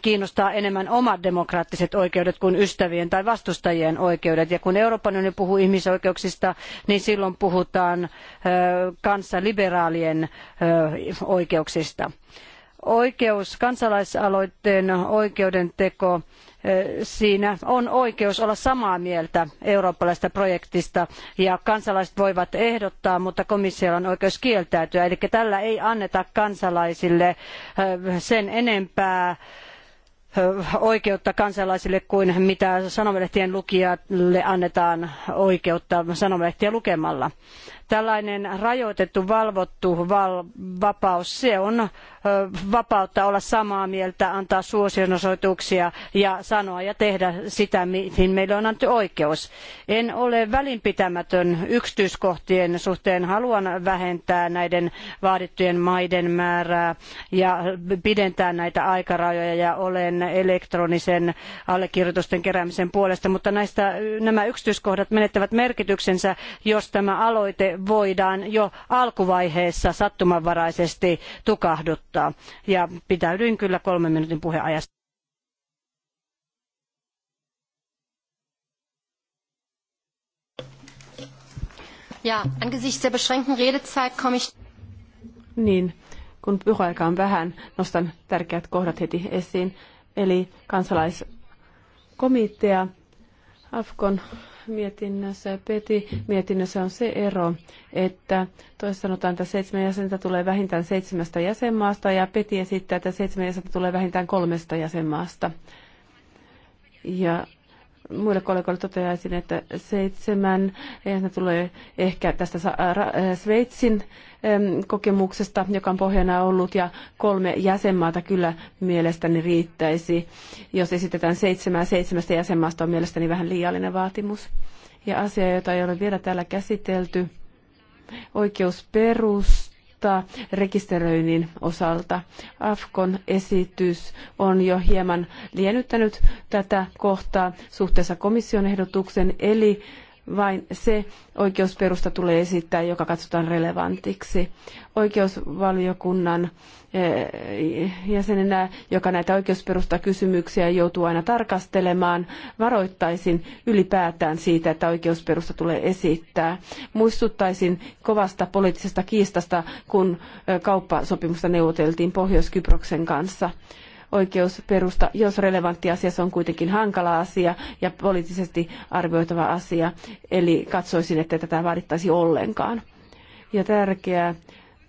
kiinnostaa enemmän omat demokraattiset oikeudet kuin ystävien tai vastustajien oikeudet. Ja kun Euroopan unioni puhuu ihmisoikeuksista, niin silloin puhutaan kanssaliberaalien oikeuksista. Oikeus kansalaisaloitteen oikeudenteko siinä on oikeus olla samaa mieltä eurooppalaisesta projektista ja kansalaiset voivat ehdottaa, mutta komissiolla on oikeus kieltäytyä. Eli tällä ei anneta kansalaisille sen enempää oikeutta kansalaisille kuin mitä sanomalehtien lukijalle annetaan oikeutta sanomalehtiä lukemalla. Tällainen rajoitettu, valvottu val- vapaus, se on vapautta olla samaa mieltä, antaa suosionosoituksia ja sanoa ja tehdä sitä, mihin meille on annettu oikeus. En ole välinpitämätön yksityiskohtien suhteen. Haluan vähentää näiden vaadittujen maiden määrää ja pidentää näitä aikarajoja ja olen elektronisen allekirjoitusten keräämisen puolesta, mutta näistä, nämä yksityiskohdat menettävät merkityksensä, jos tämä aloite voidaan jo alkuvaiheessa sattumanvaraisesti tukahduttaa. Ja pitäydyin kyllä kolmen minuutin puheajasta. Ja, angesichts der beschränkten Redezeit komme ich... Niin, kun puheaika on vähän, nostan tärkeät kohdat heti esiin. Eli kansalaiskomitea, AFKON mietinnössä ja Peti mietinnössä on se ero, että toisessa sanotaan, että seitsemän jäsentä tulee vähintään seitsemästä jäsenmaasta ja Peti esittää, että seitsemän jäsentä tulee vähintään kolmesta jäsenmaasta. Ja muille kollegoille toteaisin, että seitsemän ne tulee ehkä tästä Sveitsin kokemuksesta, joka on pohjana ollut, ja kolme jäsenmaata kyllä mielestäni riittäisi. Jos esitetään seitsemää, seitsemästä jäsenmaasta on mielestäni vähän liiallinen vaatimus. Ja asia, jota ei ole vielä täällä käsitelty, oikeusperus ottaa rekisteröinnin osalta. Afkon esitys on jo hieman liennyttänyt tätä kohtaa suhteessa komission ehdotuksen, eli vain se oikeusperusta tulee esittää, joka katsotaan relevantiksi. Oikeusvaliokunnan eh, jäsenenä, joka näitä oikeusperusta kysymyksiä joutuu aina tarkastelemaan, varoittaisin ylipäätään siitä, että oikeusperusta tulee esittää. Muistuttaisin kovasta poliittisesta kiistasta, kun eh, kauppasopimusta neuvoteltiin Pohjois-Kyproksen kanssa oikeusperusta, jos relevantti asia, se on kuitenkin hankala asia ja poliittisesti arvioitava asia, eli katsoisin, että tätä vaadittaisi ollenkaan. Ja tärkeää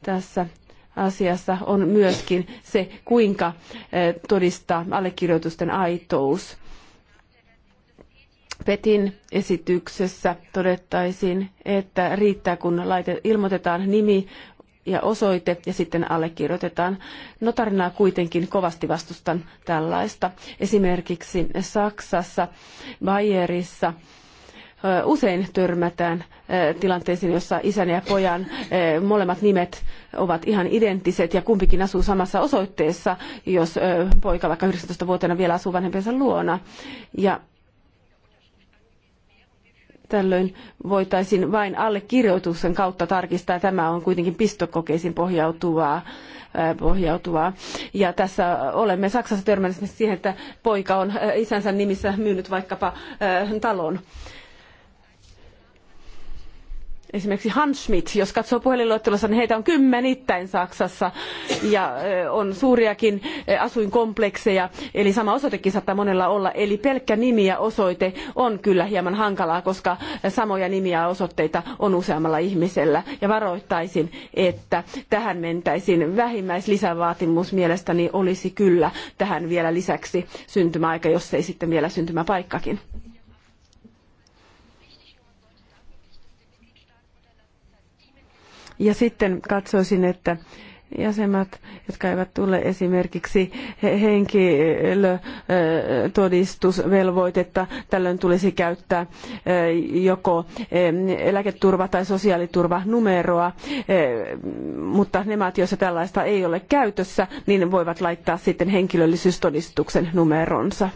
tässä asiassa on myöskin se, kuinka eh, todistaa allekirjoitusten aitous. Petin esityksessä todettaisiin, että riittää kun laite, ilmoitetaan nimi, ja osoite ja sitten allekirjoitetaan. Notarinaa kuitenkin kovasti vastustan tällaista. Esimerkiksi Saksassa, Bayerissa, usein törmätään tilanteisiin, jossa isän ja pojan molemmat nimet ovat ihan identtiset ja kumpikin asuu samassa osoitteessa, jos poika vaikka 19-vuotiaana vielä asuu vanhempiensa luona. Ja Tällöin voitaisiin vain allekirjoituksen kautta tarkistaa. Tämä on kuitenkin pistokokeisiin pohjautuvaa. pohjautuvaa. Ja tässä olemme Saksassa törmänneet siihen, että poika on isänsä nimissä myynyt vaikkapa talon esimerkiksi Hans Schmidt, jos katsoo puhelinluettelossa, niin heitä on kymmenittäin Saksassa ja on suuriakin asuinkomplekseja, eli sama osoitekin saattaa monella olla. Eli pelkkä nimi ja osoite on kyllä hieman hankalaa, koska samoja nimiä ja osoitteita on useammalla ihmisellä. Ja varoittaisin, että tähän mentäisiin. Vähimmäislisävaatimus mielestäni olisi kyllä tähän vielä lisäksi syntymäaika, jos ei sitten vielä syntymäpaikkakin. Ja sitten katsoisin, että jäsenmaat, jotka eivät tule esimerkiksi henkilötodistusvelvoitetta. Tällöin tulisi käyttää joko eläketurva- tai sosiaaliturvanumeroa, mutta ne maat, joissa tällaista ei ole käytössä, niin voivat laittaa sitten henkilöllisyystodistuksen numeronsa.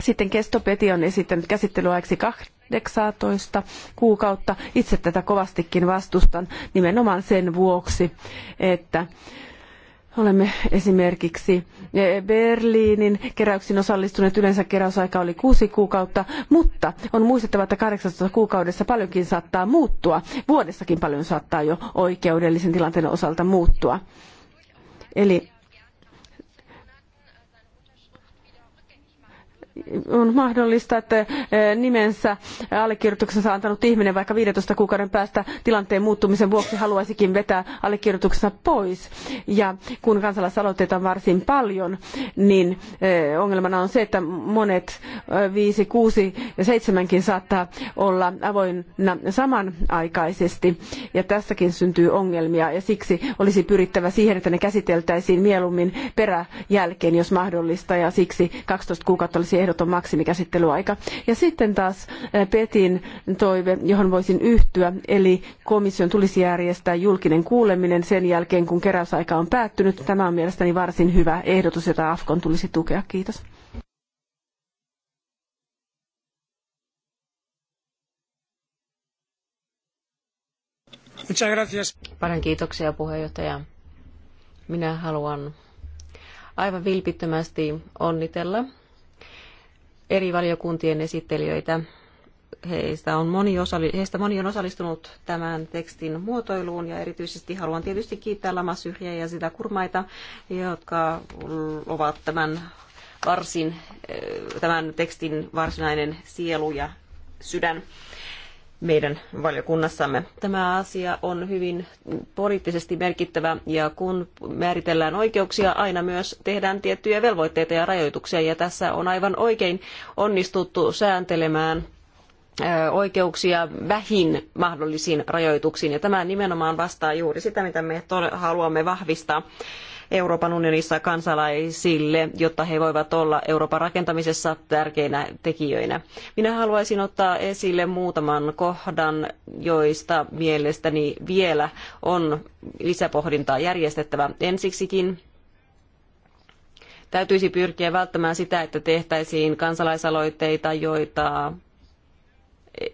Sitten Peti on esittänyt käsittelyaiksi 18 kuukautta. Itse tätä kovastikin vastustan nimenomaan sen vuoksi, että Olemme esimerkiksi Berliinin keräyksiin osallistuneet. Yleensä keräysaika oli kuusi kuukautta, mutta on muistettava, että 18 kuukaudessa paljonkin saattaa muuttua. Vuodessakin paljon saattaa jo oikeudellisen tilanteen osalta muuttua. Eli on mahdollista, että eh, nimensä allekirjoituksensa antanut ihminen vaikka 15 kuukauden päästä tilanteen muuttumisen vuoksi haluaisikin vetää allekirjoituksensa pois. Ja kun kansalaisaloitteita on varsin paljon, niin eh, ongelmana on se, että monet 5, eh, 6 ja 7 saattaa olla avoinna samanaikaisesti. Ja tässäkin syntyy ongelmia ja siksi olisi pyrittävä siihen, että ne käsiteltäisiin mieluummin peräjälkeen, jos mahdollista, ja siksi 12 kuukautta olisi ehdottomasti ehdoton maksimikäsittelyaika. Ja sitten taas eh, Petin toive, johon voisin yhtyä, eli komission tulisi järjestää julkinen kuuleminen sen jälkeen, kun keräysaika on päättynyt. Tämä on mielestäni varsin hyvä ehdotus, jota Afkon tulisi tukea. Kiitos. Paljon kiitoksia puheenjohtaja. Minä haluan aivan vilpittömästi onnitella eri valiokuntien esittelijöitä. Heistä, on moni osalli, heistä moni on osallistunut tämän tekstin muotoiluun ja erityisesti haluan tietysti kiittää Lamasyrjää ja sitä kurmaita, jotka ovat tämän, varsin, eh, tämän tekstin varsinainen sielu ja sydän meidän valiokunnassamme. Tämä asia on hyvin poliittisesti merkittävä ja kun määritellään oikeuksia, aina myös tehdään tiettyjä velvoitteita ja rajoituksia ja tässä on aivan oikein onnistuttu sääntelemään oikeuksia vähin mahdollisiin rajoituksiin ja tämä nimenomaan vastaa juuri sitä, mitä me haluamme vahvistaa Euroopan unionissa kansalaisille, jotta he voivat olla Euroopan rakentamisessa tärkeinä tekijöinä. Minä haluaisin ottaa esille muutaman kohdan, joista mielestäni vielä on lisäpohdintaa järjestettävä. Ensiksikin täytyisi pyrkiä välttämään sitä, että tehtäisiin kansalaisaloitteita, joita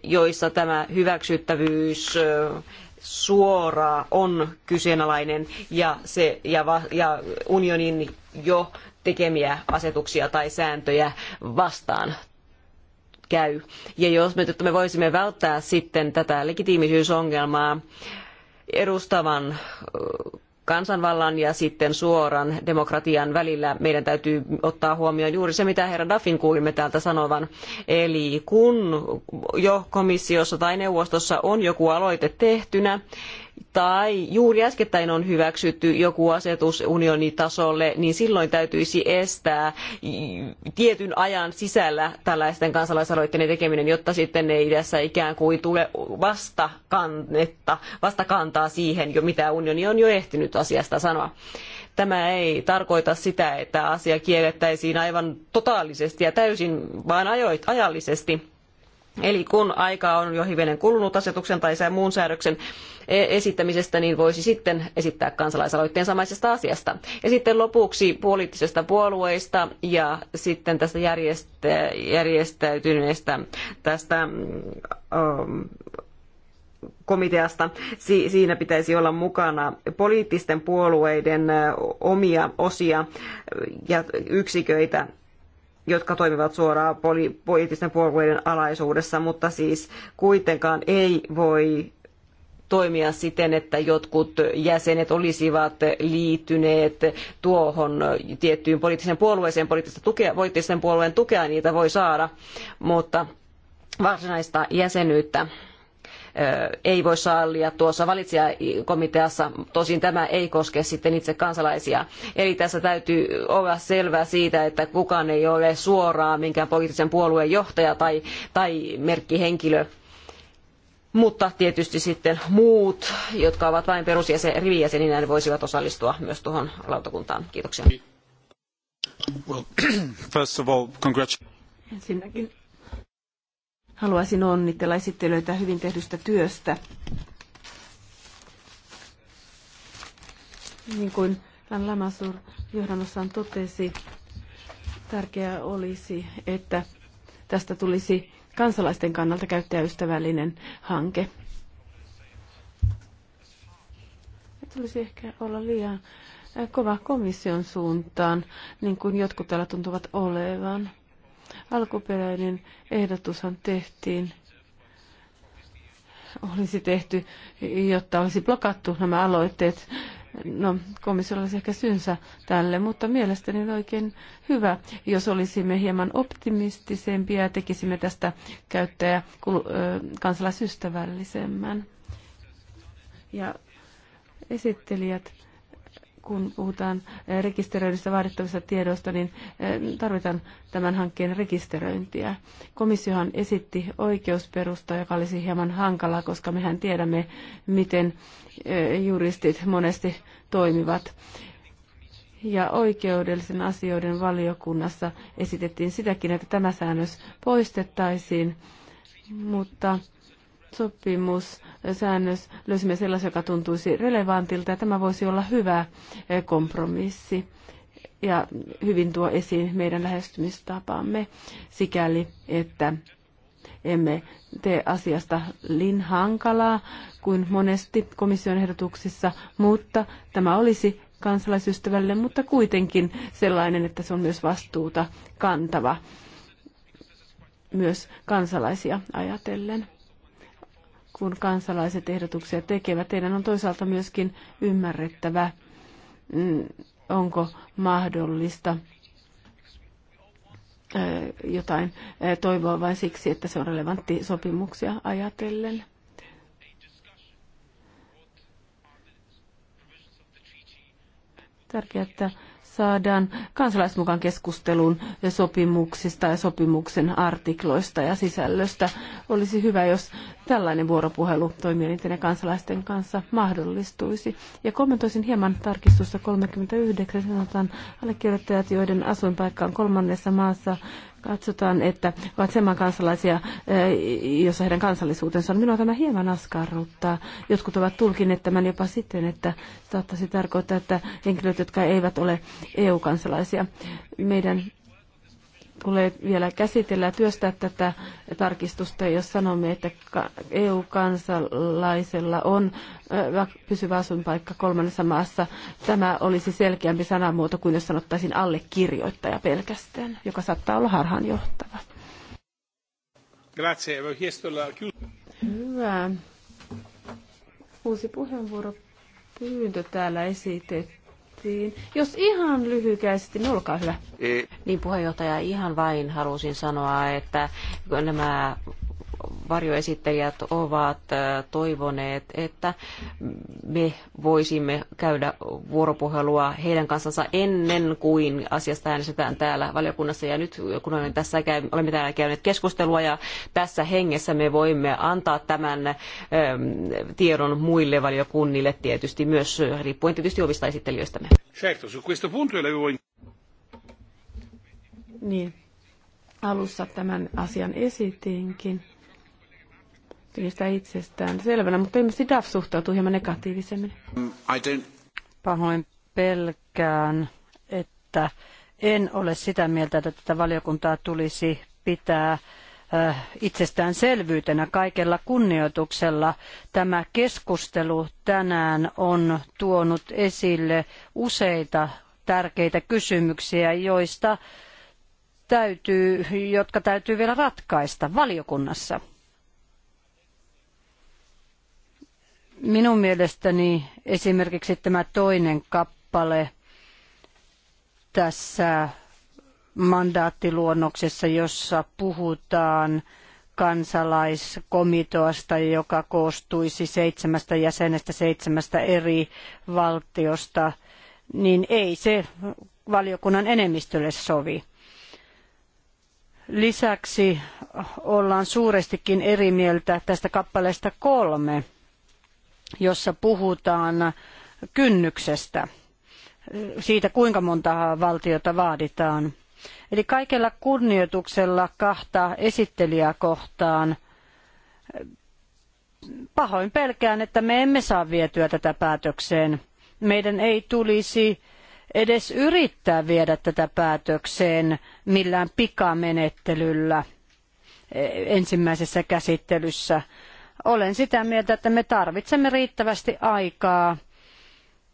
joissa tämä hyväksyttävyys suoraa on kyseenalainen ja, se, ja, va, ja unionin jo tekemiä asetuksia tai sääntöjä vastaan käy. Ja jos me, me voisimme välttää sitten tätä legitiimisyysongelmaa edustavan kansanvallan ja sitten suoran demokratian välillä meidän täytyy ottaa huomioon juuri se, mitä herra Duffin kuulimme täältä sanovan. Eli kun jo komissiossa tai neuvostossa on joku aloite tehtynä, tai juuri äskettäin on hyväksytty joku asetus tasolle, niin silloin täytyisi estää tietyn ajan sisällä tällaisten kansalaisaloitteiden tekeminen, jotta sitten ei tässä ikään kuin tule vastakannetta, vastakantaa siihen, jo mitä unioni on jo ehtinyt asiasta sanoa tämä ei tarkoita sitä, että asia kiellettäisiin aivan totaalisesti ja täysin, vaan ajallisesti Eli kun aikaa on jo hivenen kulunut asetuksen tai muun säädöksen e, esittämisestä, niin voisi sitten esittää kansalaisaloitteen samaisesta asiasta. Ja sitten lopuksi poliittisesta puolueista ja sitten tästä järjestä, järjestäytyneestä tästä um, komiteasta. Si- siinä pitäisi olla mukana poliittisten puolueiden omia osia ja yksiköitä jotka toimivat suoraan poli- poliittisten puolueiden alaisuudessa, mutta siis kuitenkaan ei voi toimia siten, että jotkut jäsenet olisivat liittyneet tuohon tiettyyn poliittiseen puolueeseen, poliittista tukea, poliittisen puolueen tukea niitä voi saada, mutta varsinaista jäsenyyttä ei voi sallia tuossa valitsijakomiteassa. Tosin tämä ei koske sitten itse kansalaisia. Eli tässä täytyy olla selvää siitä, että kukaan ei ole suoraan minkään poliittisen puolueen johtaja tai, tai merkkihenkilö mutta tietysti sitten muut, jotka ovat vain perusjäsen, rivijäseninä, ne voisivat osallistua myös tuohon lautakuntaan. Kiitoksia. Well, first of all, Ensinnäkin Haluaisin onnitella esittelyitä hyvin tehdystä työstä. Niin kuin Lan Lamasur johdannossaan totesi, tärkeää olisi, että tästä tulisi kansalaisten kannalta käyttäjäystävällinen hanke. Ei tulisi ehkä olla liian kova komission suuntaan, niin kuin jotkut täällä tuntuvat olevan. Alkuperäinen ehdotushan tehtiin, olisi tehty, jotta olisi blokattu nämä aloitteet. No, komissiolla olisi ehkä synsä tälle, mutta mielestäni on oikein hyvä, jos olisimme hieman optimistisempia ja tekisimme tästä käyttäjä kansalaisystävällisemmän. Ja esittelijät kun puhutaan eh, rekisteröidystä vaadittavista tiedoista, niin eh, tarvitaan tämän hankkeen rekisteröintiä. Komissiohan esitti oikeusperusta, joka olisi hieman hankalaa, koska mehän tiedämme, miten eh, juristit monesti toimivat. Ja oikeudellisen asioiden valiokunnassa esitettiin sitäkin, että tämä säännös poistettaisiin, mutta sopimus, säännös, löysimme sellaisen, joka tuntuisi relevantilta, ja tämä voisi olla hyvä eh, kompromissi ja hyvin tuo esiin meidän lähestymistapaamme, sikäli, että emme tee asiasta lin hankalaa kuin monesti komission ehdotuksissa, mutta tämä olisi kansalaisystävälle, mutta kuitenkin sellainen, että se on myös vastuuta kantava myös kansalaisia ajatellen kun kansalaiset ehdotuksia tekevät. Teidän on toisaalta myöskin ymmärrettävä, mm, onko mahdollista jotain toivoa vain siksi, että se on relevantti sopimuksia ajatellen. Tärkeää, että saadaan kansalaiset mukaan keskusteluun sopimuksista ja sopimuksen artikloista ja sisällöstä. Olisi hyvä, jos tällainen vuoropuhelu toimielinten ja kansalaisten kanssa mahdollistuisi. Ja kommentoisin hieman tarkistusta 39. Sanotaan allekirjoittajat, joiden asuinpaikka on kolmannessa maassa, katsotaan, että ovat sen kansalaisia, eh, jossa heidän kansallisuutensa on. Minua tämä hieman askarruttaa. Jotkut ovat tulkineet tämän jopa siten, että saattaisi tarkoittaa, että henkilöt, jotka eivät ole EU-kansalaisia, meidän tulee vielä käsitellä ja työstää tätä tarkistusta, jos sanomme, että EU-kansalaisella on pysyvä asuinpaikka kolmannessa maassa. Tämä olisi selkeämpi sanamuoto kuin jos sanottaisiin allekirjoittaja pelkästään, joka saattaa olla harhaanjohtava. Grazie, Hyvä. Uusi puheenvuoro pyyntö täällä esitetty tehtiin. Jos ihan lyhykäisesti, niin olkaa hyvä. E- niin puheenjohtaja, ihan vain halusin sanoa, että nämä varjoesittelijät ovat äh, toivoneet, että me voisimme käydä vuoropuhelua heidän kanssansa ennen kuin asiasta äänestetään täällä valiokunnassa. Ja nyt kun olemme, tässä, olemme täällä käyneet keskustelua ja tässä hengessä me voimme antaa tämän ähm, tiedon muille valiokunnille tietysti myös äh, riippuen tietysti omista esittelijöistämme. Certo, su questo punto Niin, alussa tämän asian esitinkin pidettiin sitä itsestään selvänä, mutta ilmeisesti DAF suhtautuu hieman negatiivisemmin. Mm, Pahoin pelkään, että en ole sitä mieltä, että tätä valiokuntaa tulisi pitää äh, itsestäänselvyytenä kaikella kunnioituksella. Tämä keskustelu tänään on tuonut esille useita tärkeitä kysymyksiä, joista täytyy, jotka täytyy vielä ratkaista valiokunnassa. Minun mielestäni esimerkiksi tämä toinen kappale tässä mandaattiluonnoksessa, jossa puhutaan kansalaiskomiteasta, joka koostuisi seitsemästä jäsenestä seitsemästä eri valtiosta, niin ei se valiokunnan enemmistölle sovi. Lisäksi ollaan suurestikin eri mieltä tästä kappaleesta kolme – jossa puhutaan kynnyksestä, siitä kuinka monta valtiota vaaditaan. Eli kaikella kunnioituksella kahta esittelijää kohtaan pahoin pelkään, että me emme saa vietyä tätä päätökseen. Meidän ei tulisi edes yrittää viedä tätä päätökseen millään pikamenettelyllä e, ensimmäisessä käsittelyssä. Olen sitä mieltä, että me tarvitsemme riittävästi aikaa,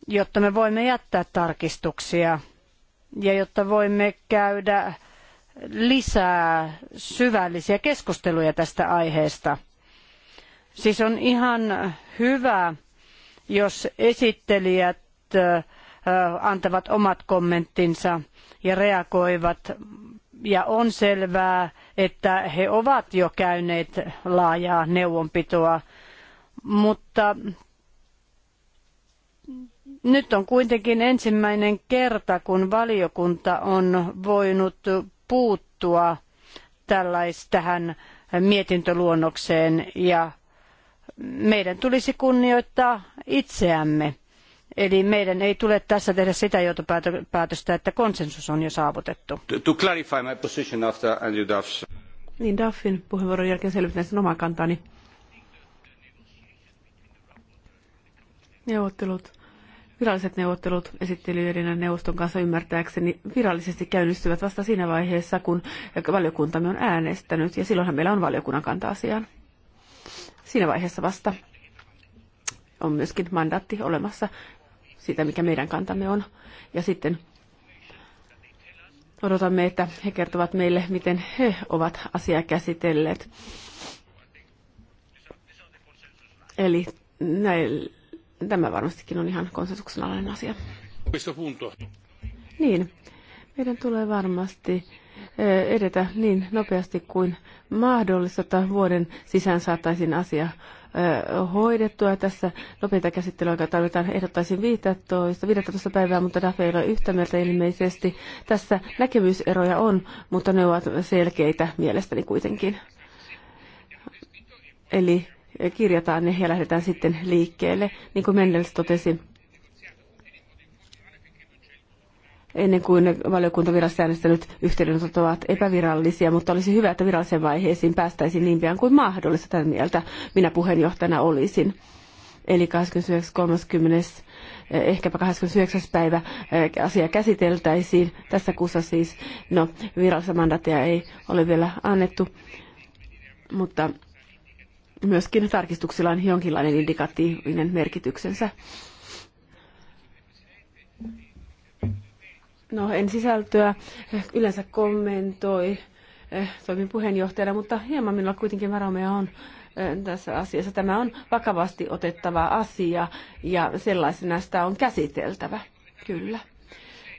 jotta me voimme jättää tarkistuksia ja jotta voimme käydä lisää syvällisiä keskusteluja tästä aiheesta. Siis on ihan hyvä, jos esittelijät antavat omat kommenttinsa ja reagoivat ja on selvää, että he ovat jo käyneet laajaa neuvonpitoa, mutta nyt on kuitenkin ensimmäinen kerta, kun valiokunta on voinut puuttua tähän mietintöluonnokseen ja meidän tulisi kunnioittaa itseämme. Eli meidän ei tule tässä tehdä sitä johtopäätöstä, että konsensus on jo saavutettu. To, to clarify my position after Andrew Duff's. Niin Duffin puheenvuoron jälkeen selvitän sen omaa kantani. Neuvottelut, viralliset neuvottelut esittelijöiden ja neuvoston kanssa ymmärtääkseni virallisesti käynnistyvät vasta siinä vaiheessa, kun valiokuntamme on äänestänyt, ja silloinhan meillä on valiokunnan kanta asiaan. Siinä vaiheessa vasta on myöskin mandaatti olemassa siitä, mikä meidän kantamme on. Ja sitten odotamme, että he kertovat meille, miten he ovat asiaa käsitelleet. Eli näin, tämä varmastikin on ihan konsensuksen alainen asia. Niin, meidän tulee varmasti edetä niin nopeasti kuin mahdollista, että vuoden sisään saataisiin asia hoidettua. Tässä nopeinta käsittelyaikaa tarvitaan ehdottaisin 15, 15 päivää, mutta DAFE ei ole yhtä mieltä ilmeisesti. Tässä näkemyseroja on, mutta ne ovat selkeitä mielestäni kuitenkin. Eli kirjataan ne ja lähdetään sitten liikkeelle. Niin kuin Mendels totesi, ennen kuin valiokuntavirassa äänestänyt yhteydenotot ovat epävirallisia, mutta olisi hyvä, että virallisen vaiheisiin päästäisiin niin pian kuin mahdollista. Tämän mieltä minä puheenjohtajana olisin. Eli 29.30 eh, ehkäpä 29. päivä eh, asia käsiteltäisiin. Tässä kuussa siis, no virallista mandaattia ei ole vielä annettu, mutta myöskin tarkistuksilla on jonkinlainen indikatiivinen merkityksensä. No en sisältöä yleensä kommentoi eh, toimin puheenjohtajana, mutta hieman minulla kuitenkin varomeja on eh, tässä asiassa. Tämä on vakavasti otettava asia ja sellaisena sitä on käsiteltävä, kyllä.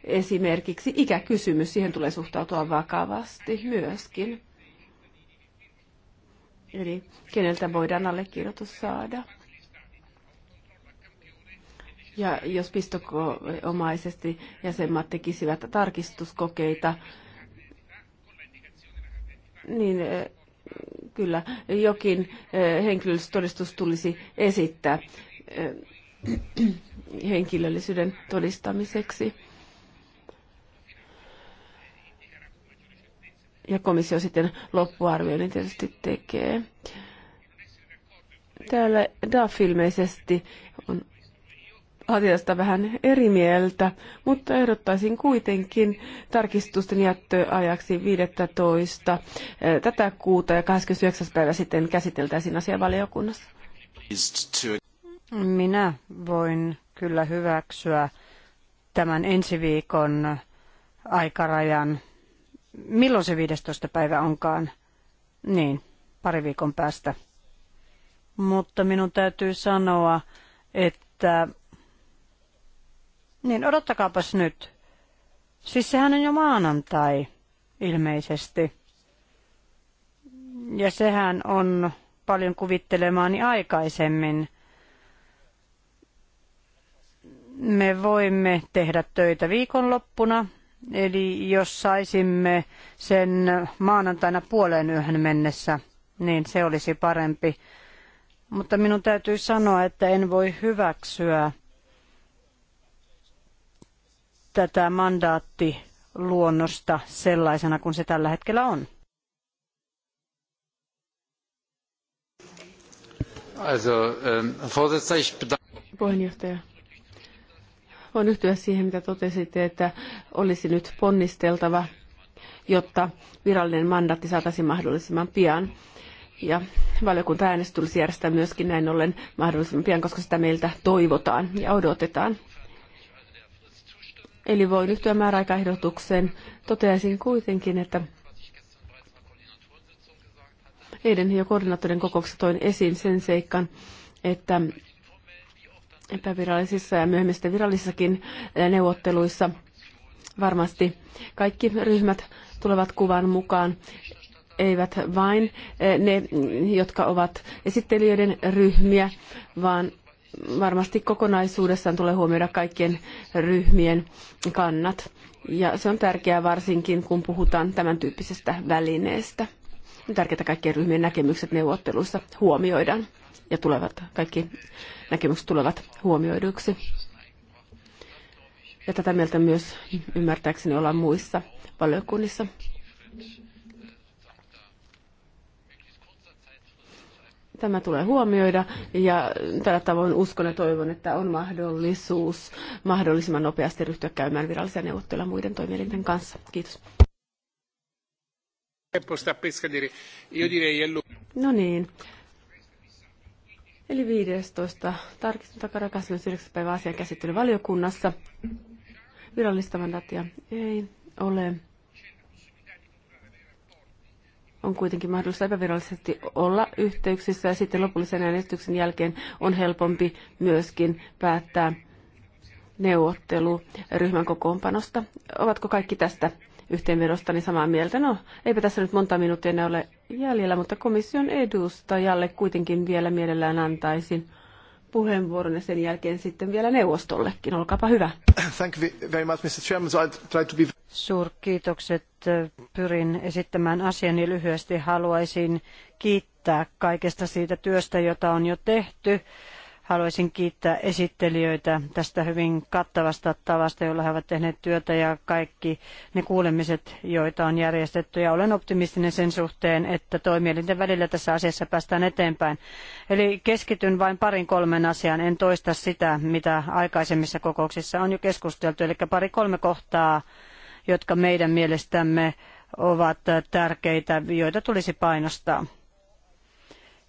Esimerkiksi ikäkysymys, siihen tulee suhtautua vakavasti myöskin. Eli keneltä voidaan allekirjoitus saada. Ja jos pistokomaisesti jäsenmaat tekisivät tarkistuskokeita, niin eh, kyllä jokin eh, henkilöllisyystodistus tulisi esittää eh, henkilöllisyyden todistamiseksi. Ja komissio sitten loppuarvioinnin tietysti tekee. Täällä DAF ilmeisesti on asiasta vähän eri mieltä, mutta ehdottaisin kuitenkin tarkistusten jättöajaksi 15. tätä kuuta ja 29. päivä sitten käsiteltäisiin asiavaliokunnassa. Minä voin kyllä hyväksyä tämän ensi viikon aikarajan. Milloin se 15. päivä onkaan? Niin, pari viikon päästä. Mutta minun täytyy sanoa, että niin odottakaapas nyt. Siis sehän on jo maanantai ilmeisesti. Ja sehän on paljon kuvittelemaani aikaisemmin. Me voimme tehdä töitä viikonloppuna, eli jos saisimme sen maanantaina puoleen yöhön mennessä, niin se olisi parempi. Mutta minun täytyy sanoa, että en voi hyväksyä tätä mandaattiluonnosta sellaisena kuin se tällä hetkellä on? Also, ähm, Puheenjohtaja, voin yhtyä siihen, mitä totesitte, että olisi nyt ponnisteltava, jotta virallinen mandaatti saataisiin mahdollisimman pian. Ja valiokunta äänestä tulisi järjestää myöskin näin ollen mahdollisimman pian, koska sitä meiltä toivotaan ja odotetaan. Eli voi yhtyä määräaikaehdotukseen. Toteaisin kuitenkin, että eilen jo koordinaattorin kokouksessa toin esiin sen seikan, että epävirallisissa ja myöhemmin virallisissakin eh, neuvotteluissa varmasti kaikki ryhmät tulevat kuvan mukaan, eivät vain eh, ne, jotka ovat esittelijöiden ryhmiä, vaan varmasti kokonaisuudessaan tulee huomioida kaikkien ryhmien kannat. Ja se on tärkeää varsinkin, kun puhutaan tämän tyyppisestä välineestä. On tärkeää kaikkien ryhmien näkemykset neuvotteluissa huomioidaan ja tulevat, kaikki näkemykset tulevat huomioiduiksi. Ja tätä mieltä myös ymmärtääkseni ollaan muissa valiokunnissa. Tämä tulee huomioida ja tällä tavoin uskon ja toivon, että on mahdollisuus mahdollisimman nopeasti ryhtyä käymään virallisia neuvotteluja muiden toimielinten kanssa. Kiitos. No niin. Eli 15. tarkistuntakara 29. päivä asian käsittely valiokunnassa. Virallista mandaattia ei ole on kuitenkin mahdollista epävirallisesti olla yhteyksissä ja sitten lopullisen äänestyksen jälkeen on helpompi myöskin päättää ryhmän kokoonpanosta. Ovatko kaikki tästä yhteenvedostani niin samaa mieltä? No, eipä tässä nyt monta minuuttia enää ole jäljellä, mutta komission edustajalle kuitenkin vielä mielellään antaisin puheenvuoron ja sen jälkeen sitten vielä neuvostollekin. Olkaapa hyvä. Thank you very much, Mr. Chairman. So I'll try to be... Suurkiitokset. Pyrin esittämään asiani lyhyesti. Haluaisin kiittää kaikesta siitä työstä, jota on jo tehty. Haluaisin kiittää esittelijöitä tästä hyvin kattavasta tavasta, jolla he ovat tehneet työtä ja kaikki ne kuulemiset, joita on järjestetty. Ja olen optimistinen sen suhteen, että toimielinten välillä tässä asiassa päästään eteenpäin. Eli keskityn vain parin kolmen asiaan. En toista sitä, mitä aikaisemmissa kokouksissa on jo keskusteltu. Eli pari kolme kohtaa jotka meidän mielestämme ovat tärkeitä, joita tulisi painostaa.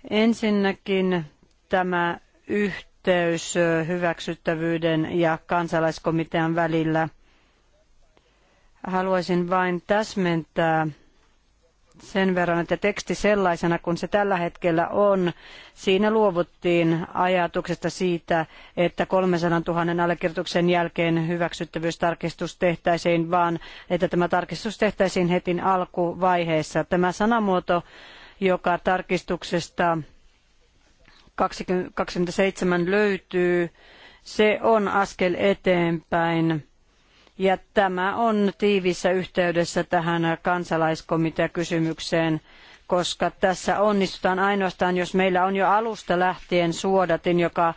Ensinnäkin tämä yhteys hyväksyttävyyden ja kansalaiskomitean välillä. Haluaisin vain täsmentää sen verran, että teksti sellaisena kuin se tällä hetkellä on, siinä luovuttiin ajatuksesta siitä, että 300 000 allekirjoituksen jälkeen hyväksyttävyystarkistus tehtäisiin, vaan että tämä tarkistus tehtäisiin heti alkuvaiheessa. Tämä sanamuoto, joka tarkistuksesta 27 löytyy, se on askel eteenpäin ja tämä on tiivissä yhteydessä tähän kansalaiskomiteakysymykseen, koska tässä onnistutaan ainoastaan, jos meillä on jo alusta lähtien suodatin, joka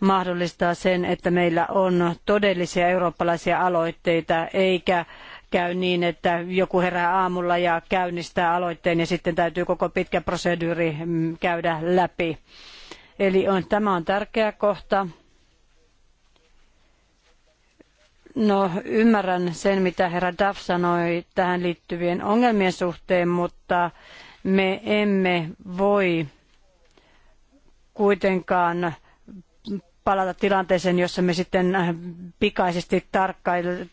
mahdollistaa sen, että meillä on todellisia eurooppalaisia aloitteita, eikä käy niin, että joku herää aamulla ja käynnistää aloitteen ja sitten täytyy koko pitkä proseduuri mm, käydä läpi. Eli on, tämä on tärkeä kohta. No ymmärrän sen, mitä herra Duff sanoi tähän liittyvien ongelmien suhteen, mutta me emme voi kuitenkaan palata tilanteeseen, jossa me sitten pikaisesti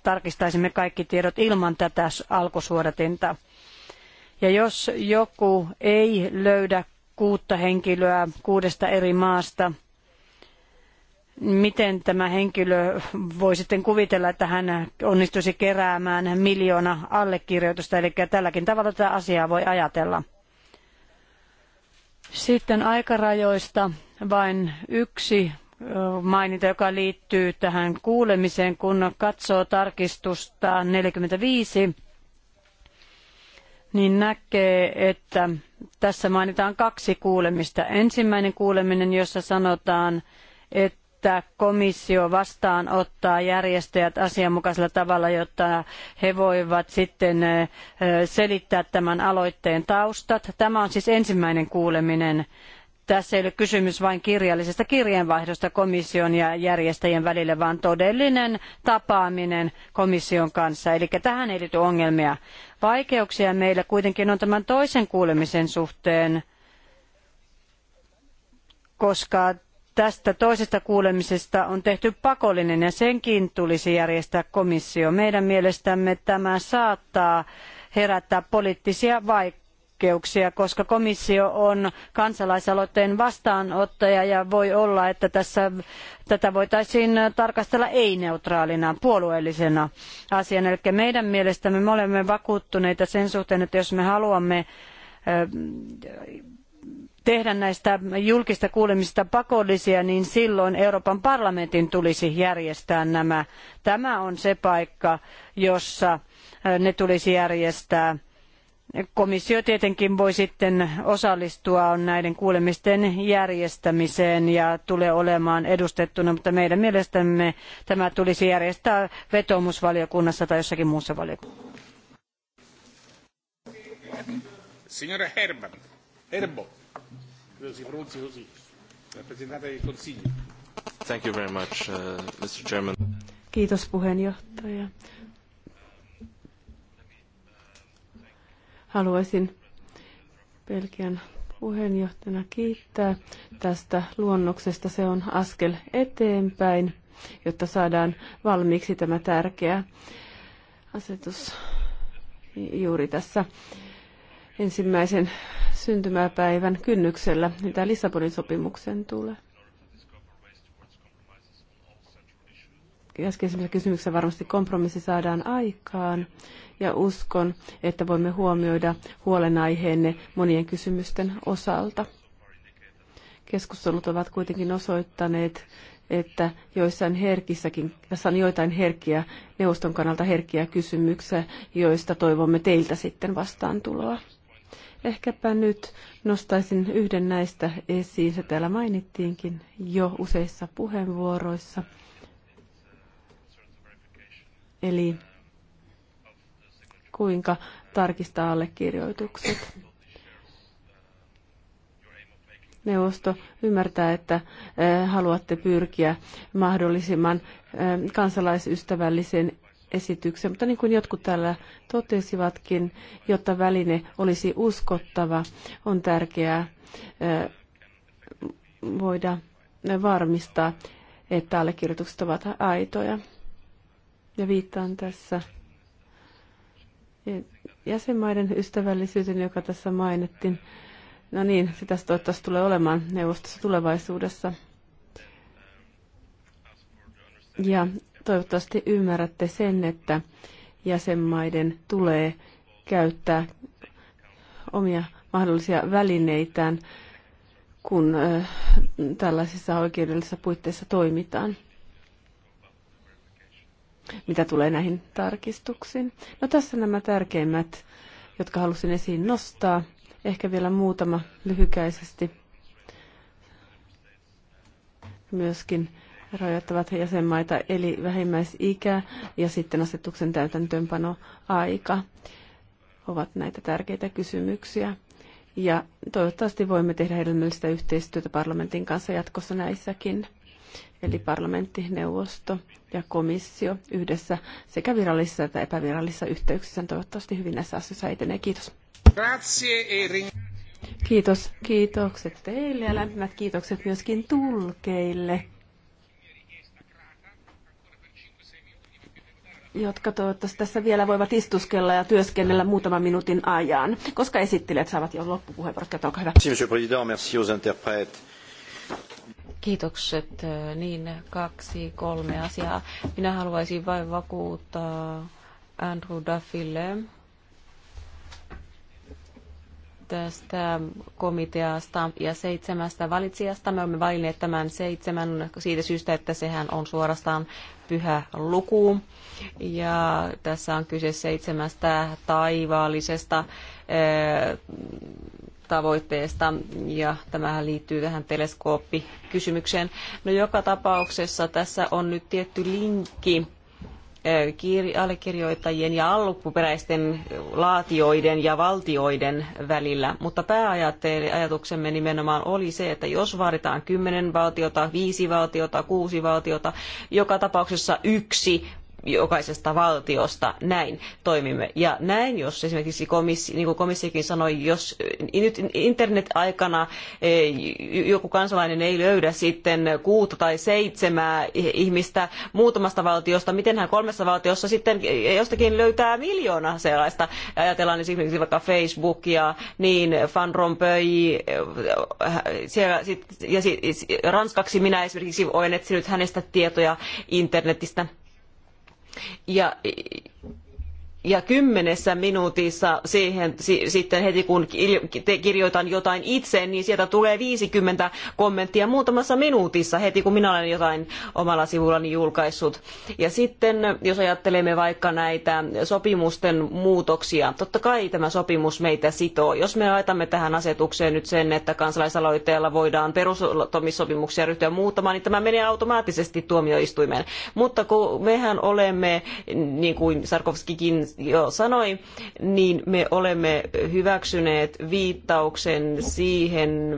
tarkistaisimme kaikki tiedot ilman tätä alkusuodatinta. Ja jos joku ei löydä kuutta henkilöä kuudesta eri maasta, miten tämä henkilö voi sitten kuvitella, että hän onnistuisi keräämään miljoona allekirjoitusta, eli tälläkin tavalla tätä asiaa voi ajatella. Sitten aikarajoista vain yksi maininta, joka liittyy tähän kuulemiseen, kun katsoo tarkistusta 45, niin näkee, että tässä mainitaan kaksi kuulemista. Ensimmäinen kuuleminen, jossa sanotaan, että että komissio vastaanottaa järjestäjät asianmukaisella tavalla, jotta he voivat sitten selittää tämän aloitteen taustat. Tämä on siis ensimmäinen kuuleminen. Tässä ei ole kysymys vain kirjallisesta kirjeenvaihdosta komission ja järjestäjien välillä, vaan todellinen tapaaminen komission kanssa. Eli tähän ei liity ongelmia. Vaikeuksia meillä kuitenkin on tämän toisen kuulemisen suhteen, koska tästä toisesta kuulemisesta on tehty pakollinen ja senkin tulisi järjestää komissio. Meidän mielestämme tämä saattaa herättää poliittisia vaikeuksia, koska komissio on kansalaisaloitteen vastaanottaja ja voi olla, että tässä, tätä voitaisiin tarkastella ei-neutraalina, puolueellisena asiana. Eli meidän mielestämme me olemme vakuuttuneita sen suhteen, että jos me haluamme tehdä näistä julkista kuulemisista pakollisia, niin silloin Euroopan parlamentin tulisi järjestää nämä. Tämä on se paikka, jossa ne tulisi järjestää. Komissio tietenkin voi sitten osallistua näiden kuulemisten järjestämiseen ja tulee olemaan edustettuna, mutta meidän mielestämme tämä tulisi järjestää vetomusvaliokunnassa tai jossakin muussa valiokunnassa. Signora Herman. Herbo. Thank you very much, uh, Mr. Chairman. Kiitos puheenjohtaja. Haluaisin Belgian puheenjohtajana kiittää tästä luonnoksesta. Se on askel eteenpäin, jotta saadaan valmiiksi tämä tärkeä asetus juuri tässä ensimmäisen syntymäpäivän kynnyksellä, mitä Lissabonin sopimuksen tulee. Äskeisessä kysymyksessä varmasti kompromissi saadaan aikaan ja uskon, että voimme huomioida huolenaiheenne monien kysymysten osalta. Keskustelut ovat kuitenkin osoittaneet, että joissain herkissäkin, tässä on joitain herkkiä, neuvoston kannalta herkkiä kysymyksiä, joista toivomme teiltä sitten vastaantuloa. Ehkäpä nyt nostaisin yhden näistä esiin. Se täällä mainittiinkin jo useissa puheenvuoroissa. Eli kuinka tarkistaa allekirjoitukset. Neuvosto ymmärtää, että eh, haluatte pyrkiä mahdollisimman eh, kansalaisystävälliseen esityksen, mutta niin kuin jotkut täällä totesivatkin, jotta väline olisi uskottava, on tärkeää voida varmistaa, että allekirjoitukset ovat aitoja. Ja viittaan tässä jäsenmaiden ystävällisyyteen, joka tässä mainittiin. No niin, sitä toivottavasti tulee olemaan neuvostossa tulevaisuudessa. Ja Toivottavasti ymmärrätte sen, että jäsenmaiden tulee käyttää omia mahdollisia välineitään, kun tällaisissa oikeudellisissa puitteissa toimitaan. Mitä tulee näihin tarkistuksiin? No tässä nämä tärkeimmät, jotka halusin esiin nostaa. Ehkä vielä muutama lyhykäisesti. Myöskin rajoittavat jäsenmaita, eli vähimmäisikä ja sitten asetuksen täytäntöönpano aika ovat näitä tärkeitä kysymyksiä. Ja toivottavasti voimme tehdä hedelmällistä yhteistyötä parlamentin kanssa jatkossa näissäkin. Eli parlamentti, neuvosto ja komissio yhdessä sekä virallisissa että epävirallisissa yhteyksissä toivottavasti hyvin näissä asioissa etenee. Kiitos. Kiitos. Kiitokset teille ja lämpimät kiitokset myöskin tulkeille. jotka toivottavasti tässä vielä voivat istuskella ja työskennellä muutaman minuutin ajan. Koska esittelijät saavat jo loppupuheenvuorot, katsokaa hyvä. Kiitokset. Niin, kaksi, kolme asiaa. Minä haluaisin vain vakuuttaa Andrew Duffille tästä komiteasta ja seitsemästä valitsijasta. Me olemme valinneet tämän seitsemän siitä syystä, että sehän on suorastaan pyhä luku. Ja tässä on kyse seitsemästä taivaallisesta tavoitteesta ja tämähän liittyy tähän teleskooppikysymykseen. No joka tapauksessa tässä on nyt tietty linkki allekirjoittajien ja alkuperäisten laatijoiden ja valtioiden välillä. Mutta pääajatuksemme nimenomaan oli se, että jos vaaditaan kymmenen valtiota, viisi valtiota, kuusi valtiota, joka tapauksessa yksi jokaisesta valtiosta näin toimimme. Ja näin, jos esimerkiksi komissi, niin kuin komissiokin sanoi, jos eh, nyt internet-aikana eh, joku kansalainen ei löydä sitten kuutta tai seitsemää ihmistä muutamasta valtiosta, miten hän kolmessa valtiossa sitten eh, jostakin löytää miljoona sellaista. Ajatellaan esimerkiksi vaikka Facebookia, niin Van Rompuy, siellä, ja ranskaksi minä esimerkiksi olen etsinyt hänestä tietoja internetistä ja ja kymmenessä minuutissa siihen, sitten heti kun kirjoitan jotain itse, niin sieltä tulee 50 kommenttia muutamassa minuutissa heti kun minä olen jotain omalla sivullani julkaissut. Ja sitten jos ajattelemme vaikka näitä sopimusten muutoksia, totta kai tämä sopimus meitä sitoo. Jos me laitamme tähän asetukseen nyt sen, että kansalaisaloitteella voidaan perustamissopimuksia ryhtyä muuttamaan, niin tämä menee automaattisesti tuomioistuimeen. Mutta kun mehän olemme, niin kuin Sarkovskikin jo sanoi, niin me olemme hyväksyneet viittauksen siihen,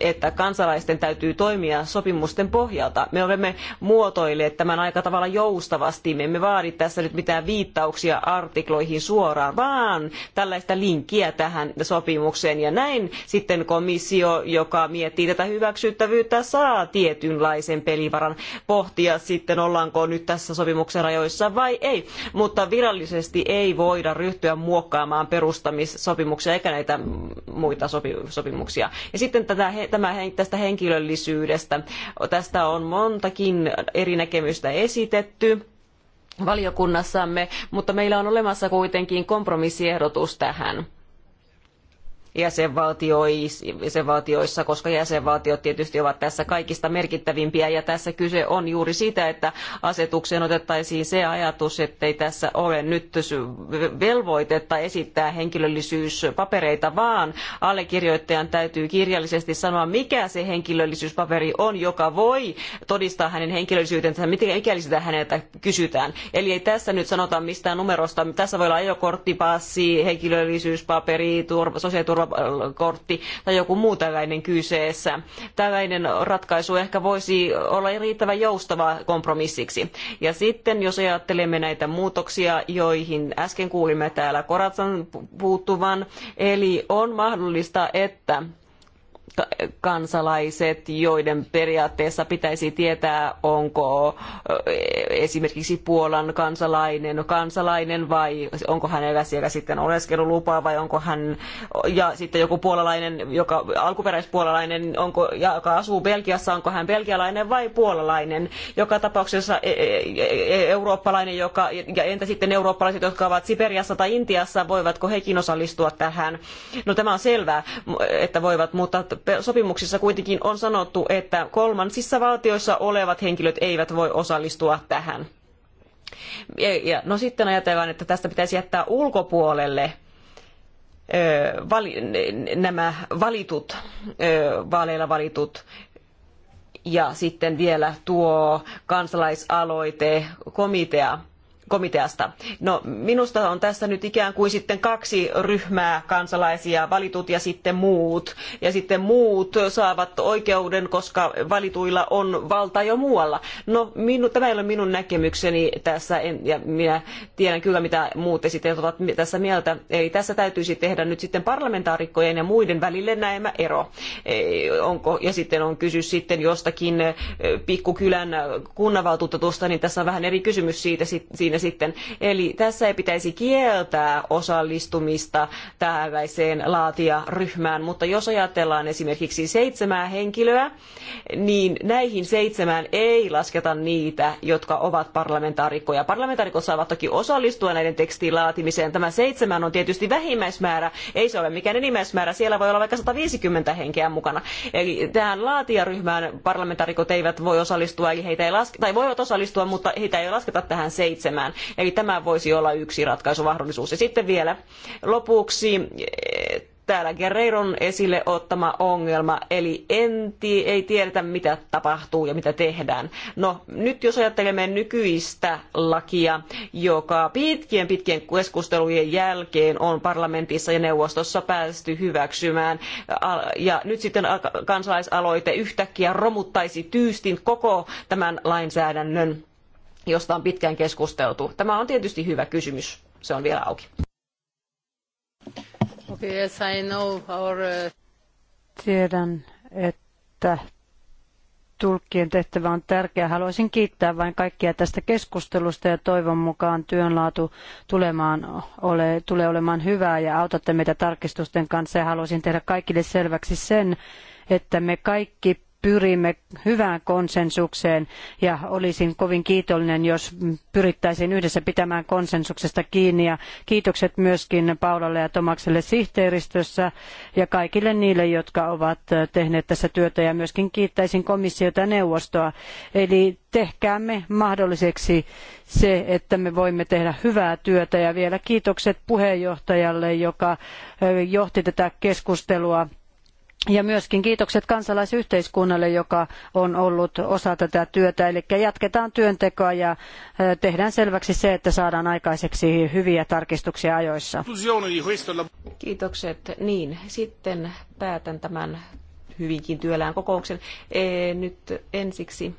että kansalaisten täytyy toimia sopimusten pohjalta. Me olemme muotoilleet tämän aika tavalla joustavasti. Me emme vaadi tässä nyt mitään viittauksia artikloihin suoraan, vaan tällaista linkkiä tähän sopimukseen. Ja näin sitten komissio, joka miettii tätä hyväksyttävyyttä, saa tietynlaisen pelivaran pohtia sitten, ollaanko nyt tässä sopimuksen rajoissa vai ei. Mutta virallisesti poliittisesti ei voida ryhtyä muokkaamaan perustamissopimuksia eikä näitä muita sopimuksia. Ja sitten tätä, tämä, tästä henkilöllisyydestä. Tästä on montakin eri näkemystä esitetty valiokunnassamme, mutta meillä on olemassa kuitenkin kompromissiehdotus tähän jäsenvaltioissa, koska jäsenvaltiot tietysti ovat tässä kaikista merkittävimpiä. Ja tässä kyse on juuri siitä, että asetukseen otettaisiin se ajatus, ettei tässä ole nyt velvoitetta esittää henkilöllisyyspapereita, vaan allekirjoittajan täytyy kirjallisesti sanoa, mikä se henkilöllisyyspaperi on, joka voi todistaa hänen henkilöllisyytensä, mikäli sitä häneltä kysytään. Eli ei tässä nyt sanota mistään numerosta. Tässä voi olla ajokortti, passi, henkilöllisyyspaperi, sosiaaliturva turvakortti tai joku muu tällainen kyseessä. Tällainen ratkaisu ehkä voisi olla riittävän joustava kompromissiksi. Ja sitten jos ajattelemme näitä muutoksia, joihin äsken kuulimme täällä Koratsan puuttuvan, eli on mahdollista, että kansalaiset, joiden periaatteessa pitäisi tietää, onko esimerkiksi Puolan kansalainen kansalainen vai onko hänellä siellä sitten oleskelulupa vai onko hän, ja sitten joku puolalainen, joka alkuperäispuolalainen, onko, joka asuu Belgiassa, onko hän belgialainen vai puolalainen. Joka tapauksessa e, e, e, eurooppalainen, joka, ja entä sitten eurooppalaiset, jotka ovat Siperiassa tai Intiassa, voivatko hekin osallistua tähän? No tämä on selvää, että voivat, mutta sopimuksissa kuitenkin on sanottu, että kolmansissa valtioissa olevat henkilöt eivät voi osallistua tähän. Ja, no sitten ajatellaan, että tästä pitäisi jättää ulkopuolelle nämä valitut, vaaleilla valitut ja sitten vielä tuo kansalaisaloite komitea komiteasta. No, minusta on tässä nyt ikään kuin sitten kaksi ryhmää kansalaisia, valitut ja sitten muut. Ja sitten muut saavat oikeuden, koska valituilla on valta jo muualla. No, minu, tämä ei ole minun näkemykseni tässä, en, ja minä tiedän kyllä, mitä muut esittäjät ovat tässä mieltä. Eli tässä täytyisi tehdä nyt sitten parlamentaarikkojen ja muiden välille näemä ero. E, onko, ja sitten on kysy sitten jostakin e, pikkukylän kunnanvaltuutetusta, niin tässä on vähän eri kysymys siitä, siinä sitten. Eli tässä ei pitäisi kieltää osallistumista tällaiseen laatijaryhmään, mutta jos ajatellaan esimerkiksi seitsemää henkilöä, niin näihin seitsemään ei lasketa niitä, jotka ovat parlamentaarikkoja. Parlamentaarikot saavat toki osallistua näiden tekstiin laatimiseen. Tämä seitsemän on tietysti vähimmäismäärä, ei se ole mikään enimmäismäärä. Siellä voi olla vaikka 150 henkeä mukana. Eli tähän laatijaryhmään parlamentaarikot eivät voi osallistua, eli heitä ei lasketa, tai voivat osallistua, mutta heitä ei lasketa tähän seitsemään toimintaan. Eli tämä voisi olla yksi ratkaisumahdollisuus. Ja sitten vielä lopuksi eh, täällä Guerreiron esille ottama ongelma, eli enti ei tiedetä mitä tapahtuu ja mitä tehdään. No nyt jos ajattelemme nykyistä lakia, joka pitkien pitkien keskustelujen jälkeen on parlamentissa ja neuvostossa päästy hyväksymään, ja nyt sitten kansalaisaloite yhtäkkiä romuttaisi tyystin koko tämän lainsäädännön josta on pitkään keskusteltu? Tämä on tietysti hyvä kysymys. Se on vielä auki. Okay, yes, I know our... Uh, Tiedän, että tulkkien tehtävä on tärkeä. Haluaisin kiittää vain kaikkia tästä keskustelusta ja toivon mukaan työnlaatu tulemaan, ole, tulee olemaan hyvää ja autatte meitä tarkistusten kanssa. Ja haluaisin tehdä kaikille selväksi sen, että me kaikki pyrimme hyvään konsensukseen ja olisin kovin kiitollinen, jos pyrittäisiin yhdessä pitämään konsensuksesta kiinni. Ja kiitokset myöskin Paulalle ja Tomakselle sihteeristössä ja kaikille niille, jotka ovat tehneet tässä työtä ja myöskin kiittäisin komissiota ja neuvostoa. Eli tehkäämme mahdolliseksi se, että me voimme tehdä hyvää työtä ja vielä kiitokset puheenjohtajalle, joka eh, johti tätä keskustelua ja myöskin kiitokset kansalaisyhteiskunnalle, joka on ollut osa tätä työtä. Eli jatketaan työntekoa ja tehdään selväksi se, että saadaan aikaiseksi hyviä tarkistuksia ajoissa. Kiitokset. Niin, sitten päätän tämän hyvinkin työlään kokouksen. E, nyt ensiksi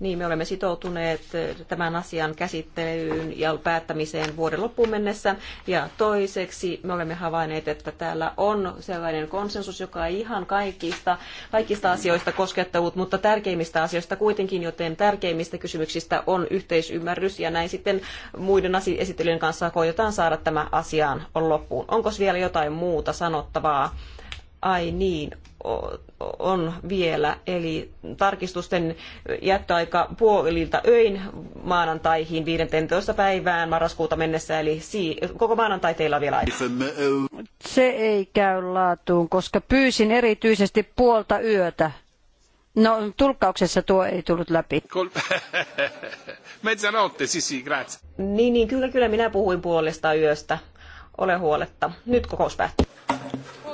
niin, me olemme sitoutuneet tämän asian käsittelyyn ja päättämiseen vuoden loppuun mennessä. Ja toiseksi me olemme havainneet, että täällä on sellainen konsensus, joka ei ihan kaikista, kaikista asioista koskettanut, mutta tärkeimmistä asioista kuitenkin, joten tärkeimmistä kysymyksistä on yhteisymmärrys. Ja näin sitten muiden esittelyjen kanssa koitetaan saada tämä asiaan loppuun. Onko vielä jotain muuta sanottavaa? ai niin, on vielä, eli tarkistusten jättöaika puolilta öin maanantaihin 15. päivään marraskuuta mennessä, eli koko maanantai teillä on vielä aikaa. Se ei käy laatuun, koska pyysin erityisesti puolta yötä. No, tulkkauksessa tuo ei tullut läpi. Mezzanotte, sì, sì, grazie. Niin, niin, kyllä, kyllä, minä puhuin puolesta yöstä. Ole huoletta. Nyt kokous päättyy.